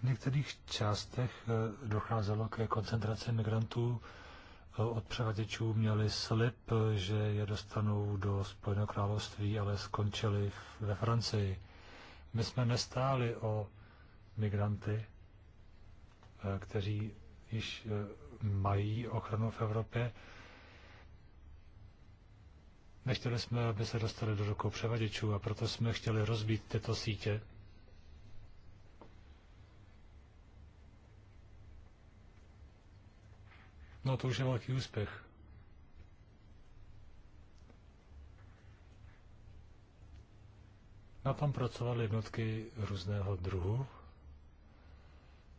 Speaker 3: některých částech eh, docházelo ke koncentraci migrantů eh, od převaděčů, měli slib, eh, že je dostanou do Spojeného království, ale skončili ve Francii. My jsme nestáli o migranty, kteří již mají ochranu v Evropě. Nechtěli jsme, aby se dostali do rukou převaděčů a proto jsme chtěli rozbít tyto sítě No to už je velký úspěch. Na tom pracovaly jednotky různého druhu.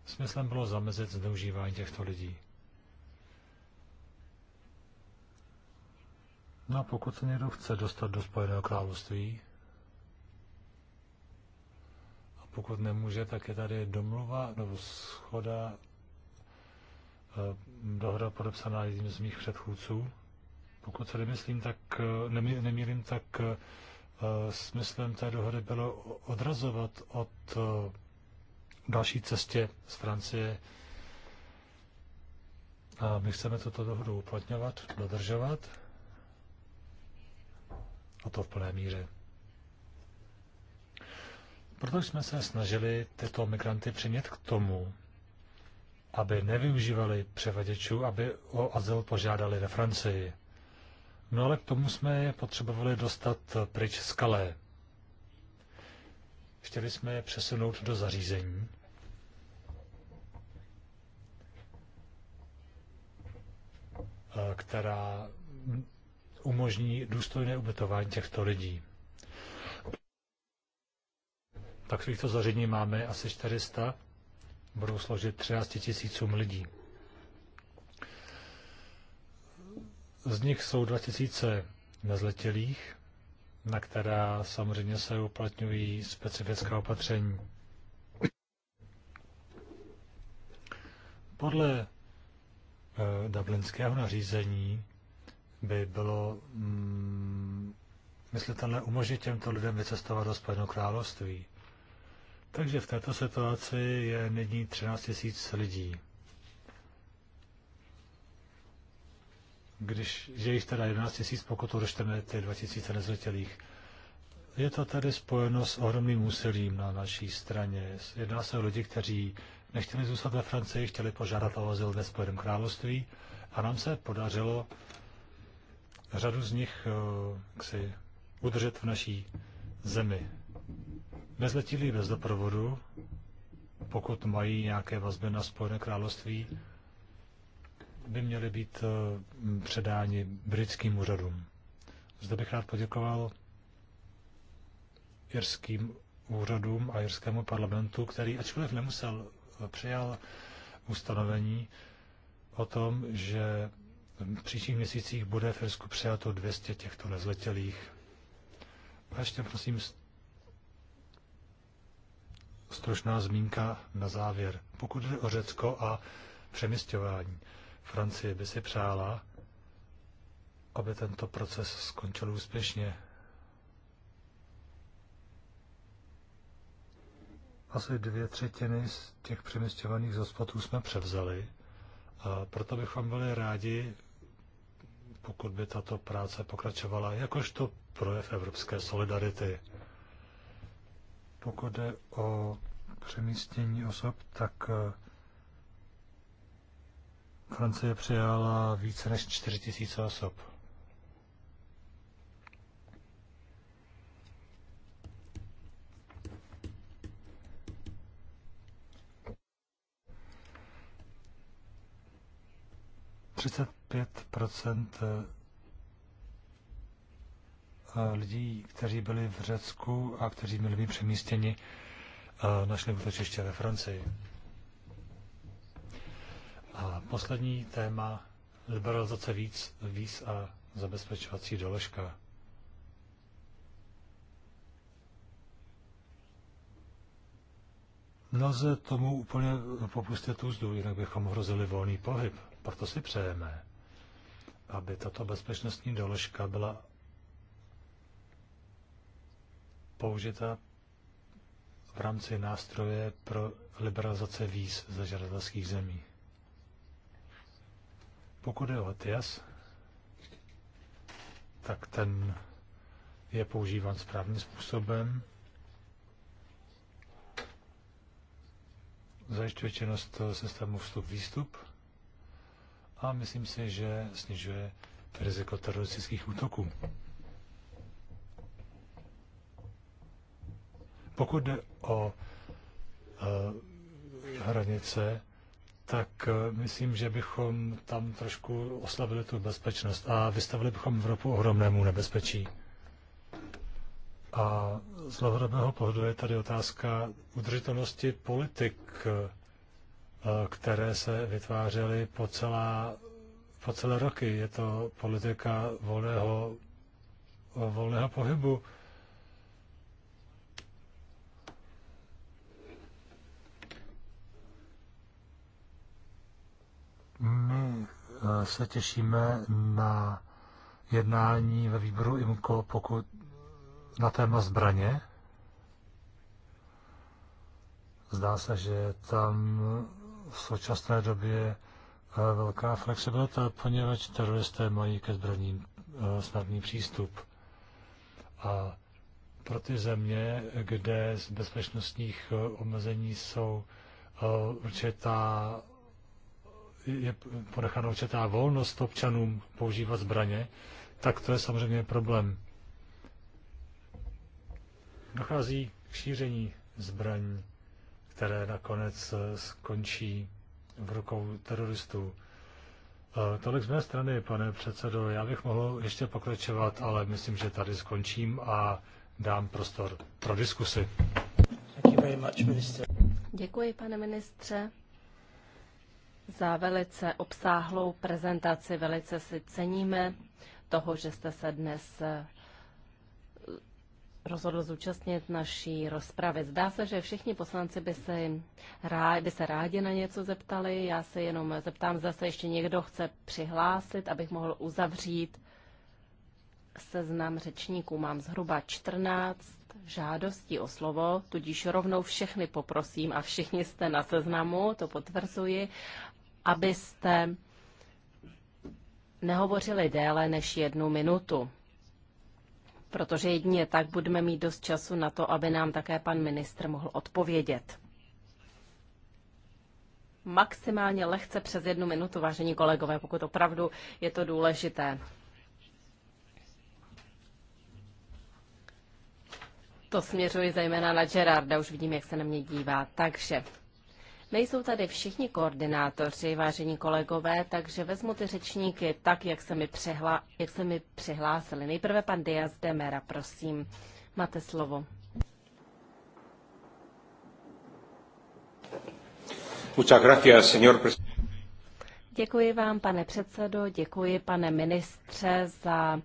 Speaker 3: Smyslem bylo zamezit zneužívání těchto lidí. No a pokud se někdo chce dostat do Spojeného království, a pokud nemůže, tak je tady domluva nebo schoda Eh, dohoda podepsaná jedním z mých předchůdců. Pokud se nemyslím, tak, eh, nemýlím, tak eh, smyslem té dohody bylo odrazovat od další cestě z Francie. A my chceme tuto dohodu uplatňovat, dodržovat a to v plné míře. Proto jsme se snažili tyto migranty přimět k tomu, aby nevyužívali převaděčů, aby o azyl požádali ve Francii. No ale k tomu jsme je potřebovali dostat pryč z Kalé. Chtěli jsme je přesunout do zařízení, která umožní důstojné ubytování těchto lidí. Takovýchto zařízení máme asi 400 budou složit 13 tisícům lidí. Z nich jsou 2 tisíce nezletělých, na která samozřejmě se uplatňují specifická opatření. Podle eh, dublinského nařízení by bylo mm, myslitelné umožnit těmto lidem vycestovat do Spojeného království. Takže v této situaci je nyní 13 tisíc lidí. Když, je jich teda 11 tisíc, pokud odečteme ty 2 tisíce nezletělých. Je to tedy spojeno s ohromným úsilím na naší straně. Jedná se o lidi, kteří nechtěli zůstat ve Francii, chtěli požádat o azyl ve Spojeném království a nám se podařilo řadu z nich eh, si udržet v naší zemi. Nezletilí bez doprovodu, pokud mají nějaké vazby na Spojené království, by měly být eh, předáni britským úřadům. Zde bych rád poděkoval jirským úřadům a jirskému parlamentu, který ačkoliv nemusel, eh, přijal ustanovení o tom, že v příštích měsících bude v Jirsku přijato 200 těchto nezletělých. A ještě prosím stručná zmínka na závěr. Pokud jde o Řecko a přemysťování, Francie by si přála, aby tento proces skončil úspěšně. Asi dvě třetiny z těch přemysťovaných zospotů jsme převzali, a proto bychom byli rádi, pokud by tato práce pokračovala jakožto projev evropské solidarity. Pokud jde o přemístění osob, tak eh, Francie přijala více než 4 000 osob. Třicet pět procent eh, lidí, kteří byli v Řecku a kteří měli být přemístěni, našli útočiště ve Francii. A poslední téma liberalizace víc, víc a zabezpečovací doložka. Nelze tomu úplně popustit úzdu, jinak bychom hrozili volný pohyb. Proto si přejeme, aby tato bezpečnostní doložka byla použita v rámci nástroje pro liberalizace víz ze žadatelských zemí. Pokud je o ETIAS, tak ten je používán správným způsobem. Zajišťuje činnost systému vstup-výstup a myslím si, že snižuje riziko teroristických útoků. Pokud jde o eh, hranice, tak eh, myslím, že bychom tam trošku oslabili tu bezpečnost a vystavili bychom Evropu ohromnému nebezpečí. A z dlouhodobého pohledu je tady otázka udržitelnosti politik, eh, které se vytvářely po, celá, po celé roky. Je to politika volného, volného pohybu, My eh, se těšíme na jednání ve výboru IMCO, pokud na téma zbraně. Zdá se, že tam v současné době eh, velká flexibilita, poněvadž teroristé mají ke zbraním eh, snadný přístup. A pro ty země, kde z bezpečnostních omezení jsou určitá je ponechána určitá volnost občanům používat zbraně, tak to je samozřejmě problém. Dochází k šíření zbraní, které nakonec eh, skončí v rukou teroristů. Eh, tolik z mé strany, pane předsedo. Já bych mohl ještě pokračovat, ale myslím, že tady skončím a dám prostor pro diskusi.
Speaker 4: Děkuji, pane ministře za velice obsáhlou prezentaci. Velice si ceníme toho, že jste se dnes eh, rozhodl zúčastnit naší rozpravy. Zdá se, že všichni poslanci by se, rádi, by se rádi na něco zeptali. Já se jenom zeptám, zda se ještě někdo chce přihlásit, abych mohl uzavřít seznam řečníků. Mám zhruba 14 žádostí o slovo, tudíž rovnou všechny poprosím a všichni jste na seznamu, to potvrzuji abyste nehovořili déle než jednu minutu, protože jedině tak budeme mít dost času na to, aby nám také pan ministr mohl odpovědět. Maximálně lehce přes jednu minutu, vážení kolegové, pokud opravdu je to důležité. To směřuji zejména na Gerarda, už vidím, jak se na mě dívá. Takže Nejsou tady všichni koordinátoři, vážení kolegové, takže vezmu ty řečníky tak, jak se mi, přihla, jak se mi přihlásili. Nejprve pan Diaz Demera, prosím. Máte slovo. Děkuji vám, pane předsedo, děkuji, pane ministře, za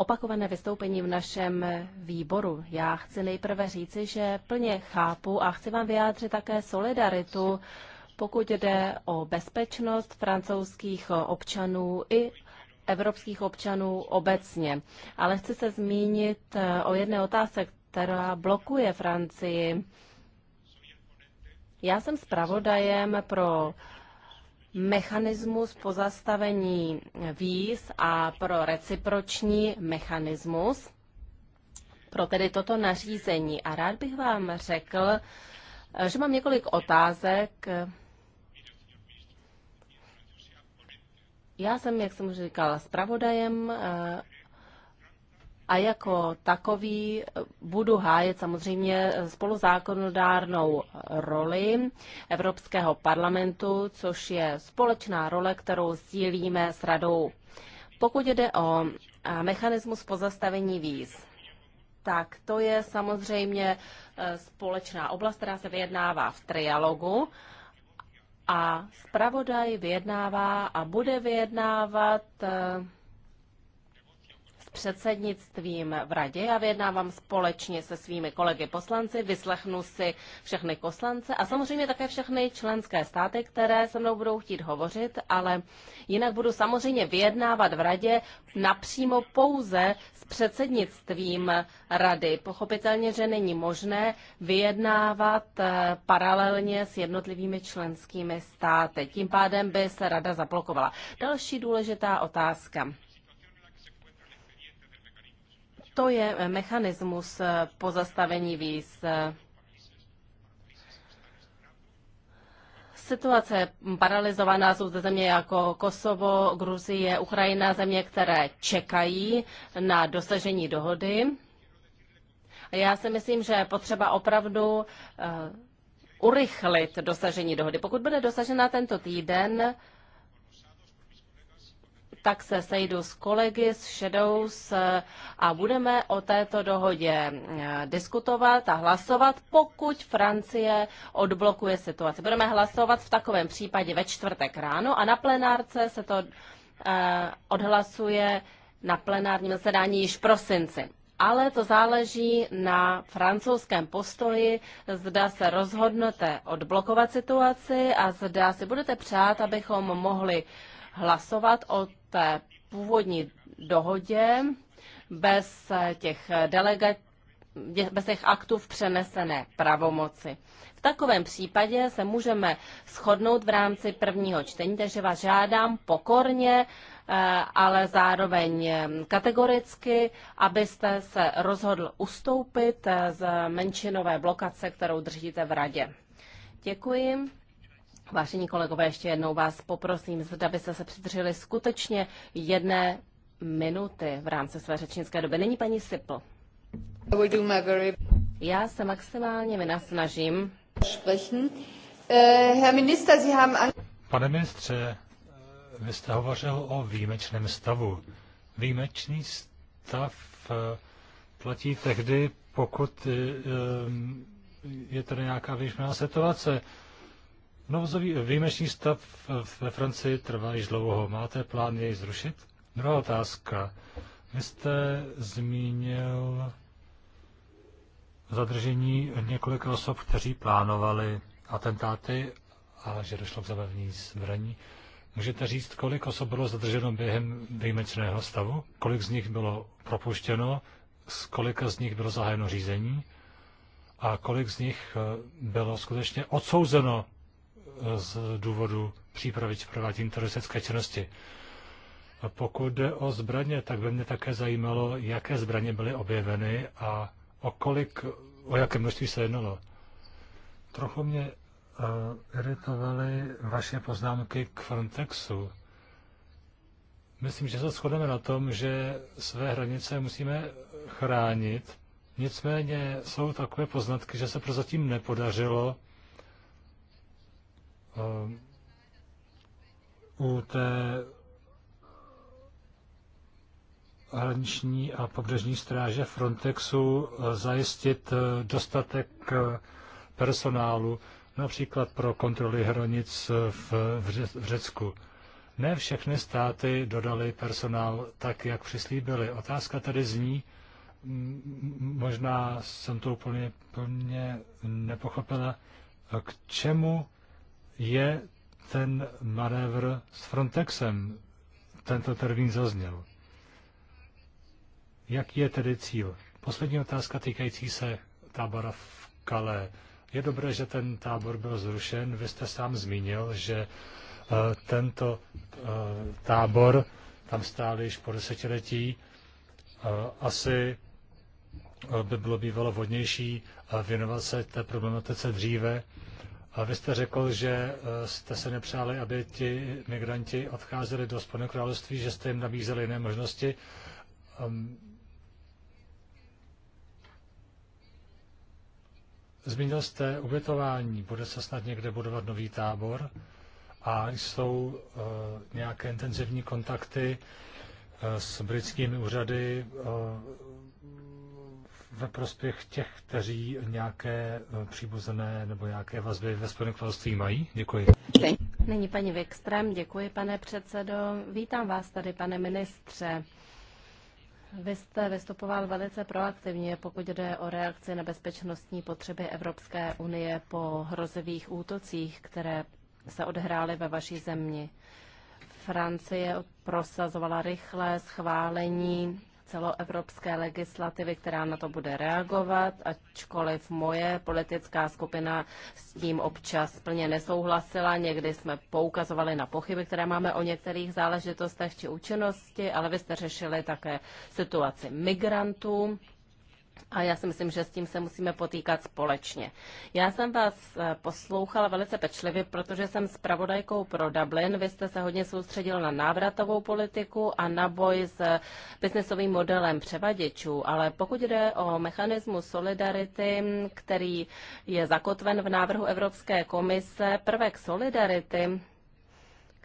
Speaker 4: opakované vystoupení v našem výboru. Já chci nejprve říci, že plně chápu a chci vám vyjádřit také solidaritu, pokud jde o bezpečnost francouzských občanů i evropských občanů obecně. Ale chci se zmínit eh, o jedné otázce, která blokuje Francii. Já jsem zpravodajem pro mechanismus pozastavení víz a pro reciproční mechanismus, pro tedy toto nařízení. A rád bych vám řekl, že mám několik otázek. Já jsem, jak jsem už říkala, zpravodajem a jako takový eh, budu hájet samozřejmě spoluzákonodárnou roli Evropského parlamentu, což je společná role, kterou sdílíme s radou. Pokud jde o eh, mechanismus pozastavení víz, tak to je samozřejmě eh, společná oblast, která se vyjednává v trialogu a zpravodaj vyjednává a bude vyjednávat předsednictvím v radě. Já vyjednávám společně se svými kolegy poslanci, vyslechnu si všechny poslance a samozřejmě také všechny členské státy, které se mnou budou chtít hovořit, ale jinak budu samozřejmě vyjednávat v radě napřímo pouze s předsednictvím rady. Pochopitelně, že není možné vyjednávat eh, paralelně s jednotlivými členskými státy. Tím pádem by se rada zablokovala. Další důležitá otázka to je eh, mechanismus eh, pozastavení víz. Situace paralizovaná jsou zde země jako Kosovo, Gruzie, Ukrajina, země, které čekají na dosažení dohody. A já si myslím, že je potřeba opravdu eh, urychlit dosažení dohody. Pokud bude dosažena tento týden, tak se sejdu s kolegy, s Shadows eh, a budeme o této dohodě eh, diskutovat a hlasovat, pokud Francie odblokuje situaci. Budeme hlasovat v takovém případě ve čtvrtek ráno a na plenárce se to eh, odhlasuje na plenárním zasedání již v prosinci ale to záleží na francouzském postoji, zda se rozhodnete odblokovat situaci a zda si budete přát, abychom mohli hlasovat o té původní dohodě bez těch delegat, bez těch aktů v přenesené pravomoci. V takovém případě se můžeme shodnout v rámci prvního čtení, takže vás žádám pokorně, eh, ale zároveň eh, kategoricky, abyste se rozhodl ustoupit eh, z menšinové blokace, kterou držíte v radě. Děkuji. Vážení kolegové, ještě jednou vás poprosím, zda byste se přidrželi skutečně jedné minuty v rámci své řečnické doby. Není paní Sipl. Já se maximálně snažím. Eh,
Speaker 3: Pane ministře, eh, vy jste hovořil o výjimečném stavu. Výjimečný stav eh, platí tehdy, pokud je tady nějaká výjimečná situace. Nouzový výjimečný stav ve Francii trvá již dlouho. Máte plán jej zrušit? Druhá otázka. Vy jste zmínil zadržení několika osob, kteří plánovali atentáty a že došlo k zabavní zbraní. Můžete říct, kolik osob bylo zadrženo během výjimečného stavu? Kolik z nich bylo propuštěno? Z kolika z nich bylo zahájeno řízení? A kolik z nich eh, bylo skutečně odsouzeno z důvodu přípravy či provádění teroristické činnosti. A pokud jde o zbraně, tak by mě také zajímalo, jaké zbraně byly objeveny a o kolik, o jaké množství se jednalo. Trochu mě uh, iritovaly vaše poznámky k Frontexu. Myslím, že se shodneme na tom, že své hranice musíme chránit. Nicméně jsou takové poznatky, že se prozatím nepodařilo Eh, u té hraniční a pobřežní stráže Frontexu eh, zajistit eh, dostatek personálu, například pro kontroly hranic v, Řecku. Ne všechny státy dodali personál tak, jak přislíbili. Otázka tedy zní, možná jsem to úplně úplně nepochopila, k čemu je ten manévr s Frontexem. Tento termín zazněl. Jaký je tedy cíl? Poslední otázka týkající se tábora v Kale. Je dobré, že ten tábor byl zrušen. Vy jste sám zmínil, že eh, tento eh, tábor tam stál již po desetiletí. Eh, asi by bylo bývalo vhodnější věnovat se té problematice dříve. A vy jste řekl, že eh, jste se nepřáli, aby ti migranti odcházeli do Spojeného království, že jste jim nabízeli jiné možnosti. Ehm, zmínil jste ubytování, bude se snad někde budovat nový tábor a jsou eh, nějaké intenzivní kontakty eh, s britskými úřady, ve prospěch těch, kteří nějaké eh, příbuzené nebo nějaké vazby ve Spojeném království mají? Děkuji.
Speaker 4: Není paní Wikström, děkuji pane předsedo. Vítám vás tady, pane ministře. Vy jste vystupoval velice proaktivně, pokud jde o reakci na bezpečnostní potřeby Evropské unie po hrozivých útocích, které se odehrály ve vaší zemi. Francie prosazovala rychlé schválení celoevropské legislativy, která na to bude reagovat, ačkoliv moje politická skupina s tím občas plně nesouhlasila. Někdy jsme poukazovali na pochyby, které máme o některých záležitostech či účinnosti, ale vy jste řešili také situaci migrantů a já si myslím, že s tím se musíme potýkat společně. Já jsem vás eh, poslouchala velice pečlivě, protože jsem s pravodajkou pro Dublin. Vy jste se hodně soustředil na návratovou politiku a na boj s eh, biznesovým modelem převaděčů, ale pokud jde o mechanismus solidarity, který je zakotven v návrhu Evropské komise, prvek solidarity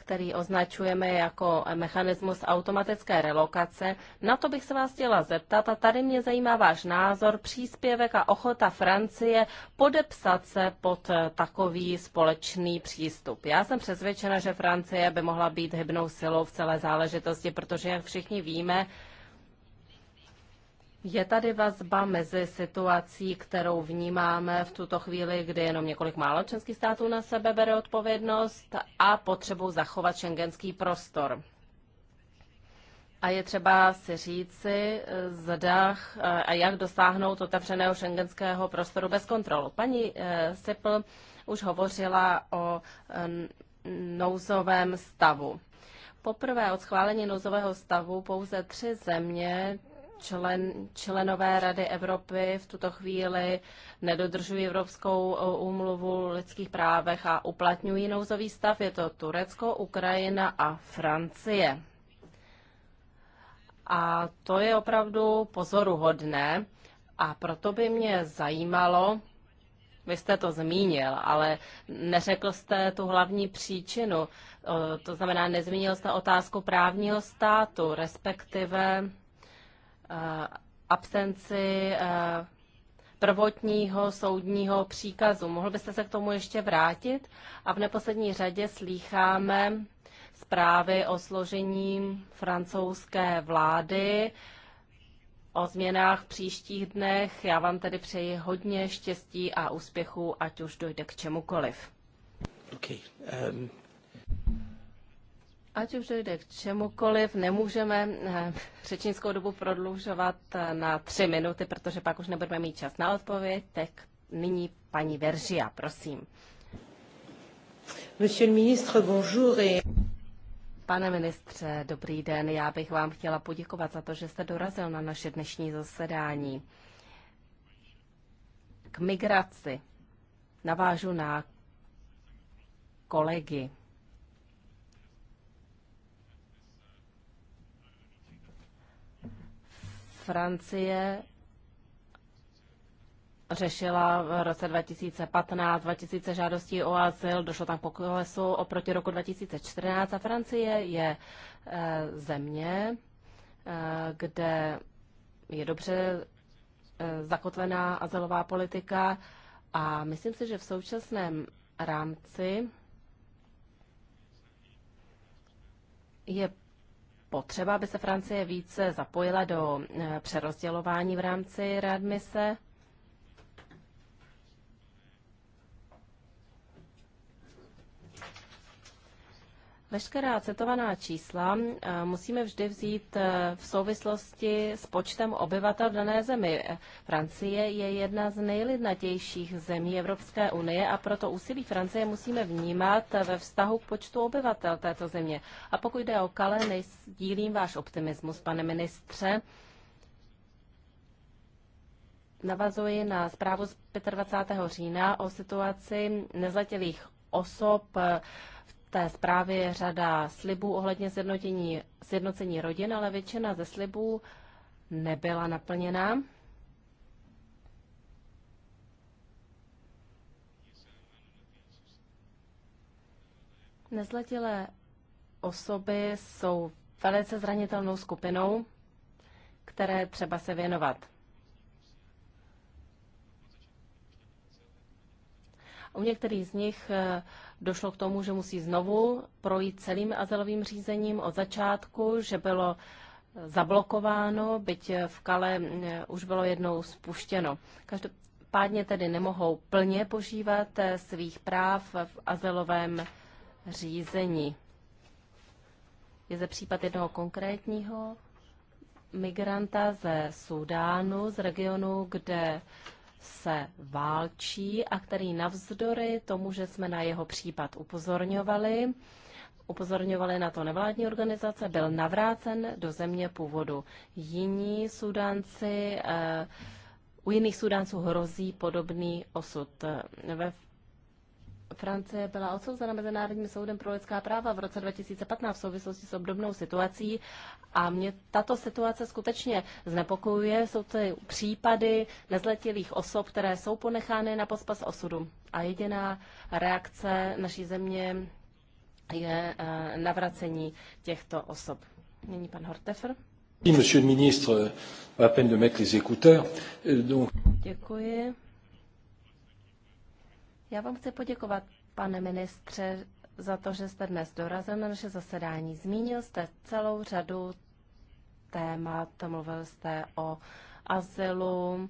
Speaker 4: který označujeme jako mechanismus automatické relokace. Na to bych se vás chtěla zeptat a tady mě zajímá váš názor, příspěvek a ochota Francie podepsat se pod takový společný přístup. Já jsem přesvědčena, že Francie by mohla být hybnou silou v celé záležitosti, protože, jak všichni víme, je tady vazba mezi situací, kterou vnímáme v tuto chvíli, kdy jenom několik málo členských států na sebe bere odpovědnost a potřebou zachovat šengenský prostor. A je třeba si říci, zda a jak dosáhnout otevřeného šengenského prostoru bez kontrolu. Paní eh, Sipl už hovořila o eh, nouzovém stavu. Poprvé od schválení nouzového stavu pouze tři země člen, členové Rady Evropy v tuto chvíli nedodržují Evropskou e, úmluvu o lidských právech a uplatňují nouzový stav. Je to Turecko, Ukrajina a Francie. A to je opravdu pozoruhodné a proto by mě zajímalo, vy jste to zmínil, ale neřekl jste tu hlavní příčinu. E, to znamená, nezmínil jste otázku právního státu, respektive Eh, absenci eh, prvotního soudního příkazu. Mohl byste se k tomu ještě vrátit? A v neposlední řadě slýcháme zprávy o složení francouzské vlády, o změnách v příštích dnech. Já vám tedy přeji hodně štěstí a úspěchu, ať už dojde k čemukoliv.
Speaker 1: Okay. Um...
Speaker 4: Ať už jde k čemukoliv, nemůžeme eh, řečnickou dobu prodlužovat eh, na tři minuty, protože pak už nebudeme mít čas na odpověď. Tak nyní paní Veržia, prosím.
Speaker 2: Monsieur ministre, bonjour.
Speaker 4: Pane ministře, dobrý den. Já bych vám chtěla poděkovat za to, že jste dorazil na naše dnešní zasedání. K migraci navážu na kolegy Francie řešila v roce 2015 2000 žádostí o azyl, došlo tam poklesu oproti roku 2014 a Francie je eh, země, eh, kde je dobře eh, zakotvená azylová politika a myslím si, že v současném rámci je potřeba, aby se Francie více zapojila do eh, přerozdělování v rámci readmise Veškerá citovaná čísla eh, musíme vždy vzít eh, v souvislosti s počtem obyvatel v dané zemi. Francie je jedna z nejlidnatějších zemí Evropské unie a proto úsilí Francie musíme vnímat eh, ve vztahu k počtu obyvatel této země. A pokud jde o Kale, nejdílím váš optimismus, pane ministře. Navazuji na zprávu z 25. října o situaci nezletilých osob té zprávě je řada slibů ohledně sjednocení rodin, ale většina ze slibů nebyla naplněna. Nezletilé osoby jsou velice zranitelnou skupinou, které třeba se věnovat. U některých z nich eh, došlo k tomu, že musí znovu projít celým azylovým řízením od začátku, že bylo eh, zablokováno, byť eh, v Kale už bylo jednou spuštěno. Každopádně tedy nemohou plně požívat svých práv v azylovém řízení. Je zde případ jednoho konkrétního migranta ze Sudánu, z regionu, kde se válčí a který navzdory tomu, že jsme na jeho případ upozorňovali, upozorňovali na to nevládní organizace, byl navrácen do země původu. Jiní Sudánci, eh, u jiných Sudánců hrozí podobný osud. Ve Francie byla odsouzena Mezinárodním soudem pro lidská práva v roce 2015 v souvislosti s obdobnou situací a mě tato situace skutečně znepokojuje. Jsou to případy nezletilých osob, které jsou ponechány na pospas osudu. A jediná reakce naší země je eh, navracení těchto osob. Nyní pan Hortefer.
Speaker 3: Monsieur le ministre, à peine de mettre les écouteurs. Donc...
Speaker 4: Děkuji. Já vám chci poděkovat, pane ministře, za to, že jste dnes dorazil na naše zasedání. Zmínil jste celou řadu témat, mluvil jste o azylu,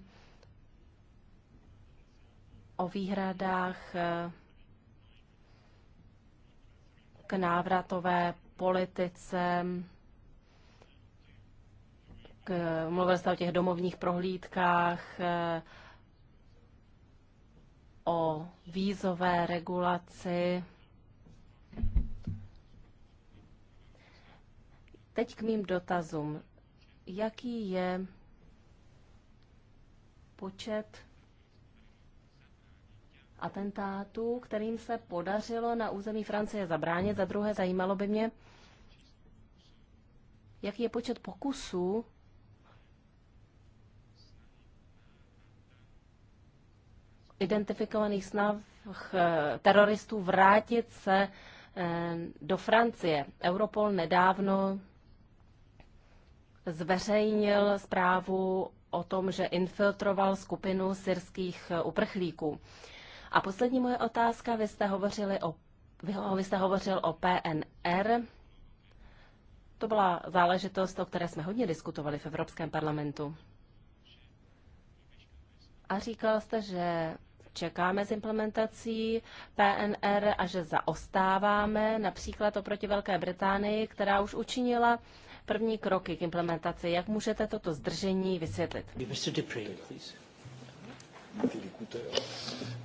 Speaker 4: o výhradách eh, k návratové politice, k, mluvil jste o těch domovních prohlídkách, eh, o vízové regulaci. Teď k mým dotazům. Jaký je počet atentátů, kterým se podařilo na území Francie zabránit? Za druhé, zajímalo by mě, jaký je počet pokusů identifikovaných snah eh, teroristů vrátit se eh, do Francie. Europol nedávno zveřejnil zprávu o tom, že infiltroval skupinu syrských eh, uprchlíků. A poslední moje otázka, vy jste, hovořili o, vy jste hovořil o PNR. To byla záležitost, o které jsme hodně diskutovali v Evropském parlamentu. A říkal jste, že čekáme s implementací PNR a že zaostáváme například oproti Velké Británii, která už učinila první kroky k implementaci. Jak můžete toto zdržení vysvětlit?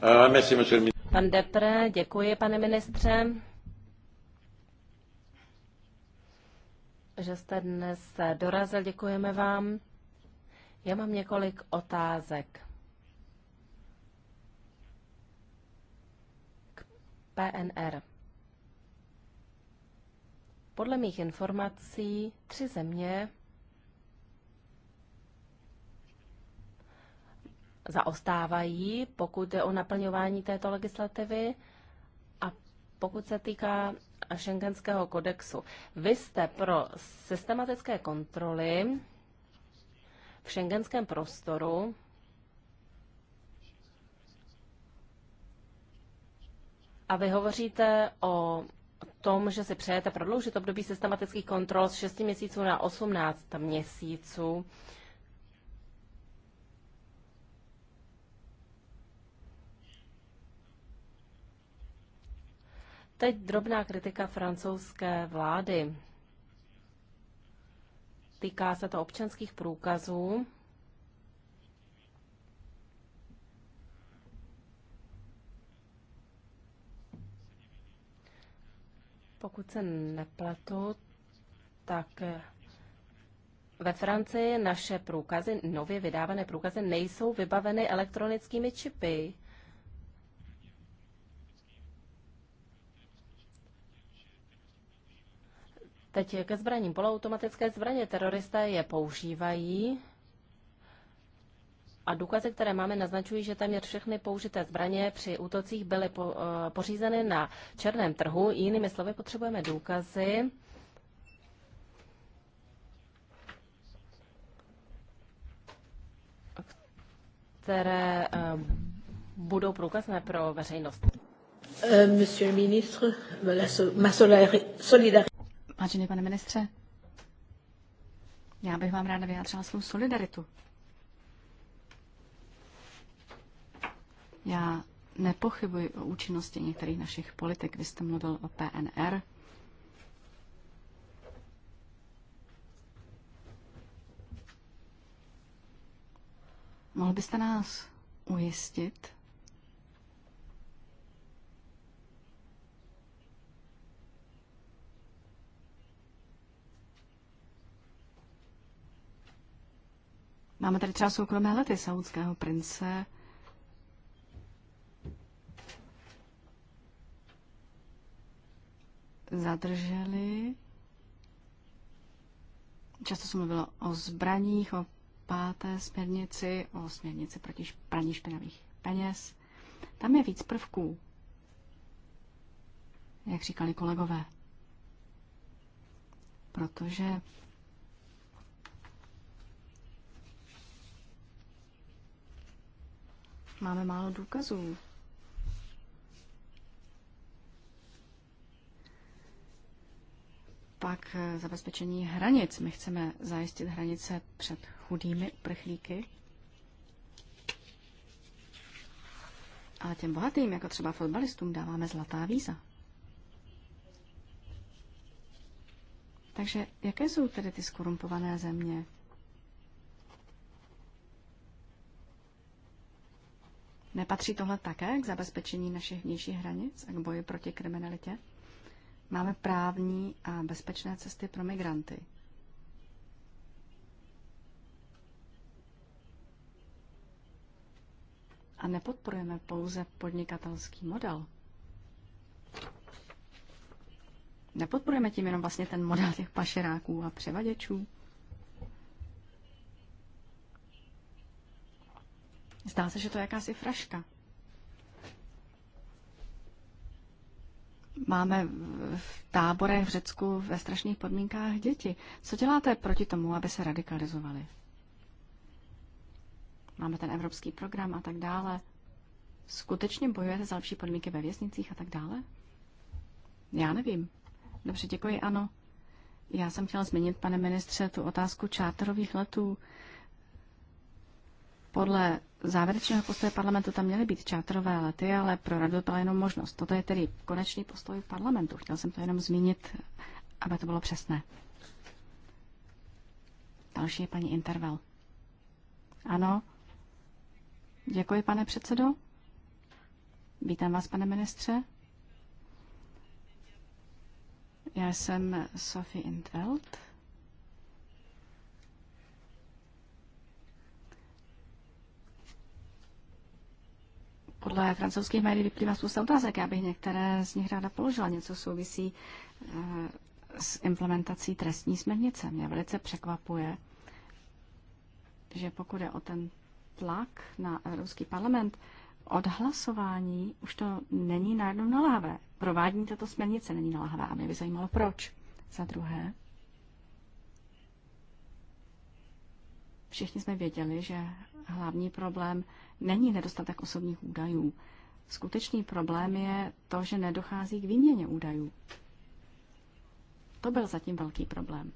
Speaker 2: Uh,
Speaker 4: Pan Depre, děkuji, pane ministře, že jste dnes dorazil. Děkujeme vám. Já mám několik otázek. PNR. Podle mých informací tři země zaostávají, pokud je o naplňování této legislativy a pokud se týká šengenského kodexu. Vy jste pro systematické kontroly v šengenském prostoru A vy hovoříte o tom, že si přejete prodloužit období systematických kontrol z 6 měsíců na 18 měsíců. Teď drobná kritika francouzské vlády. Týká se to občanských průkazů. Pokud se nepletu, tak ve Francii naše průkazy, nově vydávané průkazy, nejsou vybaveny elektronickými čipy. Teď ke zbraním. Poloautomatické zbraně teroristé je používají a důkazy, které máme, naznačují, že téměř všechny použité zbraně při útocích byly po, uh, pořízeny na černém trhu. Jinými slovy, potřebujeme důkazy, které eh, budou průkazné pro veřejnost.
Speaker 1: Eh,
Speaker 2: monsieur Vážený pane ministře, já bych vám ráda vyjádřila svou solidaritu Já nepochybuji o účinnosti některých našich politik. Vy jste mluvil o PNR. Mohl byste nás ujistit, Máme tady třeba soukromé lety saudského prince zadrželi. Často se mluvilo o zbraních, o páté směrnici, o směrnici proti praní špinavých peněz. Tam je víc prvků, jak říkali kolegové. Protože máme málo důkazů pak eh, zabezpečení hranic. My chceme zajistit hranice před chudými uprchlíky, ale těm bohatým, jako třeba fotbalistům, dáváme zlatá víza. Takže jaké jsou tedy ty skorumpované země? Nepatří tohle také k zabezpečení našich vnějších hranic a k boji proti kriminalitě? Máme právní a bezpečné cesty pro migranty. A nepodporujeme pouze podnikatelský model. Nepodporujeme tím jenom vlastně ten model těch pašeráků a převaděčů. Zdá se, že to je jakási fraška. máme v táborech v Řecku ve strašných podmínkách děti. Co děláte proti tomu, aby se radikalizovali? Máme ten evropský program a tak dále. Skutečně bojujete za lepší podmínky ve věznicích a tak dále? Já nevím. Dobře, děkuji, ano. Já jsem chtěla změnit pane ministře, tu otázku čáterových letů. Podle závěrečného postoje parlamentu tam měly být čátrové lety, ale pro radu byla jenom možnost. Toto je tedy konečný postoj parlamentu. Chtěl jsem to jenom zmínit, aby to bylo přesné. Další je paní Interval. Ano. Děkuji, pane předsedo. Vítám vás, pane ministře. Já jsem Sophie Intveld. podle francouzských médií vyplývá spousta otázek. Já bych některé z nich ráda položila. Něco souvisí eh, s implementací trestní směrnice. Mě velice překvapuje, že pokud je o ten tlak na Evropský parlament, odhlasování už to není najednou naláhavé. Provádění této směrnice není naláhavé a mě by zajímalo proč. Za druhé, Všichni jsme věděli, že hlavní problém není nedostatek osobních údajů. Skutečný problém je to, že nedochází k výměně údajů. To byl zatím velký problém.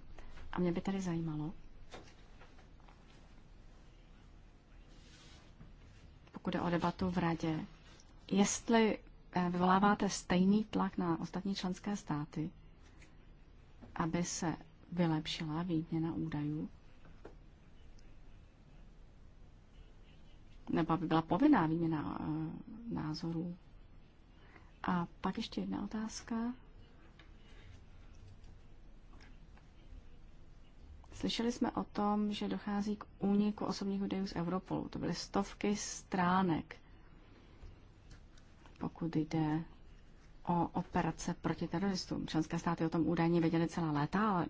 Speaker 2: A mě by tady zajímalo, pokud je o debatu v radě, jestli eh, vyvoláváte stejný tlak na ostatní členské státy, aby se vylepšila výměna údajů, nebo aby byla povinná výměna eh, názorů. A pak ještě jedna otázka. Slyšeli jsme o tom, že dochází k úniku osobních údajů z Europolu. To byly stovky stránek, pokud jde o operace proti teroristům. Členské státy o tom údajně věděly celá léta, ale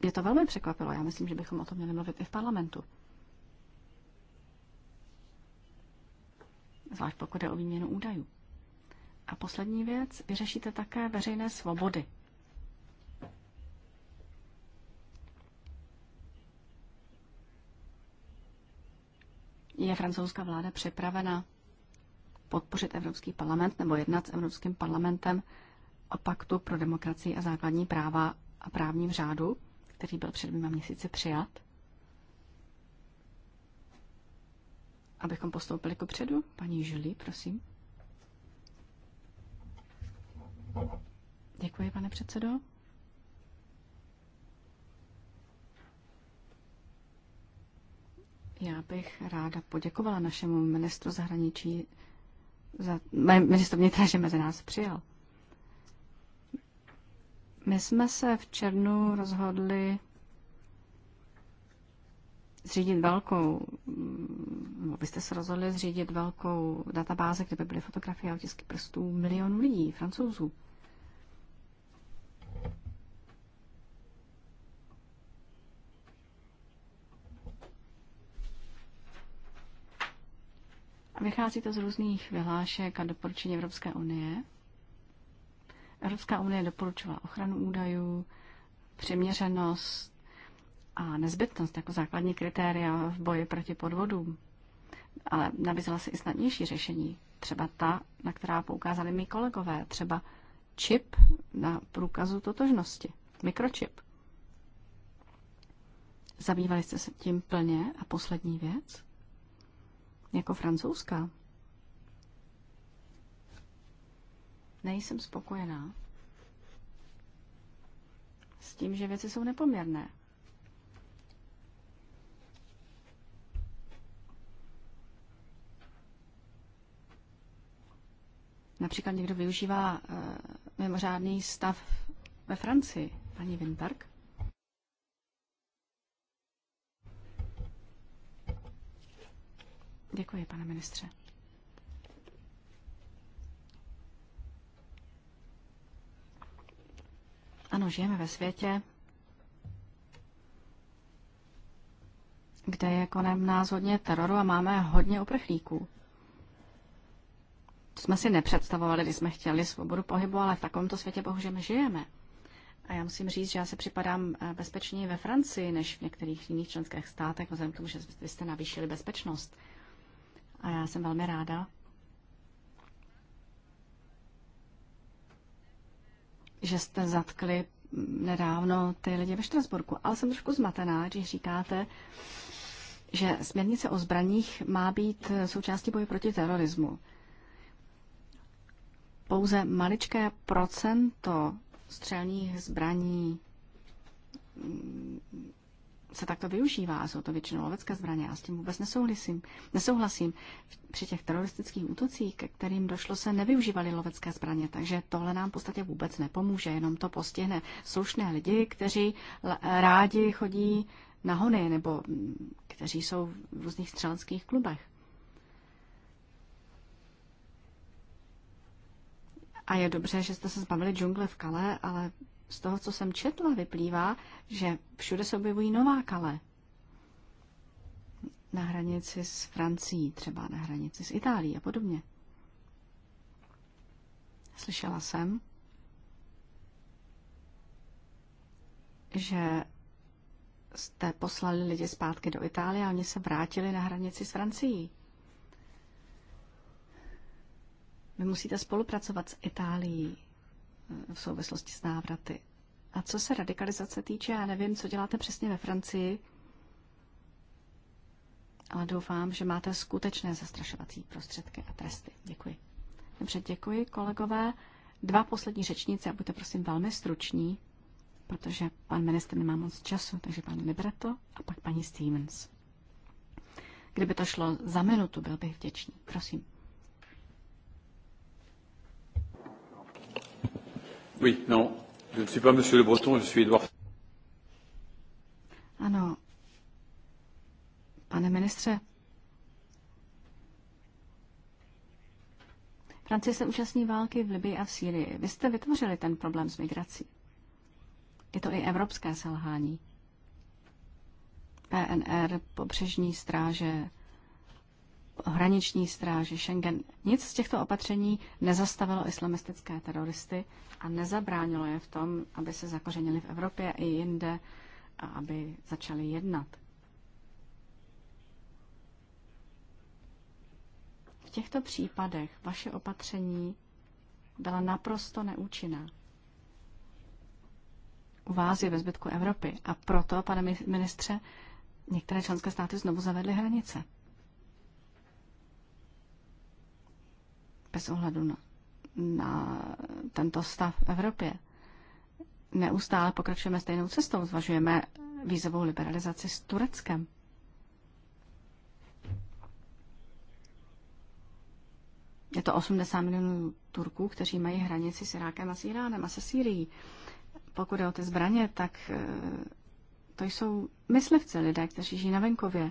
Speaker 2: mě to velmi překvapilo. Já myslím, že bychom o tom měli mluvit i v parlamentu. zvlášť pokud je o výměnu údajů. A poslední věc, vyřešíte také veřejné svobody. Je francouzská vláda připravena podpořit Evropský parlament nebo jednat s Evropským parlamentem o paktu pro demokracii a základní práva a právním řádu, který byl před dvěma měsíci přijat? abychom postoupili ku předu. Paní Žili, prosím. Děkuji, pane předsedo. Já bych ráda poděkovala našemu ministru zahraničí za ministru vnitra, že mezi nás přijal. My jsme se v červnu rozhodli zřídit velkou vy jste se rozhodli zřídit velkou databázi, kde by byly fotografie a otisky prstů milionů lidí, francouzů. Vychází to z různých vyhlášek a doporučení Evropské unie. Evropská unie doporučovala ochranu údajů, přiměřenost a nezbytnost jako základní kritéria v boji proti podvodům ale nabízela se i snadnější řešení. Třeba ta, na která poukázali mi kolegové, třeba čip na průkazu totožnosti, mikročip. Zabývali jste se tím plně a poslední věc? Jako francouzská. Nejsem spokojená s tím, že věci jsou nepoměrné. Například někdo využívá eh, mimořádný stav ve Francii, paní Winberg. Děkuji, pane ministře. Ano, žijeme ve světě, kde je konem nás hodně teroru a máme hodně uprchlíků jsme si nepředstavovali, když jsme chtěli svobodu pohybu, ale v takovémto světě bohužel žijeme. A já musím říct, že já se připadám eh, bezpečněji ve Francii než v některých jiných členských státech, vzhledem k tomu, že vy jste navýšili bezpečnost. A já jsem velmi ráda, že jste zatkli mm, nedávno ty lidi ve Štrasburku. Ale jsem trošku zmatená, když říkáte, že směrnice o zbraních má být eh, součástí boje proti terorismu pouze maličké procento střelních zbraní mm, se takto využívá. Jsou to většinou lovecké zbraně. Já s tím vůbec nesouhlasím. nesouhlasím. Při těch teroristických útocích, ke kterým došlo, se nevyužívaly lovecké zbraně, takže tohle nám v podstatě vůbec nepomůže. Jenom to postihne slušné lidi, kteří rádi chodí na hony nebo mm, kteří jsou v různých střeleckých klubech. A je dobře, že jste se zbavili džungle v Kale, ale z toho, co jsem četla, vyplývá, že všude se objevují nová Kale. Na hranici s Francií, třeba na hranici s Itálií a podobně. Slyšela jsem, že jste poslali lidi zpátky do Itálie a oni se vrátili na hranici s Francií. Vy musíte spolupracovat s Itálií eh, v souvislosti s návraty. A co se radikalizace týče, já nevím, co děláte přesně ve Francii, ale doufám, že máte skutečné zastrašovací prostředky a tresty. Děkuji. Dobře, děkuji, kolegové. Dva poslední řečníci a buďte prosím velmi struční, protože pan minister nemá moc času, takže pan Libretto a pak paní Stevens. Kdyby to šlo za minutu, byl bych vděčný. Prosím.
Speaker 3: Oui, non. Je ne suis pas monsieur Le Breton, je suis Edouard.
Speaker 2: Ano. Pane ministře. Francie se účastní války v Libii a v Sýrii. Vy jste vytvořili ten problém s migrací. Je to i evropské selhání. PNR, pobřežní stráže, hraniční stráže Schengen. Nic z těchto opatření nezastavilo islamistické teroristy a nezabránilo je v tom, aby se zakořenili v Evropě i jinde a aby začali jednat. V těchto případech vaše opatření byla naprosto neúčinná. U vás je ve zbytku Evropy a proto, pane ministře, některé členské státy znovu zavedly hranice. bez ohledu na, na tento stav v Evropě. Neustále pokračujeme stejnou cestou, zvažujeme vízovou liberalizaci s Tureckem. Je to 80 milionů Turků, kteří mají hranici s Irákem a s Iránem a se Sýrií. Pokud je o ty zbraně, tak eh, to jsou myslivci, lidé, kteří žijí na venkově.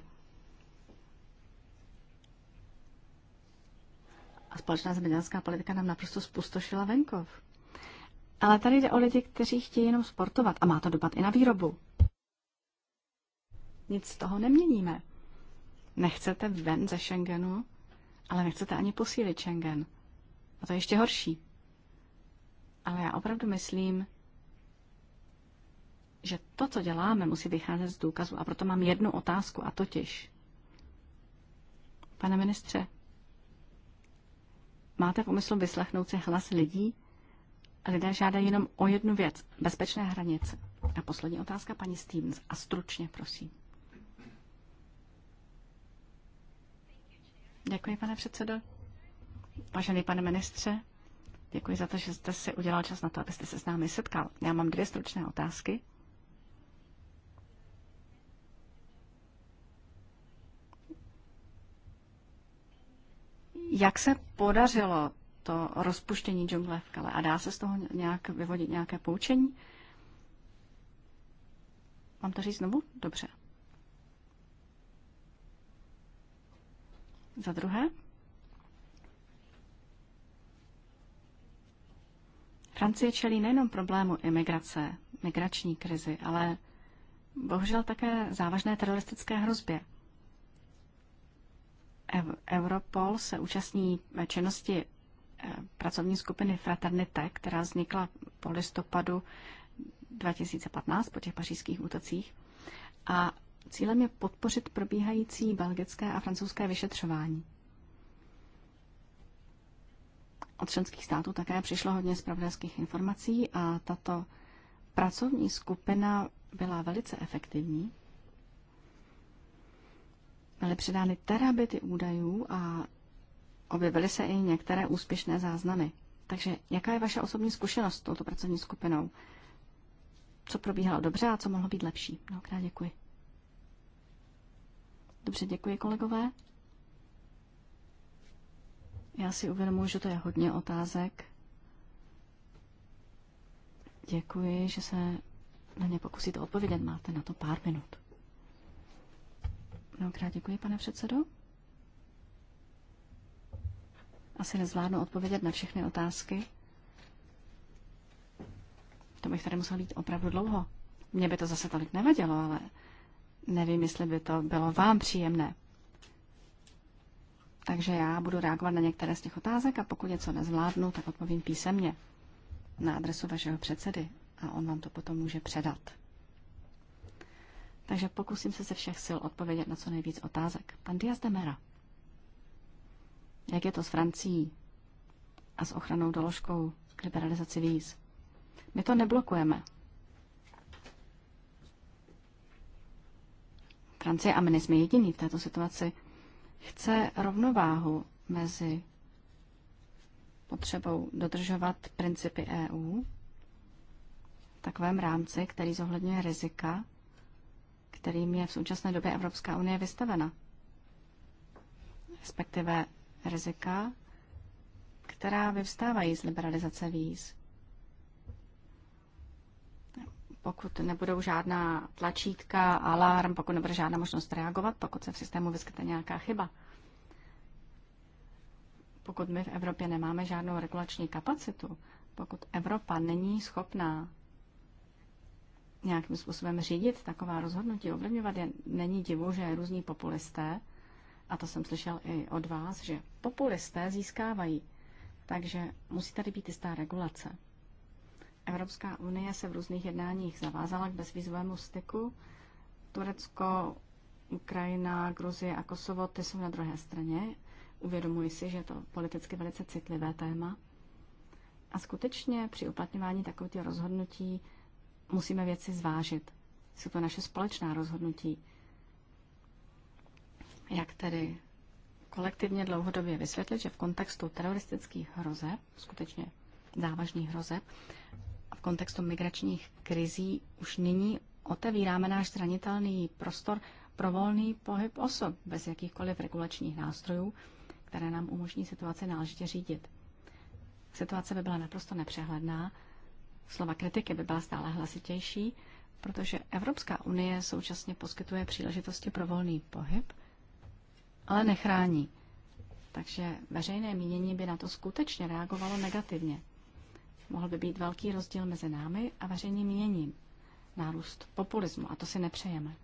Speaker 2: a společná zemědělská politika nám naprosto spustošila venkov. Ale tady jde o lidi, kteří chtějí jenom sportovat a má to dopad i na výrobu. Nic z toho neměníme. Nechcete ven ze Schengenu, ale nechcete ani posílit Schengen. A to je ještě horší. Ale já opravdu myslím, že to, co děláme, musí vycházet z důkazu. A proto mám jednu otázku, a totiž. Pane ministře, Máte v úmyslu vyslechnout si hlas lidí? Lidé žádají jenom o jednu věc. Bezpečné hranice. A poslední otázka, paní Stevens. A stručně, prosím. Děkuji, pane předsedo. Vážený pane ministře, děkuji za to, že jste si udělal čas na to, abyste se s námi setkal. Já mám dvě stručné otázky. Jak se podařilo to rozpuštění džungle v Kale a dá se z toho nějak vyvodit nějaké poučení? Mám to říct znovu? Dobře. Za druhé. Francie čelí nejenom problému imigrace, migrační krizi, ale bohužel také závažné teroristické hrozbě. Europol se účastní činnosti eh, pracovní skupiny Fraternité, která vznikla po listopadu 2015 po těch pařížských útocích. A cílem je podpořit probíhající belgické a francouzské vyšetřování. Od členských států také přišlo hodně zpravodajských informací a tato pracovní skupina byla velice efektivní. Byly předány terabity údajů a objevily se i některé úspěšné záznamy. Takže jaká je vaše osobní zkušenost s touto pracovní skupinou? Co probíhalo dobře a co mohlo být lepší? Mnohokrát děkuji. Dobře, děkuji kolegové. Já si uvědomuji, že to je hodně otázek. Děkuji, že se na ně pokusíte odpovědět. Máte na to pár minut. Mnohokrát děkuji, pane předsedo. Asi nezvládnu odpovědět na všechny otázky. To bych tady musel být opravdu dlouho. Mně by to zase tolik nevadilo, ale nevím, jestli by to bylo vám příjemné. Takže já budu reagovat na některé z těch otázek a pokud něco nezvládnu, tak odpovím písemně na adresu vašeho předsedy a on vám to potom může předat takže pokusím se ze všech sil odpovědět na co nejvíc otázek. Pan Diaz de Mera. Jak je to s Francií a s ochranou doložkou k liberalizaci víz? My to neblokujeme. Francie a my nejsme jediní v této situaci. Chce rovnováhu mezi potřebou dodržovat principy EU v takovém rámci, který zohledňuje rizika kterým je v současné době Evropská unie vystavena. Respektive rizika, která vyvstávají z liberalizace víz. Pokud nebudou žádná tlačítka, alarm, pokud nebude žádná možnost reagovat, pokud se v systému vyskytne nějaká chyba. Pokud my v Evropě nemáme žádnou regulační kapacitu, pokud Evropa není schopná nějakým způsobem řídit taková rozhodnutí, ovlivňovat je, není divu, že různí populisté, a to jsem slyšel i od vás, že populisté získávají. Takže musí tady být jistá regulace. Evropská unie se v různých jednáních zavázala k bezvýzovému styku. Turecko, Ukrajina, Gruzie a Kosovo, ty jsou na druhé straně. Uvědomuji si, že je to politicky velice citlivé téma. A skutečně při uplatňování takového rozhodnutí musíme věci zvážit. Jsou to naše společná rozhodnutí. Jak tedy kolektivně dlouhodobě vysvětlit, že v kontextu teroristických hrozeb, skutečně závažných hrozeb, a v kontextu migračních krizí už nyní otevíráme náš zranitelný prostor pro volný pohyb osob bez jakýchkoliv regulačních nástrojů, které nám umožní situaci náležitě řídit. Situace by byla naprosto nepřehledná Slova kritiky by byla stále hlasitější, protože Evropská unie současně poskytuje příležitosti pro volný pohyb, ale nechrání. Takže veřejné mínění by na to skutečně reagovalo negativně. Mohl by být velký rozdíl mezi námi a veřejným míněním. Nárůst populismu, a to si nepřejeme.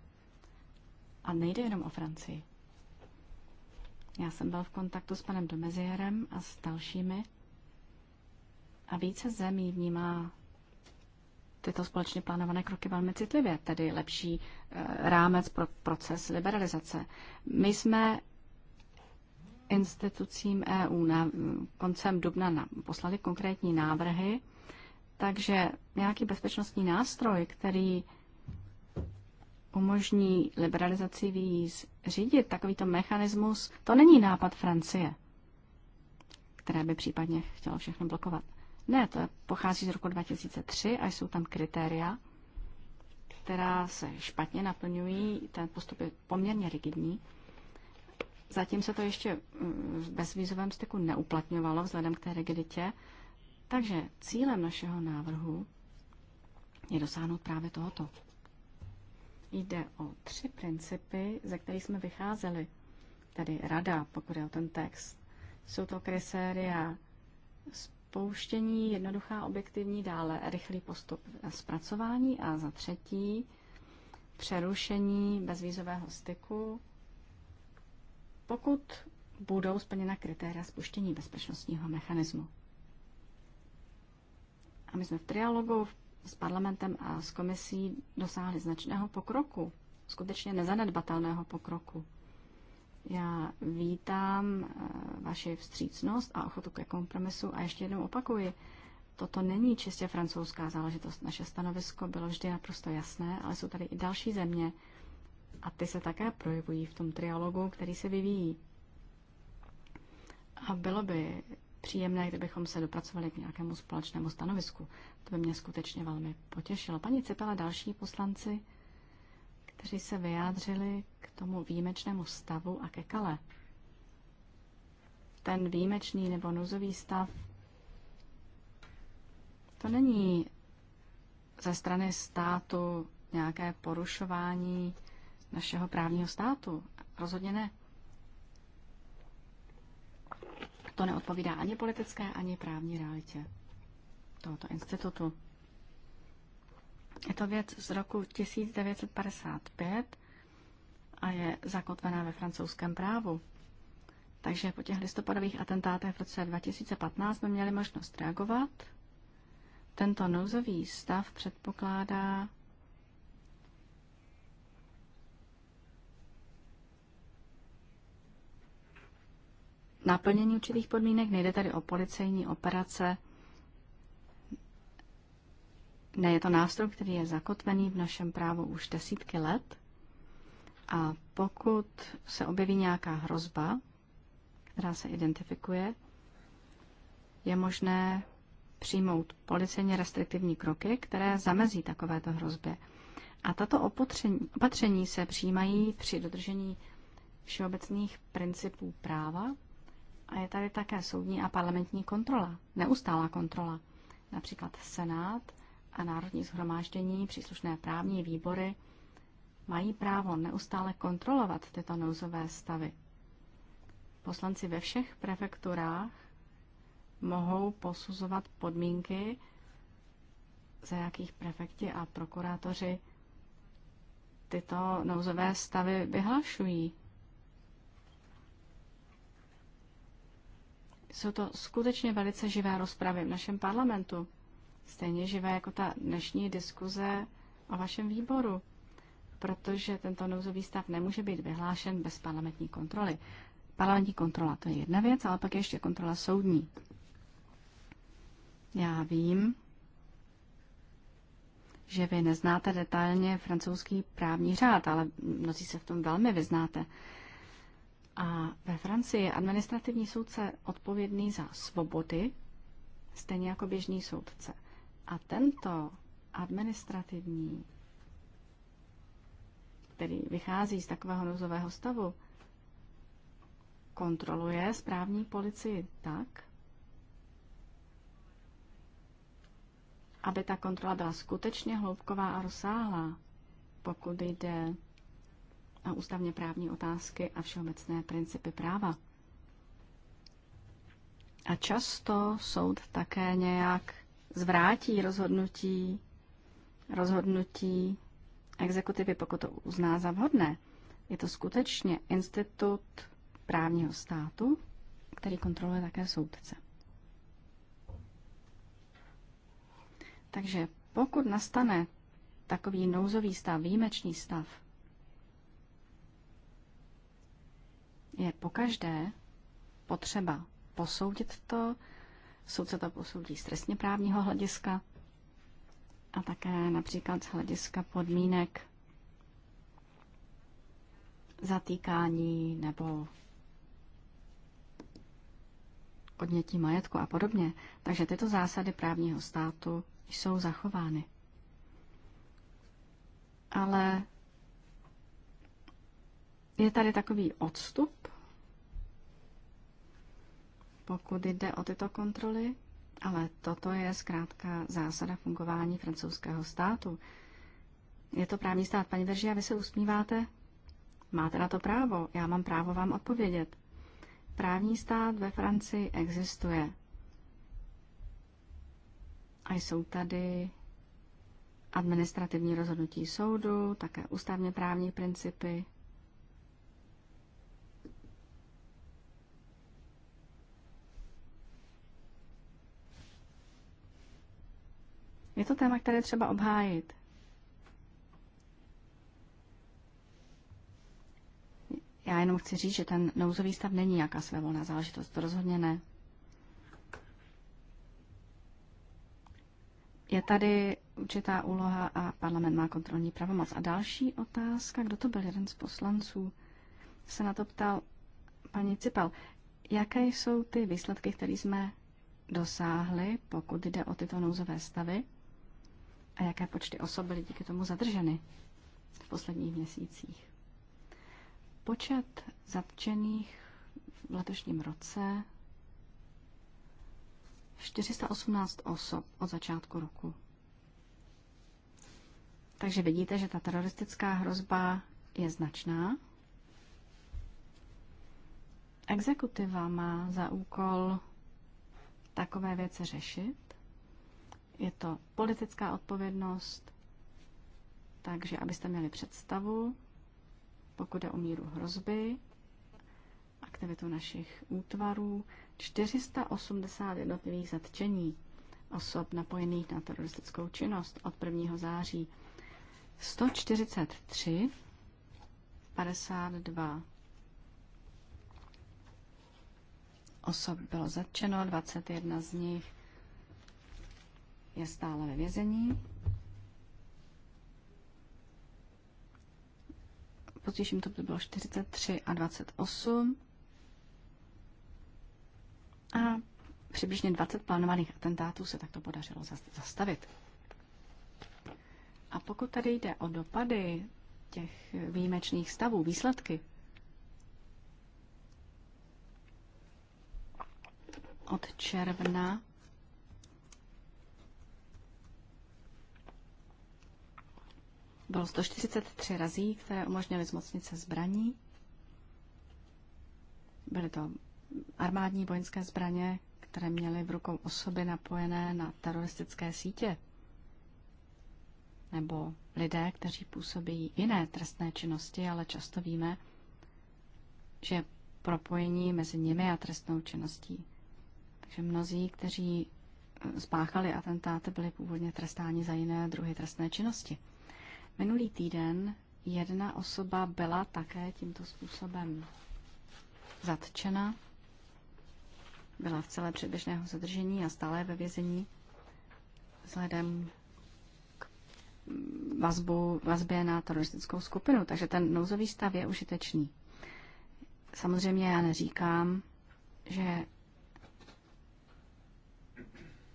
Speaker 2: A nejde jenom o Francii. Já jsem byl v kontaktu s panem Domezierem a s dalšími a více zemí vnímá tyto společně plánované kroky velmi citlivě, tedy lepší eh, rámec pro proces liberalizace. My jsme institucím EU na eh, koncem dubna poslali konkrétní návrhy, takže nějaký bezpečnostní nástroj, který umožní liberalizaci víz řídit, takovýto mechanismus, to není nápad Francie, které by případně chtělo všechno blokovat. Ne, to pochází z roku 2003 a jsou tam kritéria, která se špatně naplňují. Ten postup je poměrně rigidní. Zatím se to ještě mm, v bezvízovém styku neuplatňovalo vzhledem k té rigiditě, takže cílem našeho návrhu je dosáhnout právě tohoto. Jde o tři principy, ze kterých jsme vycházeli, tedy rada, pokud je o ten text. Jsou to kritéria odpouštění, jednoduchá, objektivní, dále rychlý postup zpracování a za třetí přerušení bezvízového styku, pokud budou splněna kritéria spuštění bezpečnostního mechanismu. A my jsme v trialogu s parlamentem a s komisí dosáhli značného pokroku, skutečně nezanedbatelného pokroku. Já vítám eh, vaši vstřícnost a ochotu ke kompromisu a ještě jednou opakuji, toto není čistě francouzská záležitost. Naše stanovisko bylo vždy naprosto jasné, ale jsou tady i další země a ty se také projevují v tom trialogu, který se vyvíjí. A bylo by příjemné, kdybychom se dopracovali k nějakému společnému stanovisku. To by mě skutečně velmi potěšilo. Paní Cepela, další poslanci kteří se vyjádřili k tomu výjimečnému stavu a ke kale. Ten výjimečný nebo nouzový stav, to není ze strany státu nějaké porušování našeho právního státu. Rozhodně ne. To neodpovídá ani politické, ani právní realitě tohoto institutu. Je to věc z roku 1955 a je zakotvená ve francouzském právu. Takže po těch listopadových atentátech v roce 2015 jsme měli možnost reagovat. Tento nouzový stav předpokládá naplnění určitých podmínek. Nejde tady o policejní operace ne, je to nástroj, který je zakotvený v našem právu už desítky let. A pokud se objeví nějaká hrozba, která se identifikuje, je možné přijmout policejně restriktivní kroky, které zamezí takovéto hrozbě. A tato opatření, opatření se přijímají při dodržení všeobecných principů práva a je tady také soudní a parlamentní kontrola, neustálá kontrola. Například Senát a Národní shromáždění, příslušné právní výbory mají právo neustále kontrolovat tyto nouzové stavy. Poslanci ve všech prefekturách mohou posuzovat podmínky, za jakých prefekti a prokurátoři tyto nouzové stavy vyhlašují. Jsou to skutečně velice živé rozpravy v našem parlamentu stejně živé jako ta dnešní diskuze o vašem výboru, protože tento nouzový stav nemůže být vyhlášen bez parlamentní kontroly. Parlamentní kontrola to je jedna věc, ale pak je ještě kontrola soudní. Já vím, že vy neznáte detailně francouzský právní řád, ale mnozí se v tom velmi vyznáte. A ve Francii je administrativní soudce odpovědný za svobody, stejně jako běžný soudce. A tento administrativní, který vychází z takového nouzového stavu, kontroluje správní policii tak, aby ta kontrola byla skutečně hloubková a rozsáhlá, pokud jde o ústavně právní otázky a všeobecné principy práva. A často soud také nějak zvrátí rozhodnutí, rozhodnutí exekutivy, pokud to uzná za vhodné. Je to skutečně institut právního státu, který kontroluje také soudce. Takže pokud nastane takový nouzový stav, výjimečný stav, je pokaždé potřeba posoudit to, Soudce to posoudí z trestně právního hlediska a také například z hlediska podmínek zatýkání nebo odnětí majetku a podobně. Takže tyto zásady právního státu jsou zachovány. Ale je tady takový odstup pokud jde o tyto kontroly, ale toto je zkrátka zásada fungování francouzského státu. Je to právní stát. Paní Verži, a vy se usmíváte? Máte na to právo. Já mám právo vám odpovědět. Právní stát ve Francii existuje. A jsou tady administrativní rozhodnutí soudu, také ústavně právní principy, Je to téma, které třeba obhájit. Já jenom chci říct, že ten nouzový stav není nějaká svévolná záležitost, to rozhodně ne. Je tady určitá úloha a parlament má kontrolní pravomoc. A další otázka, kdo to byl jeden z poslanců, se na to ptal paní Cipel. Jaké jsou ty výsledky, které jsme dosáhli, pokud jde o tyto nouzové stavy? a jaké počty osob byly díky tomu zadrženy v posledních měsících. Počet zatčených v letošním roce 418 osob od začátku roku. Takže vidíte, že ta teroristická hrozba je značná. Exekutiva má za úkol takové věci řešit. Je to politická odpovědnost, takže abyste měli představu, pokud je o míru hrozby, aktivitu našich útvarů, 480 jednotlivých zatčení osob napojených na teroristickou činnost od 1. září, 143, 52 osob bylo zatčeno, 21 z nich je stále ve vězení. Potěším to, by bylo 43 a 28. A přibližně 20 plánovaných atentátů se takto podařilo zastavit. A pokud tady jde o dopady těch výjimečných stavů, výsledky, od června Bylo 143 razí, které umožnily zmocnit se zbraní. Byly to armádní vojenské zbraně, které měly v rukou osoby napojené na teroristické sítě nebo lidé, kteří působí jiné trestné činnosti, ale často víme, že propojení mezi nimi a trestnou činností. Takže mnozí, kteří eh, spáchali atentáty, byli původně trestáni za jiné druhy trestné činnosti. Minulý týden jedna osoba byla také tímto způsobem zatčena, byla v celé předběžného zadržení a stále ve vězení vzhledem k vazbu, vazbě na teroristickou skupinu. Takže ten nouzový stav je užitečný. Samozřejmě já neříkám, že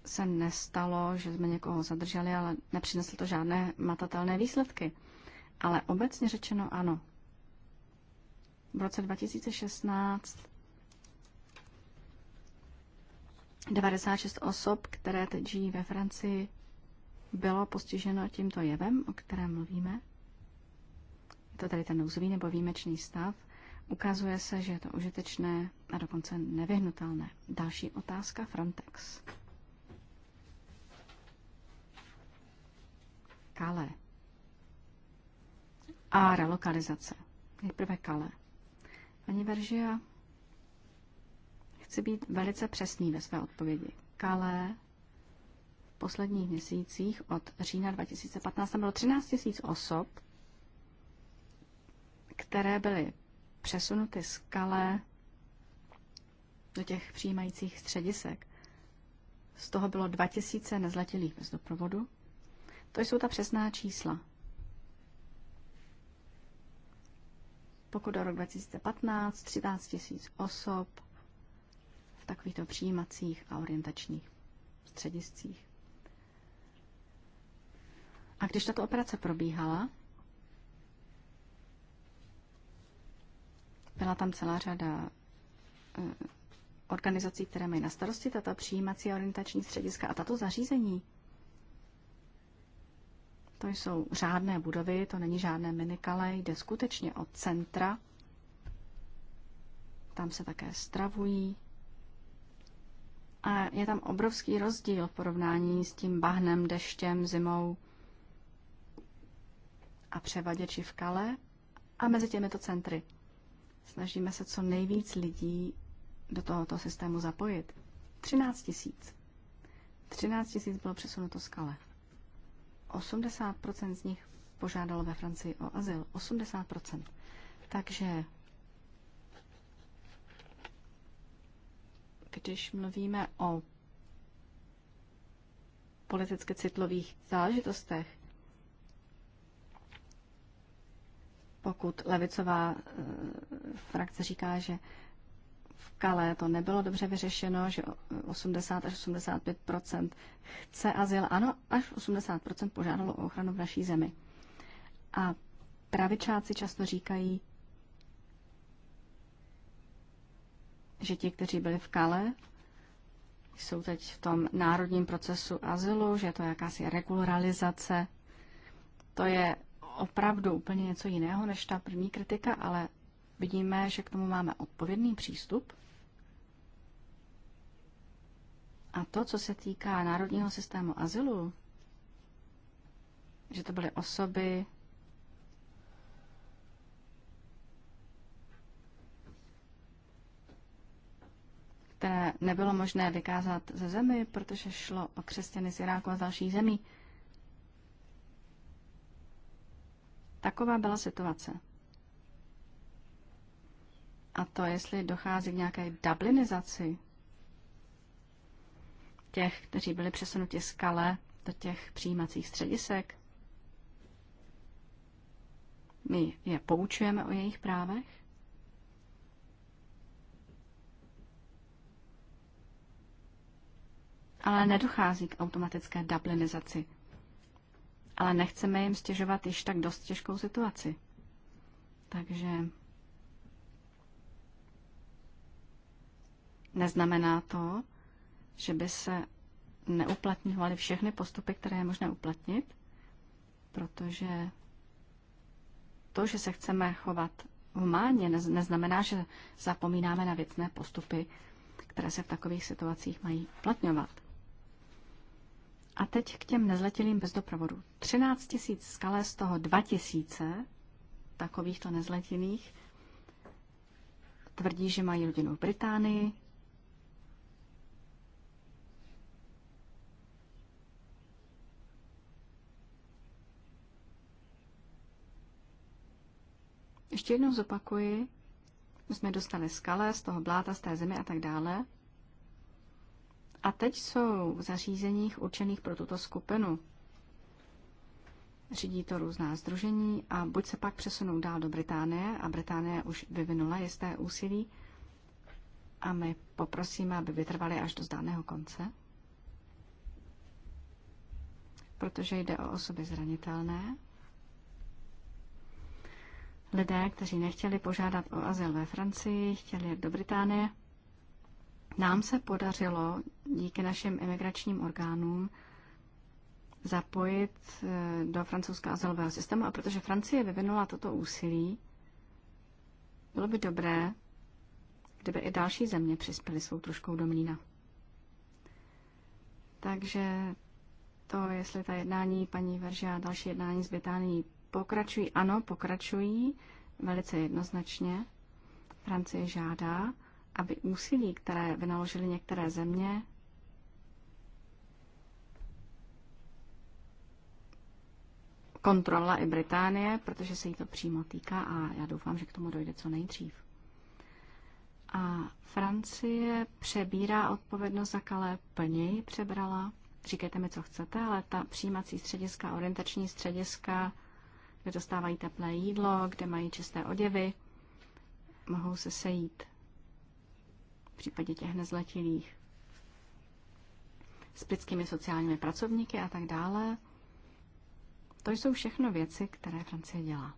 Speaker 2: se nestalo, že jsme někoho zadrželi, ale nepřineslo to žádné matatelné výsledky. Ale obecně řečeno ano. V roce 2016 96 osob, které teď žijí ve Francii, bylo postiženo tímto jevem, o kterém mluvíme. Je to tady ten nouzový nebo výjimečný stav. Ukazuje se, že je to užitečné a dokonce nevyhnutelné. Další otázka Frontex. Kale. A relokalizace. Nejprve Kale. Paní Veržia, chci být velice přesný ve své odpovědi. Kale v posledních měsících od října 2015 tam bylo 13 000 osob, které byly přesunuty z Kale do těch přijímajících středisek. Z toho bylo 2000 nezletilých bez doprovodu, to jsou ta přesná čísla. Pokud do rok 2015, 13 tisíc osob v takovýchto přijímacích a orientačních střediscích. A když tato operace probíhala, byla tam celá řada eh, organizací, které mají na starosti tato přijímací a orientační střediska a tato zařízení to jsou řádné budovy, to není žádné minikale, jde skutečně o centra. Tam se také stravují. A je tam obrovský rozdíl v porovnání s tím bahnem, deštěm, zimou a převaděči v Kale a mezi těmito centry. Snažíme se co nejvíc lidí do tohoto systému zapojit. 13 tisíc. 13 tisíc bylo přesunuto z Kale. 80% z nich požádalo ve Francii o azyl. 80%. Takže když mluvíme o politicky citlivých záležitostech, pokud levicová eh, frakce říká, že Kale to nebylo dobře vyřešeno, že 80 až 85 chce azyl. Ano, až 80 požádalo o ochranu v naší zemi. A pravičáci často říkají, že ti, kteří byli v Kale, jsou teď v tom národním procesu azylu, že je to jakási regularizace. To je opravdu úplně něco jiného než ta první kritika, ale vidíme, že k tomu máme odpovědný přístup. A to, co se týká národního systému azylu, že to byly osoby, které nebylo možné vykázat ze zemi, protože šlo o křesťany z Iráku a z dalších zemí. Taková byla situace. A to, jestli dochází k nějaké dublinizaci, těch, kteří byli přesunuti z Kale do těch přijímacích středisek. My je poučujeme o jejich právech. Ale nedochází k automatické dublinizaci. Ale nechceme jim stěžovat již tak dost těžkou situaci. Takže neznamená to, že by se neuplatňovaly všechny postupy, které je možné uplatnit, protože to, že se chceme chovat humánně, neznamená, že zapomínáme na věcné postupy, které se v takových situacích mají uplatňovat. A teď k těm nezletilým bez doprovodu. 13 tisíc skalé, z toho 2 tisíce takovýchto nezletilých tvrdí, že mají rodinu v Británii, Ještě jednou zopakuji. My jsme dostali skale z toho bláta, z té země a tak dále. A teď jsou v zařízeních určených pro tuto skupinu. Řídí to různá združení a buď se pak přesunou dál do Británie a Británie už vyvinula jisté úsilí a my poprosíme, aby vytrvali až do zdáného konce, protože jde o osoby zranitelné, lidé, kteří nechtěli požádat o azyl ve Francii, chtěli jít do Británie. Nám se podařilo díky našim imigračním orgánům zapojit eh, do francouzského azylového systému. A protože Francie vyvinula toto úsilí, bylo by dobré, kdyby i další země přispěly svou troškou do mlína. Takže to, jestli ta jednání paní Verže a další jednání z Británií Pokračují, ano, pokračují velice jednoznačně. Francie žádá, aby úsilí, které vynaložily některé země, kontrola i Británie, protože se jí to přímo týká a já doufám, že k tomu dojde co nejdřív. A Francie přebírá odpovědnost za Kalé, plněji přebrala. Říkejte mi, co chcete, ale ta přijímací střediska, orientační střediska, kde dostávají teplé jídlo, kde mají čisté oděvy, mohou se sejít v případě těch nezletilých s britskými sociálními pracovníky a tak dále. To jsou všechno věci, které Francie dělá.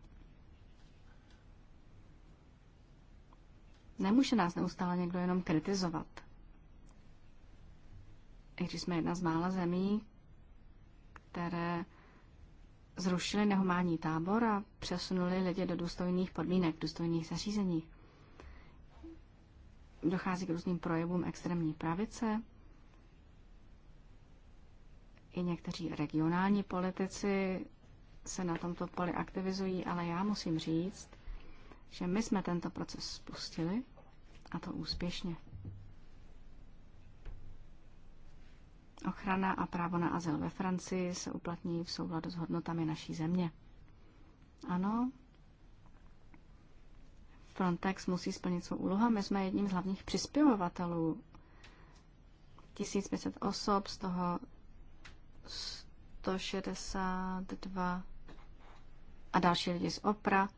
Speaker 2: Nemůže nás neustále někdo jenom kritizovat. I když jsme jedna z mála zemí, které zrušili nehumánní tábor a přesunuli lidi do důstojných podmínek, důstojných zařízení. Dochází k různým projevům extrémní pravice. I někteří regionální politici se na tomto poli aktivizují, ale já musím říct, že my jsme tento proces spustili a to úspěšně. Ochrana a právo na azyl ve Francii se uplatní v souladu s hodnotami naší země. Ano, Frontex musí splnit svou úlohu. My jsme jedním z hlavních přispěvovatelů. 1500 osob, z toho 162 a další lidi z OPRA.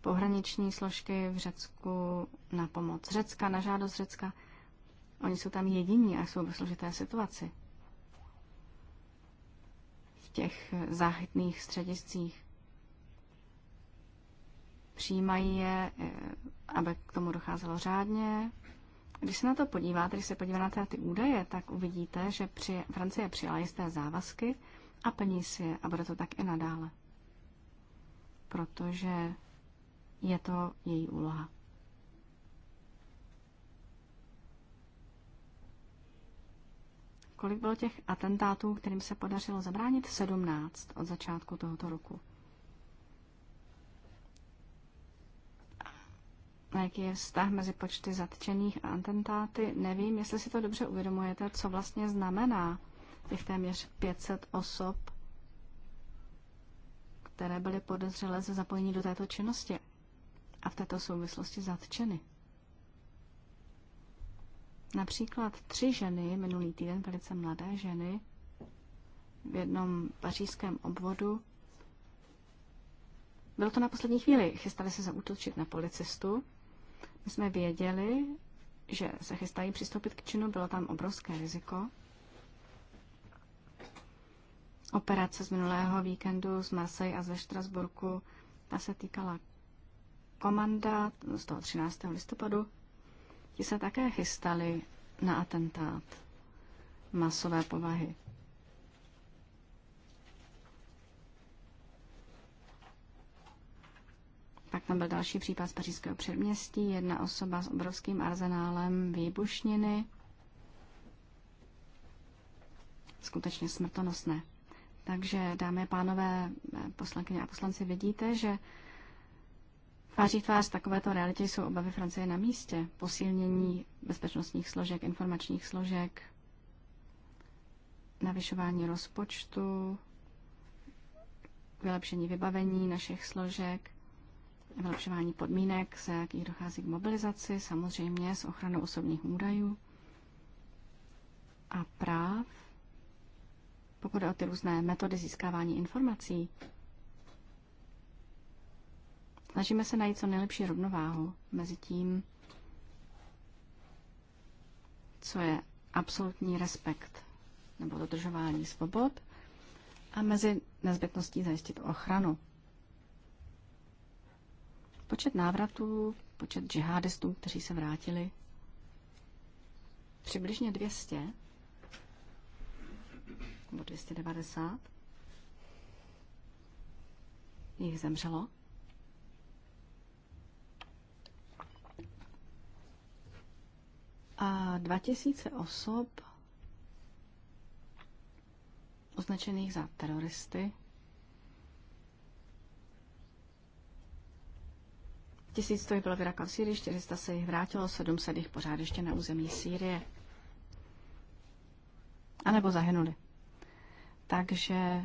Speaker 1: Pohraniční
Speaker 2: složky v Řecku na pomoc Řecka, na žádost Řecka – Oni jsou tam jediní a jsou ve složité situaci. V těch záchytných střediscích. Přijímají je, eh, aby k tomu docházelo řádně. Když se na to podíváte, když se podíváte na ty údaje, tak uvidíte, že při, Francie přijala jisté závazky a plní si je a bude to tak i nadále. Protože je to její úloha. Kolik bylo těch atentátů, kterým se podařilo zabránit? 17 od začátku tohoto roku. A jaký je vztah mezi počty zatčených a atentáty? Nevím, jestli si to dobře uvědomujete, co vlastně znamená těch téměř 500 osob, které byly podezřelé ze zapojení do této činnosti a v této souvislosti zatčeny. Například tři ženy, minulý týden velice mladé ženy, v jednom pařížském obvodu. Bylo to na poslední chvíli. Chystali se zaútočit na policistu. My jsme věděli, že se chystají přistoupit k činu, bylo tam obrovské riziko. Operace z minulého víkendu z Marseille a ze Štrasburku, ta se týkala komanda z toho 13. listopadu. Ti se také chystali na atentát masové povahy. Pak tam byl další případ z pařížského předměstí, jedna osoba s obrovským arzenálem výbušniny, skutečně smrtonosné. Takže, dámy a pánové, eh, poslankyně a poslanci, vidíte, že Tváří tvář takovéto realitě jsou obavy Francie na místě. Posílnění bezpečnostních složek, informačních složek, navyšování rozpočtu, vylepšení vybavení našich složek, vylepšování podmínek, za jakých dochází k mobilizaci, samozřejmě s ochranou osobních údajů a práv. Pokud jde o ty různé metody získávání informací, Snažíme se najít co nejlepší rovnováhu mezi tím, co je absolutní respekt nebo dodržování svobod a mezi nezbytností zajistit ochranu. Počet návratů, počet džihadistů, kteří se vrátili, přibližně 200 nebo 290 jich zemřelo. a 2000 osob označených za teroristy. Tisíc to bylo v Iraku v Sýrii, 400 se jich vrátilo, 700 jich pořád ještě na území Sýrie. A nebo zahynuli. Takže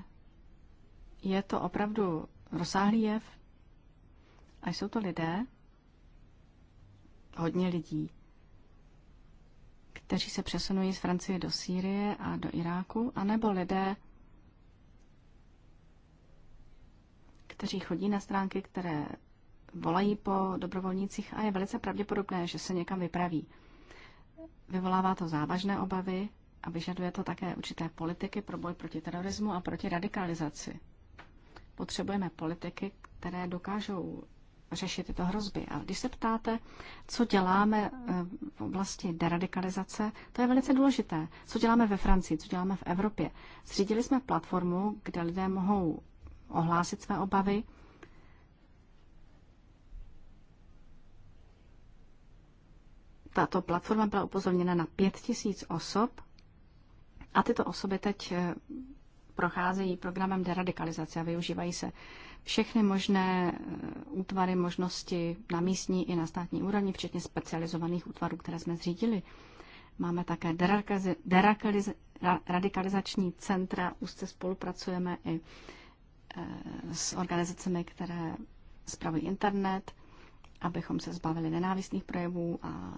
Speaker 2: je to opravdu rozsáhlý jev a jsou to lidé, hodně lidí, kteří se přesunují z Francie do Sýrie a do Iráku, anebo lidé, kteří chodí na stránky, které volají po dobrovolnících a je velice pravděpodobné, že se někam vypraví. Vyvolává to závažné obavy a vyžaduje to také určité politiky pro boj proti terorismu a proti radikalizaci. Potřebujeme politiky, které dokážou řešit tyto hrozby. A když se ptáte, co děláme eh, v oblasti deradikalizace, to je velice důležité. Co děláme ve Francii, co děláme v Evropě. Zřídili jsme platformu, kde lidé mohou ohlásit své obavy, Tato platforma byla upozorněna na pět tisíc osob a tyto osoby teď eh, procházejí programem deradikalizace a využívají se všechny možné eh, útvary, možnosti na místní i na státní úrovni, včetně specializovaných útvarů, které jsme zřídili. Máme také deradikalizační centra, úzce spolupracujeme i eh, s organizacemi, které spravují internet, abychom se zbavili nenávistných projevů a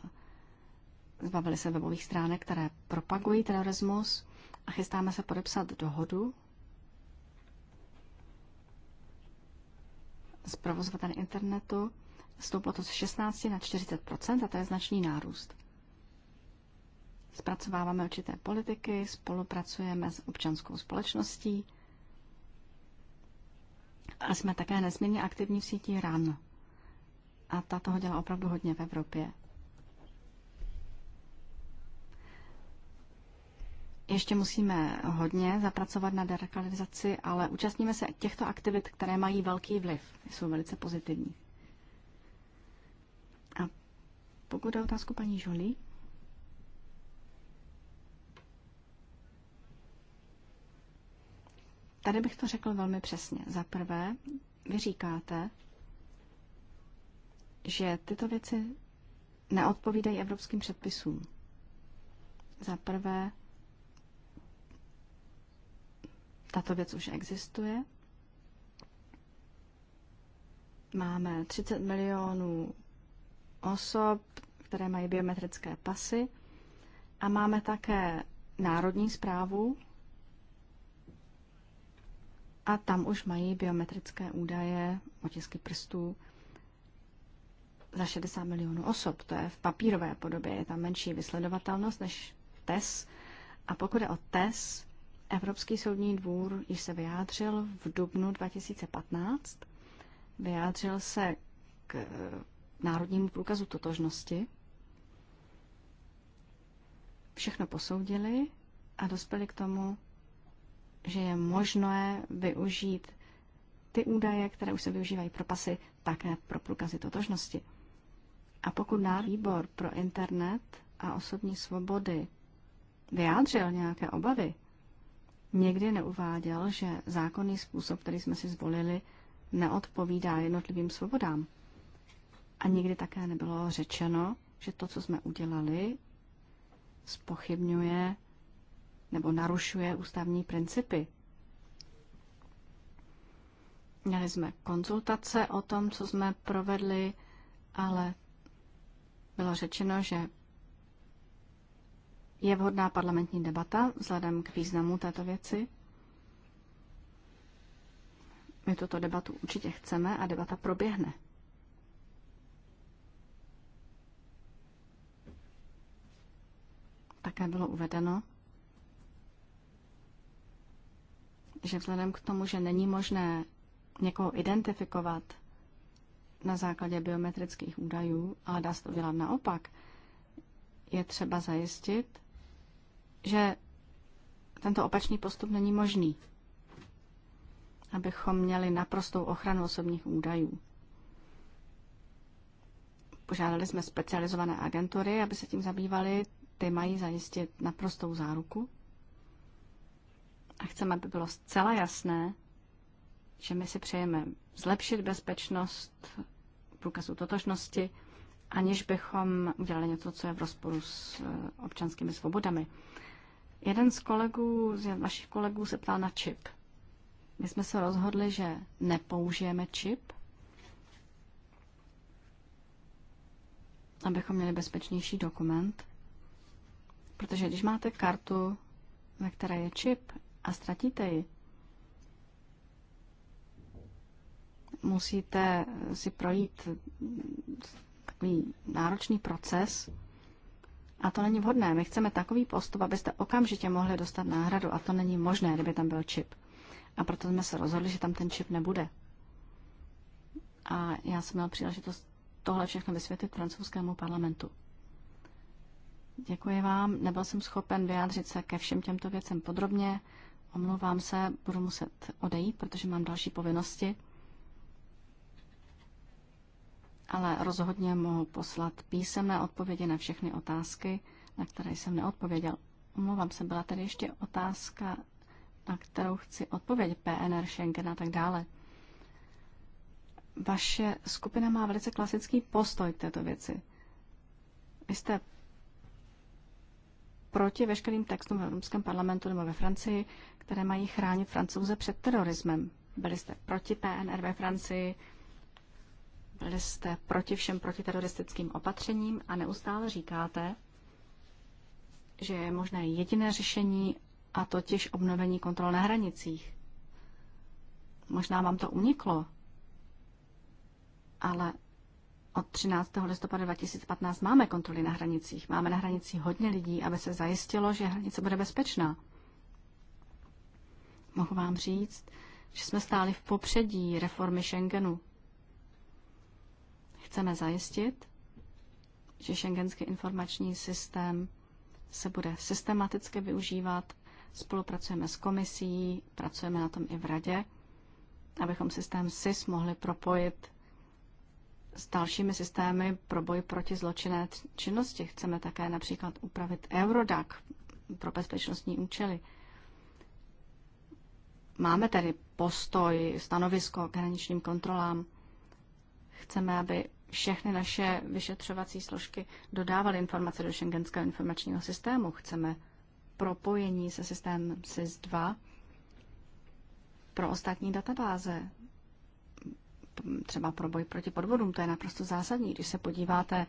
Speaker 2: zbavili se webových stránek, které propagují terorismus a chystáme se podepsat dohodu z internetu stouplo to z 16 na 40 a to je značný nárůst. Zpracováváme určité politiky, spolupracujeme s občanskou společností a jsme také nesmírně aktivní v síti RAN. A ta toho dělá opravdu hodně v Evropě. Ještě musíme hodně zapracovat na deradikalizaci, ale účastníme se těchto aktivit, které mají velký vliv, jsou velice pozitivní. A pokud je otázku paní Žolí, Tady bych to řekl velmi přesně. Za prvé, vy říkáte, že tyto věci neodpovídají evropským předpisům. Za prvé, Tato věc už existuje. Máme 30 milionů osob, které mají biometrické pasy a máme také národní zprávu a tam už mají biometrické údaje, otisky prstů za 60 milionů osob. To je v papírové podobě, je tam menší vysledovatelnost než TES. A pokud je o TES, Evropský soudní dvůr již se vyjádřil v dubnu 2015. Vyjádřil se k eh, národnímu průkazu totožnosti. Všechno posoudili a dospěli k tomu, že je možné využít ty údaje, které už se využívají pro pasy, také pro průkazy totožnosti. A pokud náš výbor pro internet a osobní svobody vyjádřil nějaké obavy, někdy neuváděl, že zákonný způsob, který jsme si zvolili, neodpovídá jednotlivým svobodám. A nikdy také nebylo řečeno, že to, co jsme udělali, spochybňuje nebo narušuje ústavní principy. Měli jsme konzultace o tom, co jsme provedli, ale bylo řečeno, že je vhodná parlamentní debata vzhledem k významu této věci? My tuto debatu určitě chceme a debata proběhne. Také bylo uvedeno, že vzhledem k tomu, že není možné někoho identifikovat na základě biometrických údajů, ale dá se to dělat naopak, je třeba zajistit, že tento opačný postup není možný, abychom měli naprostou ochranu osobních údajů. Požádali jsme specializované agentury, aby se tím zabývali. Ty mají zajistit naprostou záruku. A chceme, aby bylo zcela jasné, že my si přejeme zlepšit bezpečnost průkazu totožnosti, aniž bychom udělali něco, co je v rozporu s eh, občanskými svobodami. Jeden z kolegů, z našich kolegů se ptal na čip. My jsme se rozhodli, že nepoužijeme čip, abychom měli bezpečnější dokument, protože když máte kartu, ve které je čip a ztratíte ji, musíte si projít takový náročný proces, a to není vhodné. My chceme takový postup, abyste okamžitě mohli dostat náhradu a to není možné, kdyby tam byl čip. A proto jsme se rozhodli, že tam ten čip nebude. A já jsem měl příležitost tohle všechno vysvětlit francouzskému parlamentu. Děkuji vám. Nebyl jsem schopen vyjádřit se ke všem těmto věcem podrobně. Omlouvám se, budu muset odejít, protože mám další povinnosti. ale rozhodně mohu poslat písemné odpovědi na všechny otázky, na které jsem neodpověděl. Omlouvám se, byla tady ještě otázka, na kterou chci odpovědět, PNR, Schengen a tak dále. Vaše skupina má velice klasický postoj k této věci. Vy jste proti veškerým textům v Evropském parlamentu nebo ve Francii, které mají chránit francouze před terorismem. Byli jste proti PNR ve Francii, byli jste proti všem protiteroristickým opatřením a neustále říkáte, že je možné jediné řešení a totiž obnovení kontrol na hranicích. Možná vám to uniklo, ale od 13. listopadu 2015 máme kontroly na hranicích. Máme na hranicích hodně lidí, aby se zajistilo, že hranice bude bezpečná. Mohu vám říct, že jsme stáli v popředí reformy Schengenu. Chceme zajistit, že šengenský informační systém se bude systematicky využívat. Spolupracujeme s komisí, pracujeme na tom i v radě, abychom systém SIS mohli propojit s dalšími systémy pro boj proti zločinné činnosti. Chceme také například upravit Eurodac pro bezpečnostní účely. Máme tedy postoj, stanovisko k hraničním kontrolám. Chceme, aby všechny naše vyšetřovací složky dodávaly informace do šengenského informačního systému. Chceme propojení se systémem SIS-2 pro ostatní databáze, třeba pro boj proti podvodům. To je naprosto zásadní. Když se podíváte,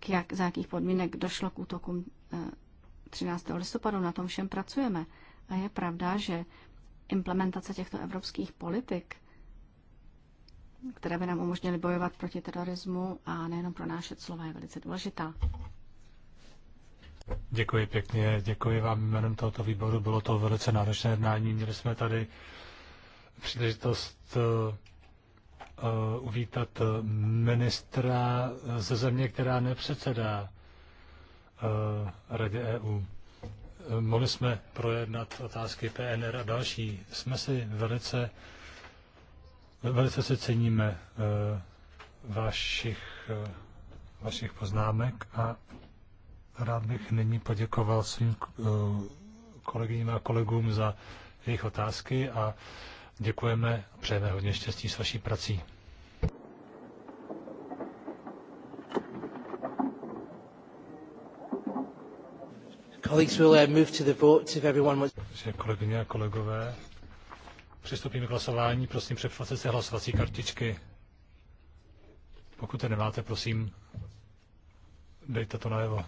Speaker 2: k jak, za jakých podmínek došlo k útokům 13. Eh, listopadu, na tom všem pracujeme. A je pravda, že implementace těchto evropských politik – které by nám umožnily bojovat proti terorismu a nejenom pronášet slova, je velice důležitá.
Speaker 3: Děkuji pěkně, děkuji vám jménem tohoto výboru. Bylo to velice náročné jednání. Měli jsme tady příležitost eh, eh, uvítat ministra ze země, která nepředsedá eh, Radě EU. Mohli jsme projednat otázky PNR a další. Jsme si velice Velice se ceníme eh, vašich, eh, vašich poznámek a rád bych nyní poděkoval svým eh, kolegyním a kolegům za jejich otázky a děkujeme a přejeme hodně štěstí s vaší
Speaker 1: prací. Colleagues will uh, move to the vote if everyone wants.
Speaker 3: Kolegyně a kolegové, Přistoupíme k hlasování. Prosím, přepaste se hlasovací kartičky. Pokud je nemáte, prosím, dejte to najevo.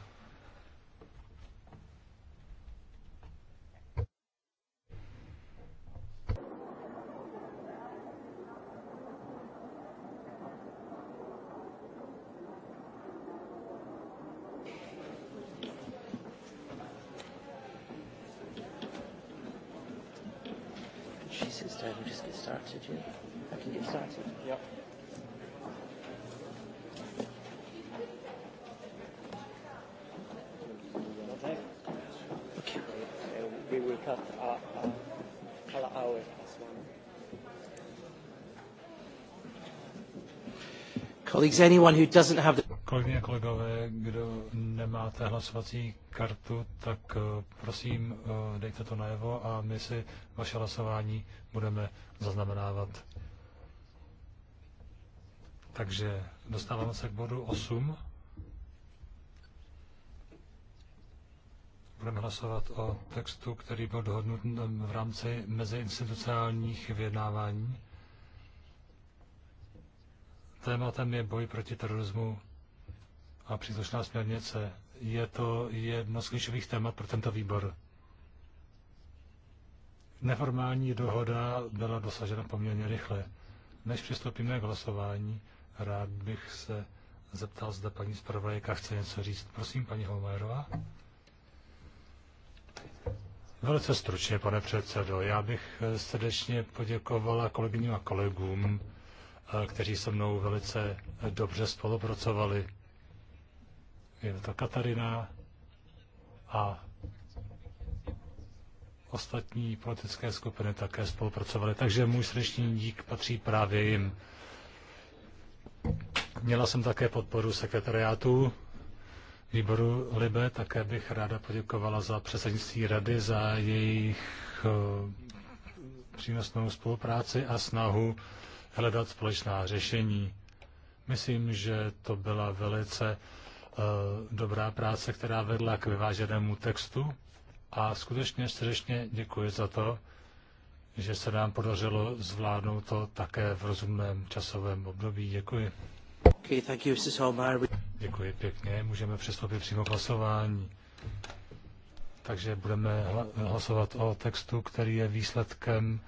Speaker 1: started, yeah? I can get started. Yep.
Speaker 3: Okay. Uh, we will cut
Speaker 1: our, uh, our, uh, our hour. Colleagues, anyone who doesn't have the... Kolegyně, kolegové,
Speaker 3: kdo nemáte hlasovací kartu, tak eh, prosím, eh, dejte to najevo a my si vaše hlasování budeme zaznamenávat. Takže dostáváme se k bodu 8. Budeme hlasovat o textu, který byl dohodnut mm, v rámci meziinstitucionálních vyjednávání tématem je boj proti terorismu a příslušná směrnice. Je to jedno z klíčových témat pro tento výbor. Neformální dohoda byla dosažena poměrně rychle. Než přistoupíme k hlasování, rád bych se zeptal, zda paní zpravodajka chce něco říct. Prosím, paní Holmérová. Velice stručně, pane předsedo. Já bych srdečně poděkovala kolegyním a kolegům kteří se mnou velice dobře spolupracovali. Je to Katarina a ostatní politické skupiny také spolupracovaly, takže můj srdeční dík patří právě jim. Měla jsem také podporu sekretariátu výboru Libe, také bych ráda poděkovala za předsednictví rady, za jejich eh, přínosnou spolupráci a snahu hledat společná řešení. Myslím, že to byla velice eh, dobrá práce, která vedla k vyváženému textu a skutečně srdečně děkuji za to, že se nám podařilo zvládnout to také v rozumném časovém období. Děkuji.
Speaker 1: Okay, thank you, Mrs. Holmeyer. Děkuji pěkně. Můžeme
Speaker 3: přistoupit přímo k hlasování. Takže budeme hlasovat o textu, který je výsledkem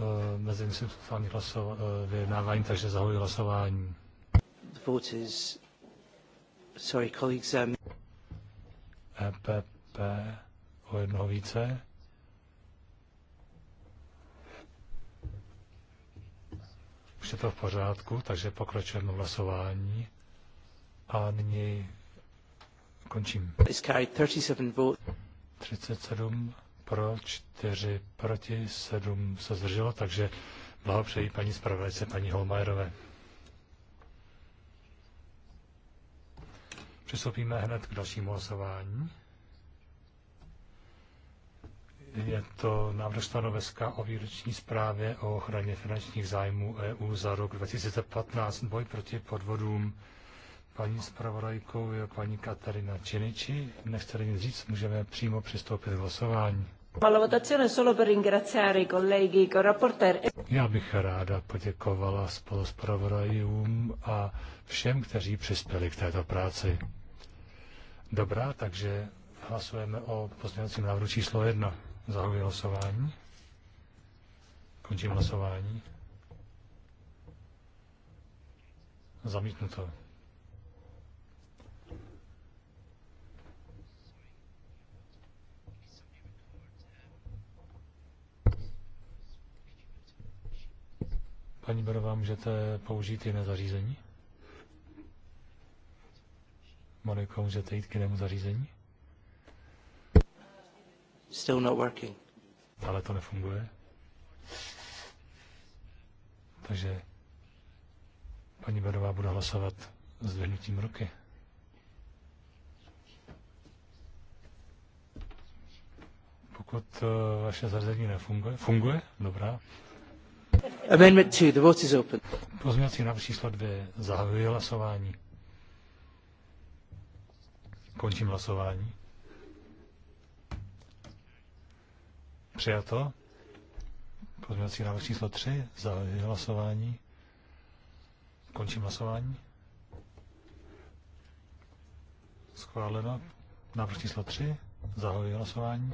Speaker 3: Eh, mezi institucionální eh,
Speaker 1: vyjednávání, takže zahoji hlasování. Is... Sorry, colleagues, um...
Speaker 3: EPP o jednoho více. Už je to v pořádku, takže pokračujeme v hlasování. A nyní končím. 37 vote. 37 pro, čtyři proti, sedm se zdrželo, takže blahopřeji paní zpravodajce, paní Holmajerové. Přistoupíme hned k dalšímu hlasování. Je to návrh stanoviska o výroční zprávě o ochraně finančních zájmů EU za rok 2015, boj proti podvodům. Paní zpravodajkou je paní Katarina Činiči. Nechce nic říct, můžeme přímo přistoupit k hlasování. Já bych ráda poděkovala spoluspravodajům a všem, kteří přispěli k této práci. Dobrá, takže hlasujeme o pozměňovacím návrhu číslo 1. Zahajuji hlasování. Končím hlasování. Zamítnuto. Paní Berová, můžete použít jiné zařízení? Moniko, můžete jít k jinému zařízení?
Speaker 1: Still not working. Ale to nefunguje. Takže
Speaker 3: paní Berová bude hlasovat s dvěnutím ruky. Pokud eh, vaše zařízení nefunguje, funguje? Dobrá.
Speaker 1: Amendment 2, the vote is open.
Speaker 3: Pozměňovací návrh číslo 2. Zahajuji hlasování. Končím hlasování. Přijato. Pozměňovací návrh číslo 3. Zahajuji hlasování. Končím hlasování. Schváleno. Návrh číslo 3. Zahajuji hlasování.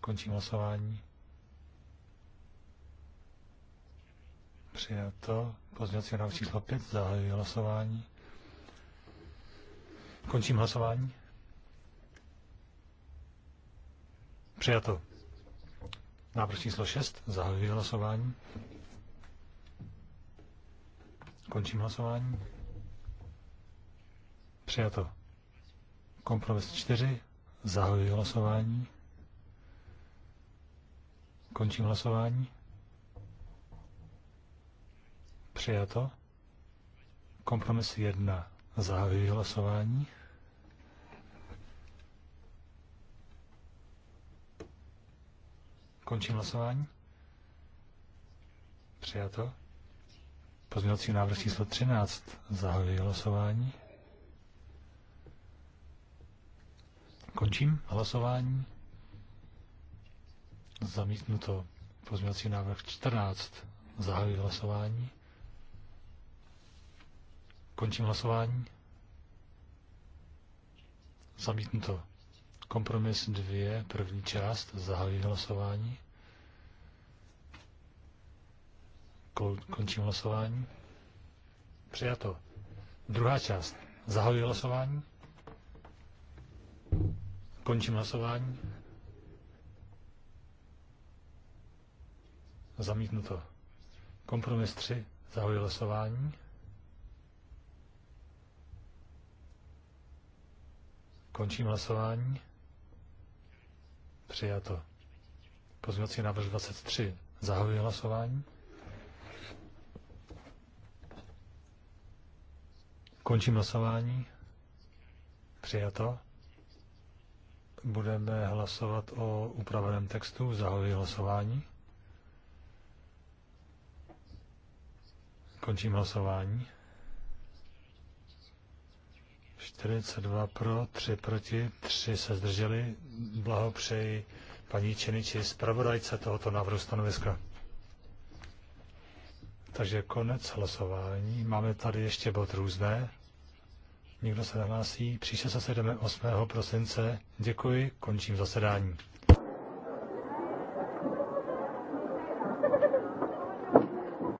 Speaker 3: Končím hlasování. Přijato. Pozměňovací návrh číslo 5. Zahajuji hlasování. Končím hlasování. Přijato. Návrh číslo 6. Zahajuji hlasování. Končím hlasování. Přijato. Kompromis 4. Zahajuji hlasování. Končím hlasování. Přijato. Kompromis 1. Zahajuji hlasování. Končím hlasování. Přijato. Pozměňovací návrh číslo 13. Zahajuji hlasování. Končím hlasování. Zamítnuto. Pozměňovací návrh 14. Zahajuji hlasování. Končím hlasování. Zamítnuto. Kompromis 2, první část, zahajuji hlasování. Končím hlasování. Přijato. Druhá část. Zahajuji hlasování. Končím hlasování. Zamítnuto. Kompromis 3. Zahajuji hlasování. Končím hlasování. Přijato. Pozměňovací návrh 23. Zahajuji hlasování. Končím hlasování. Přijato. Budeme hlasovat o upraveném textu. Zahajuji hlasování. Končím hlasování. 42 pro, 3 proti, 3 se zdrželi. Blahopřeji paní Čeniči, zpravodajce tohoto návrhu stanoviska. Takže konec hlasování. Máme tady ještě bod různé. Nikdo se nehlásí. Příště se sejdeme 8. prosince. Děkuji, končím zasedání.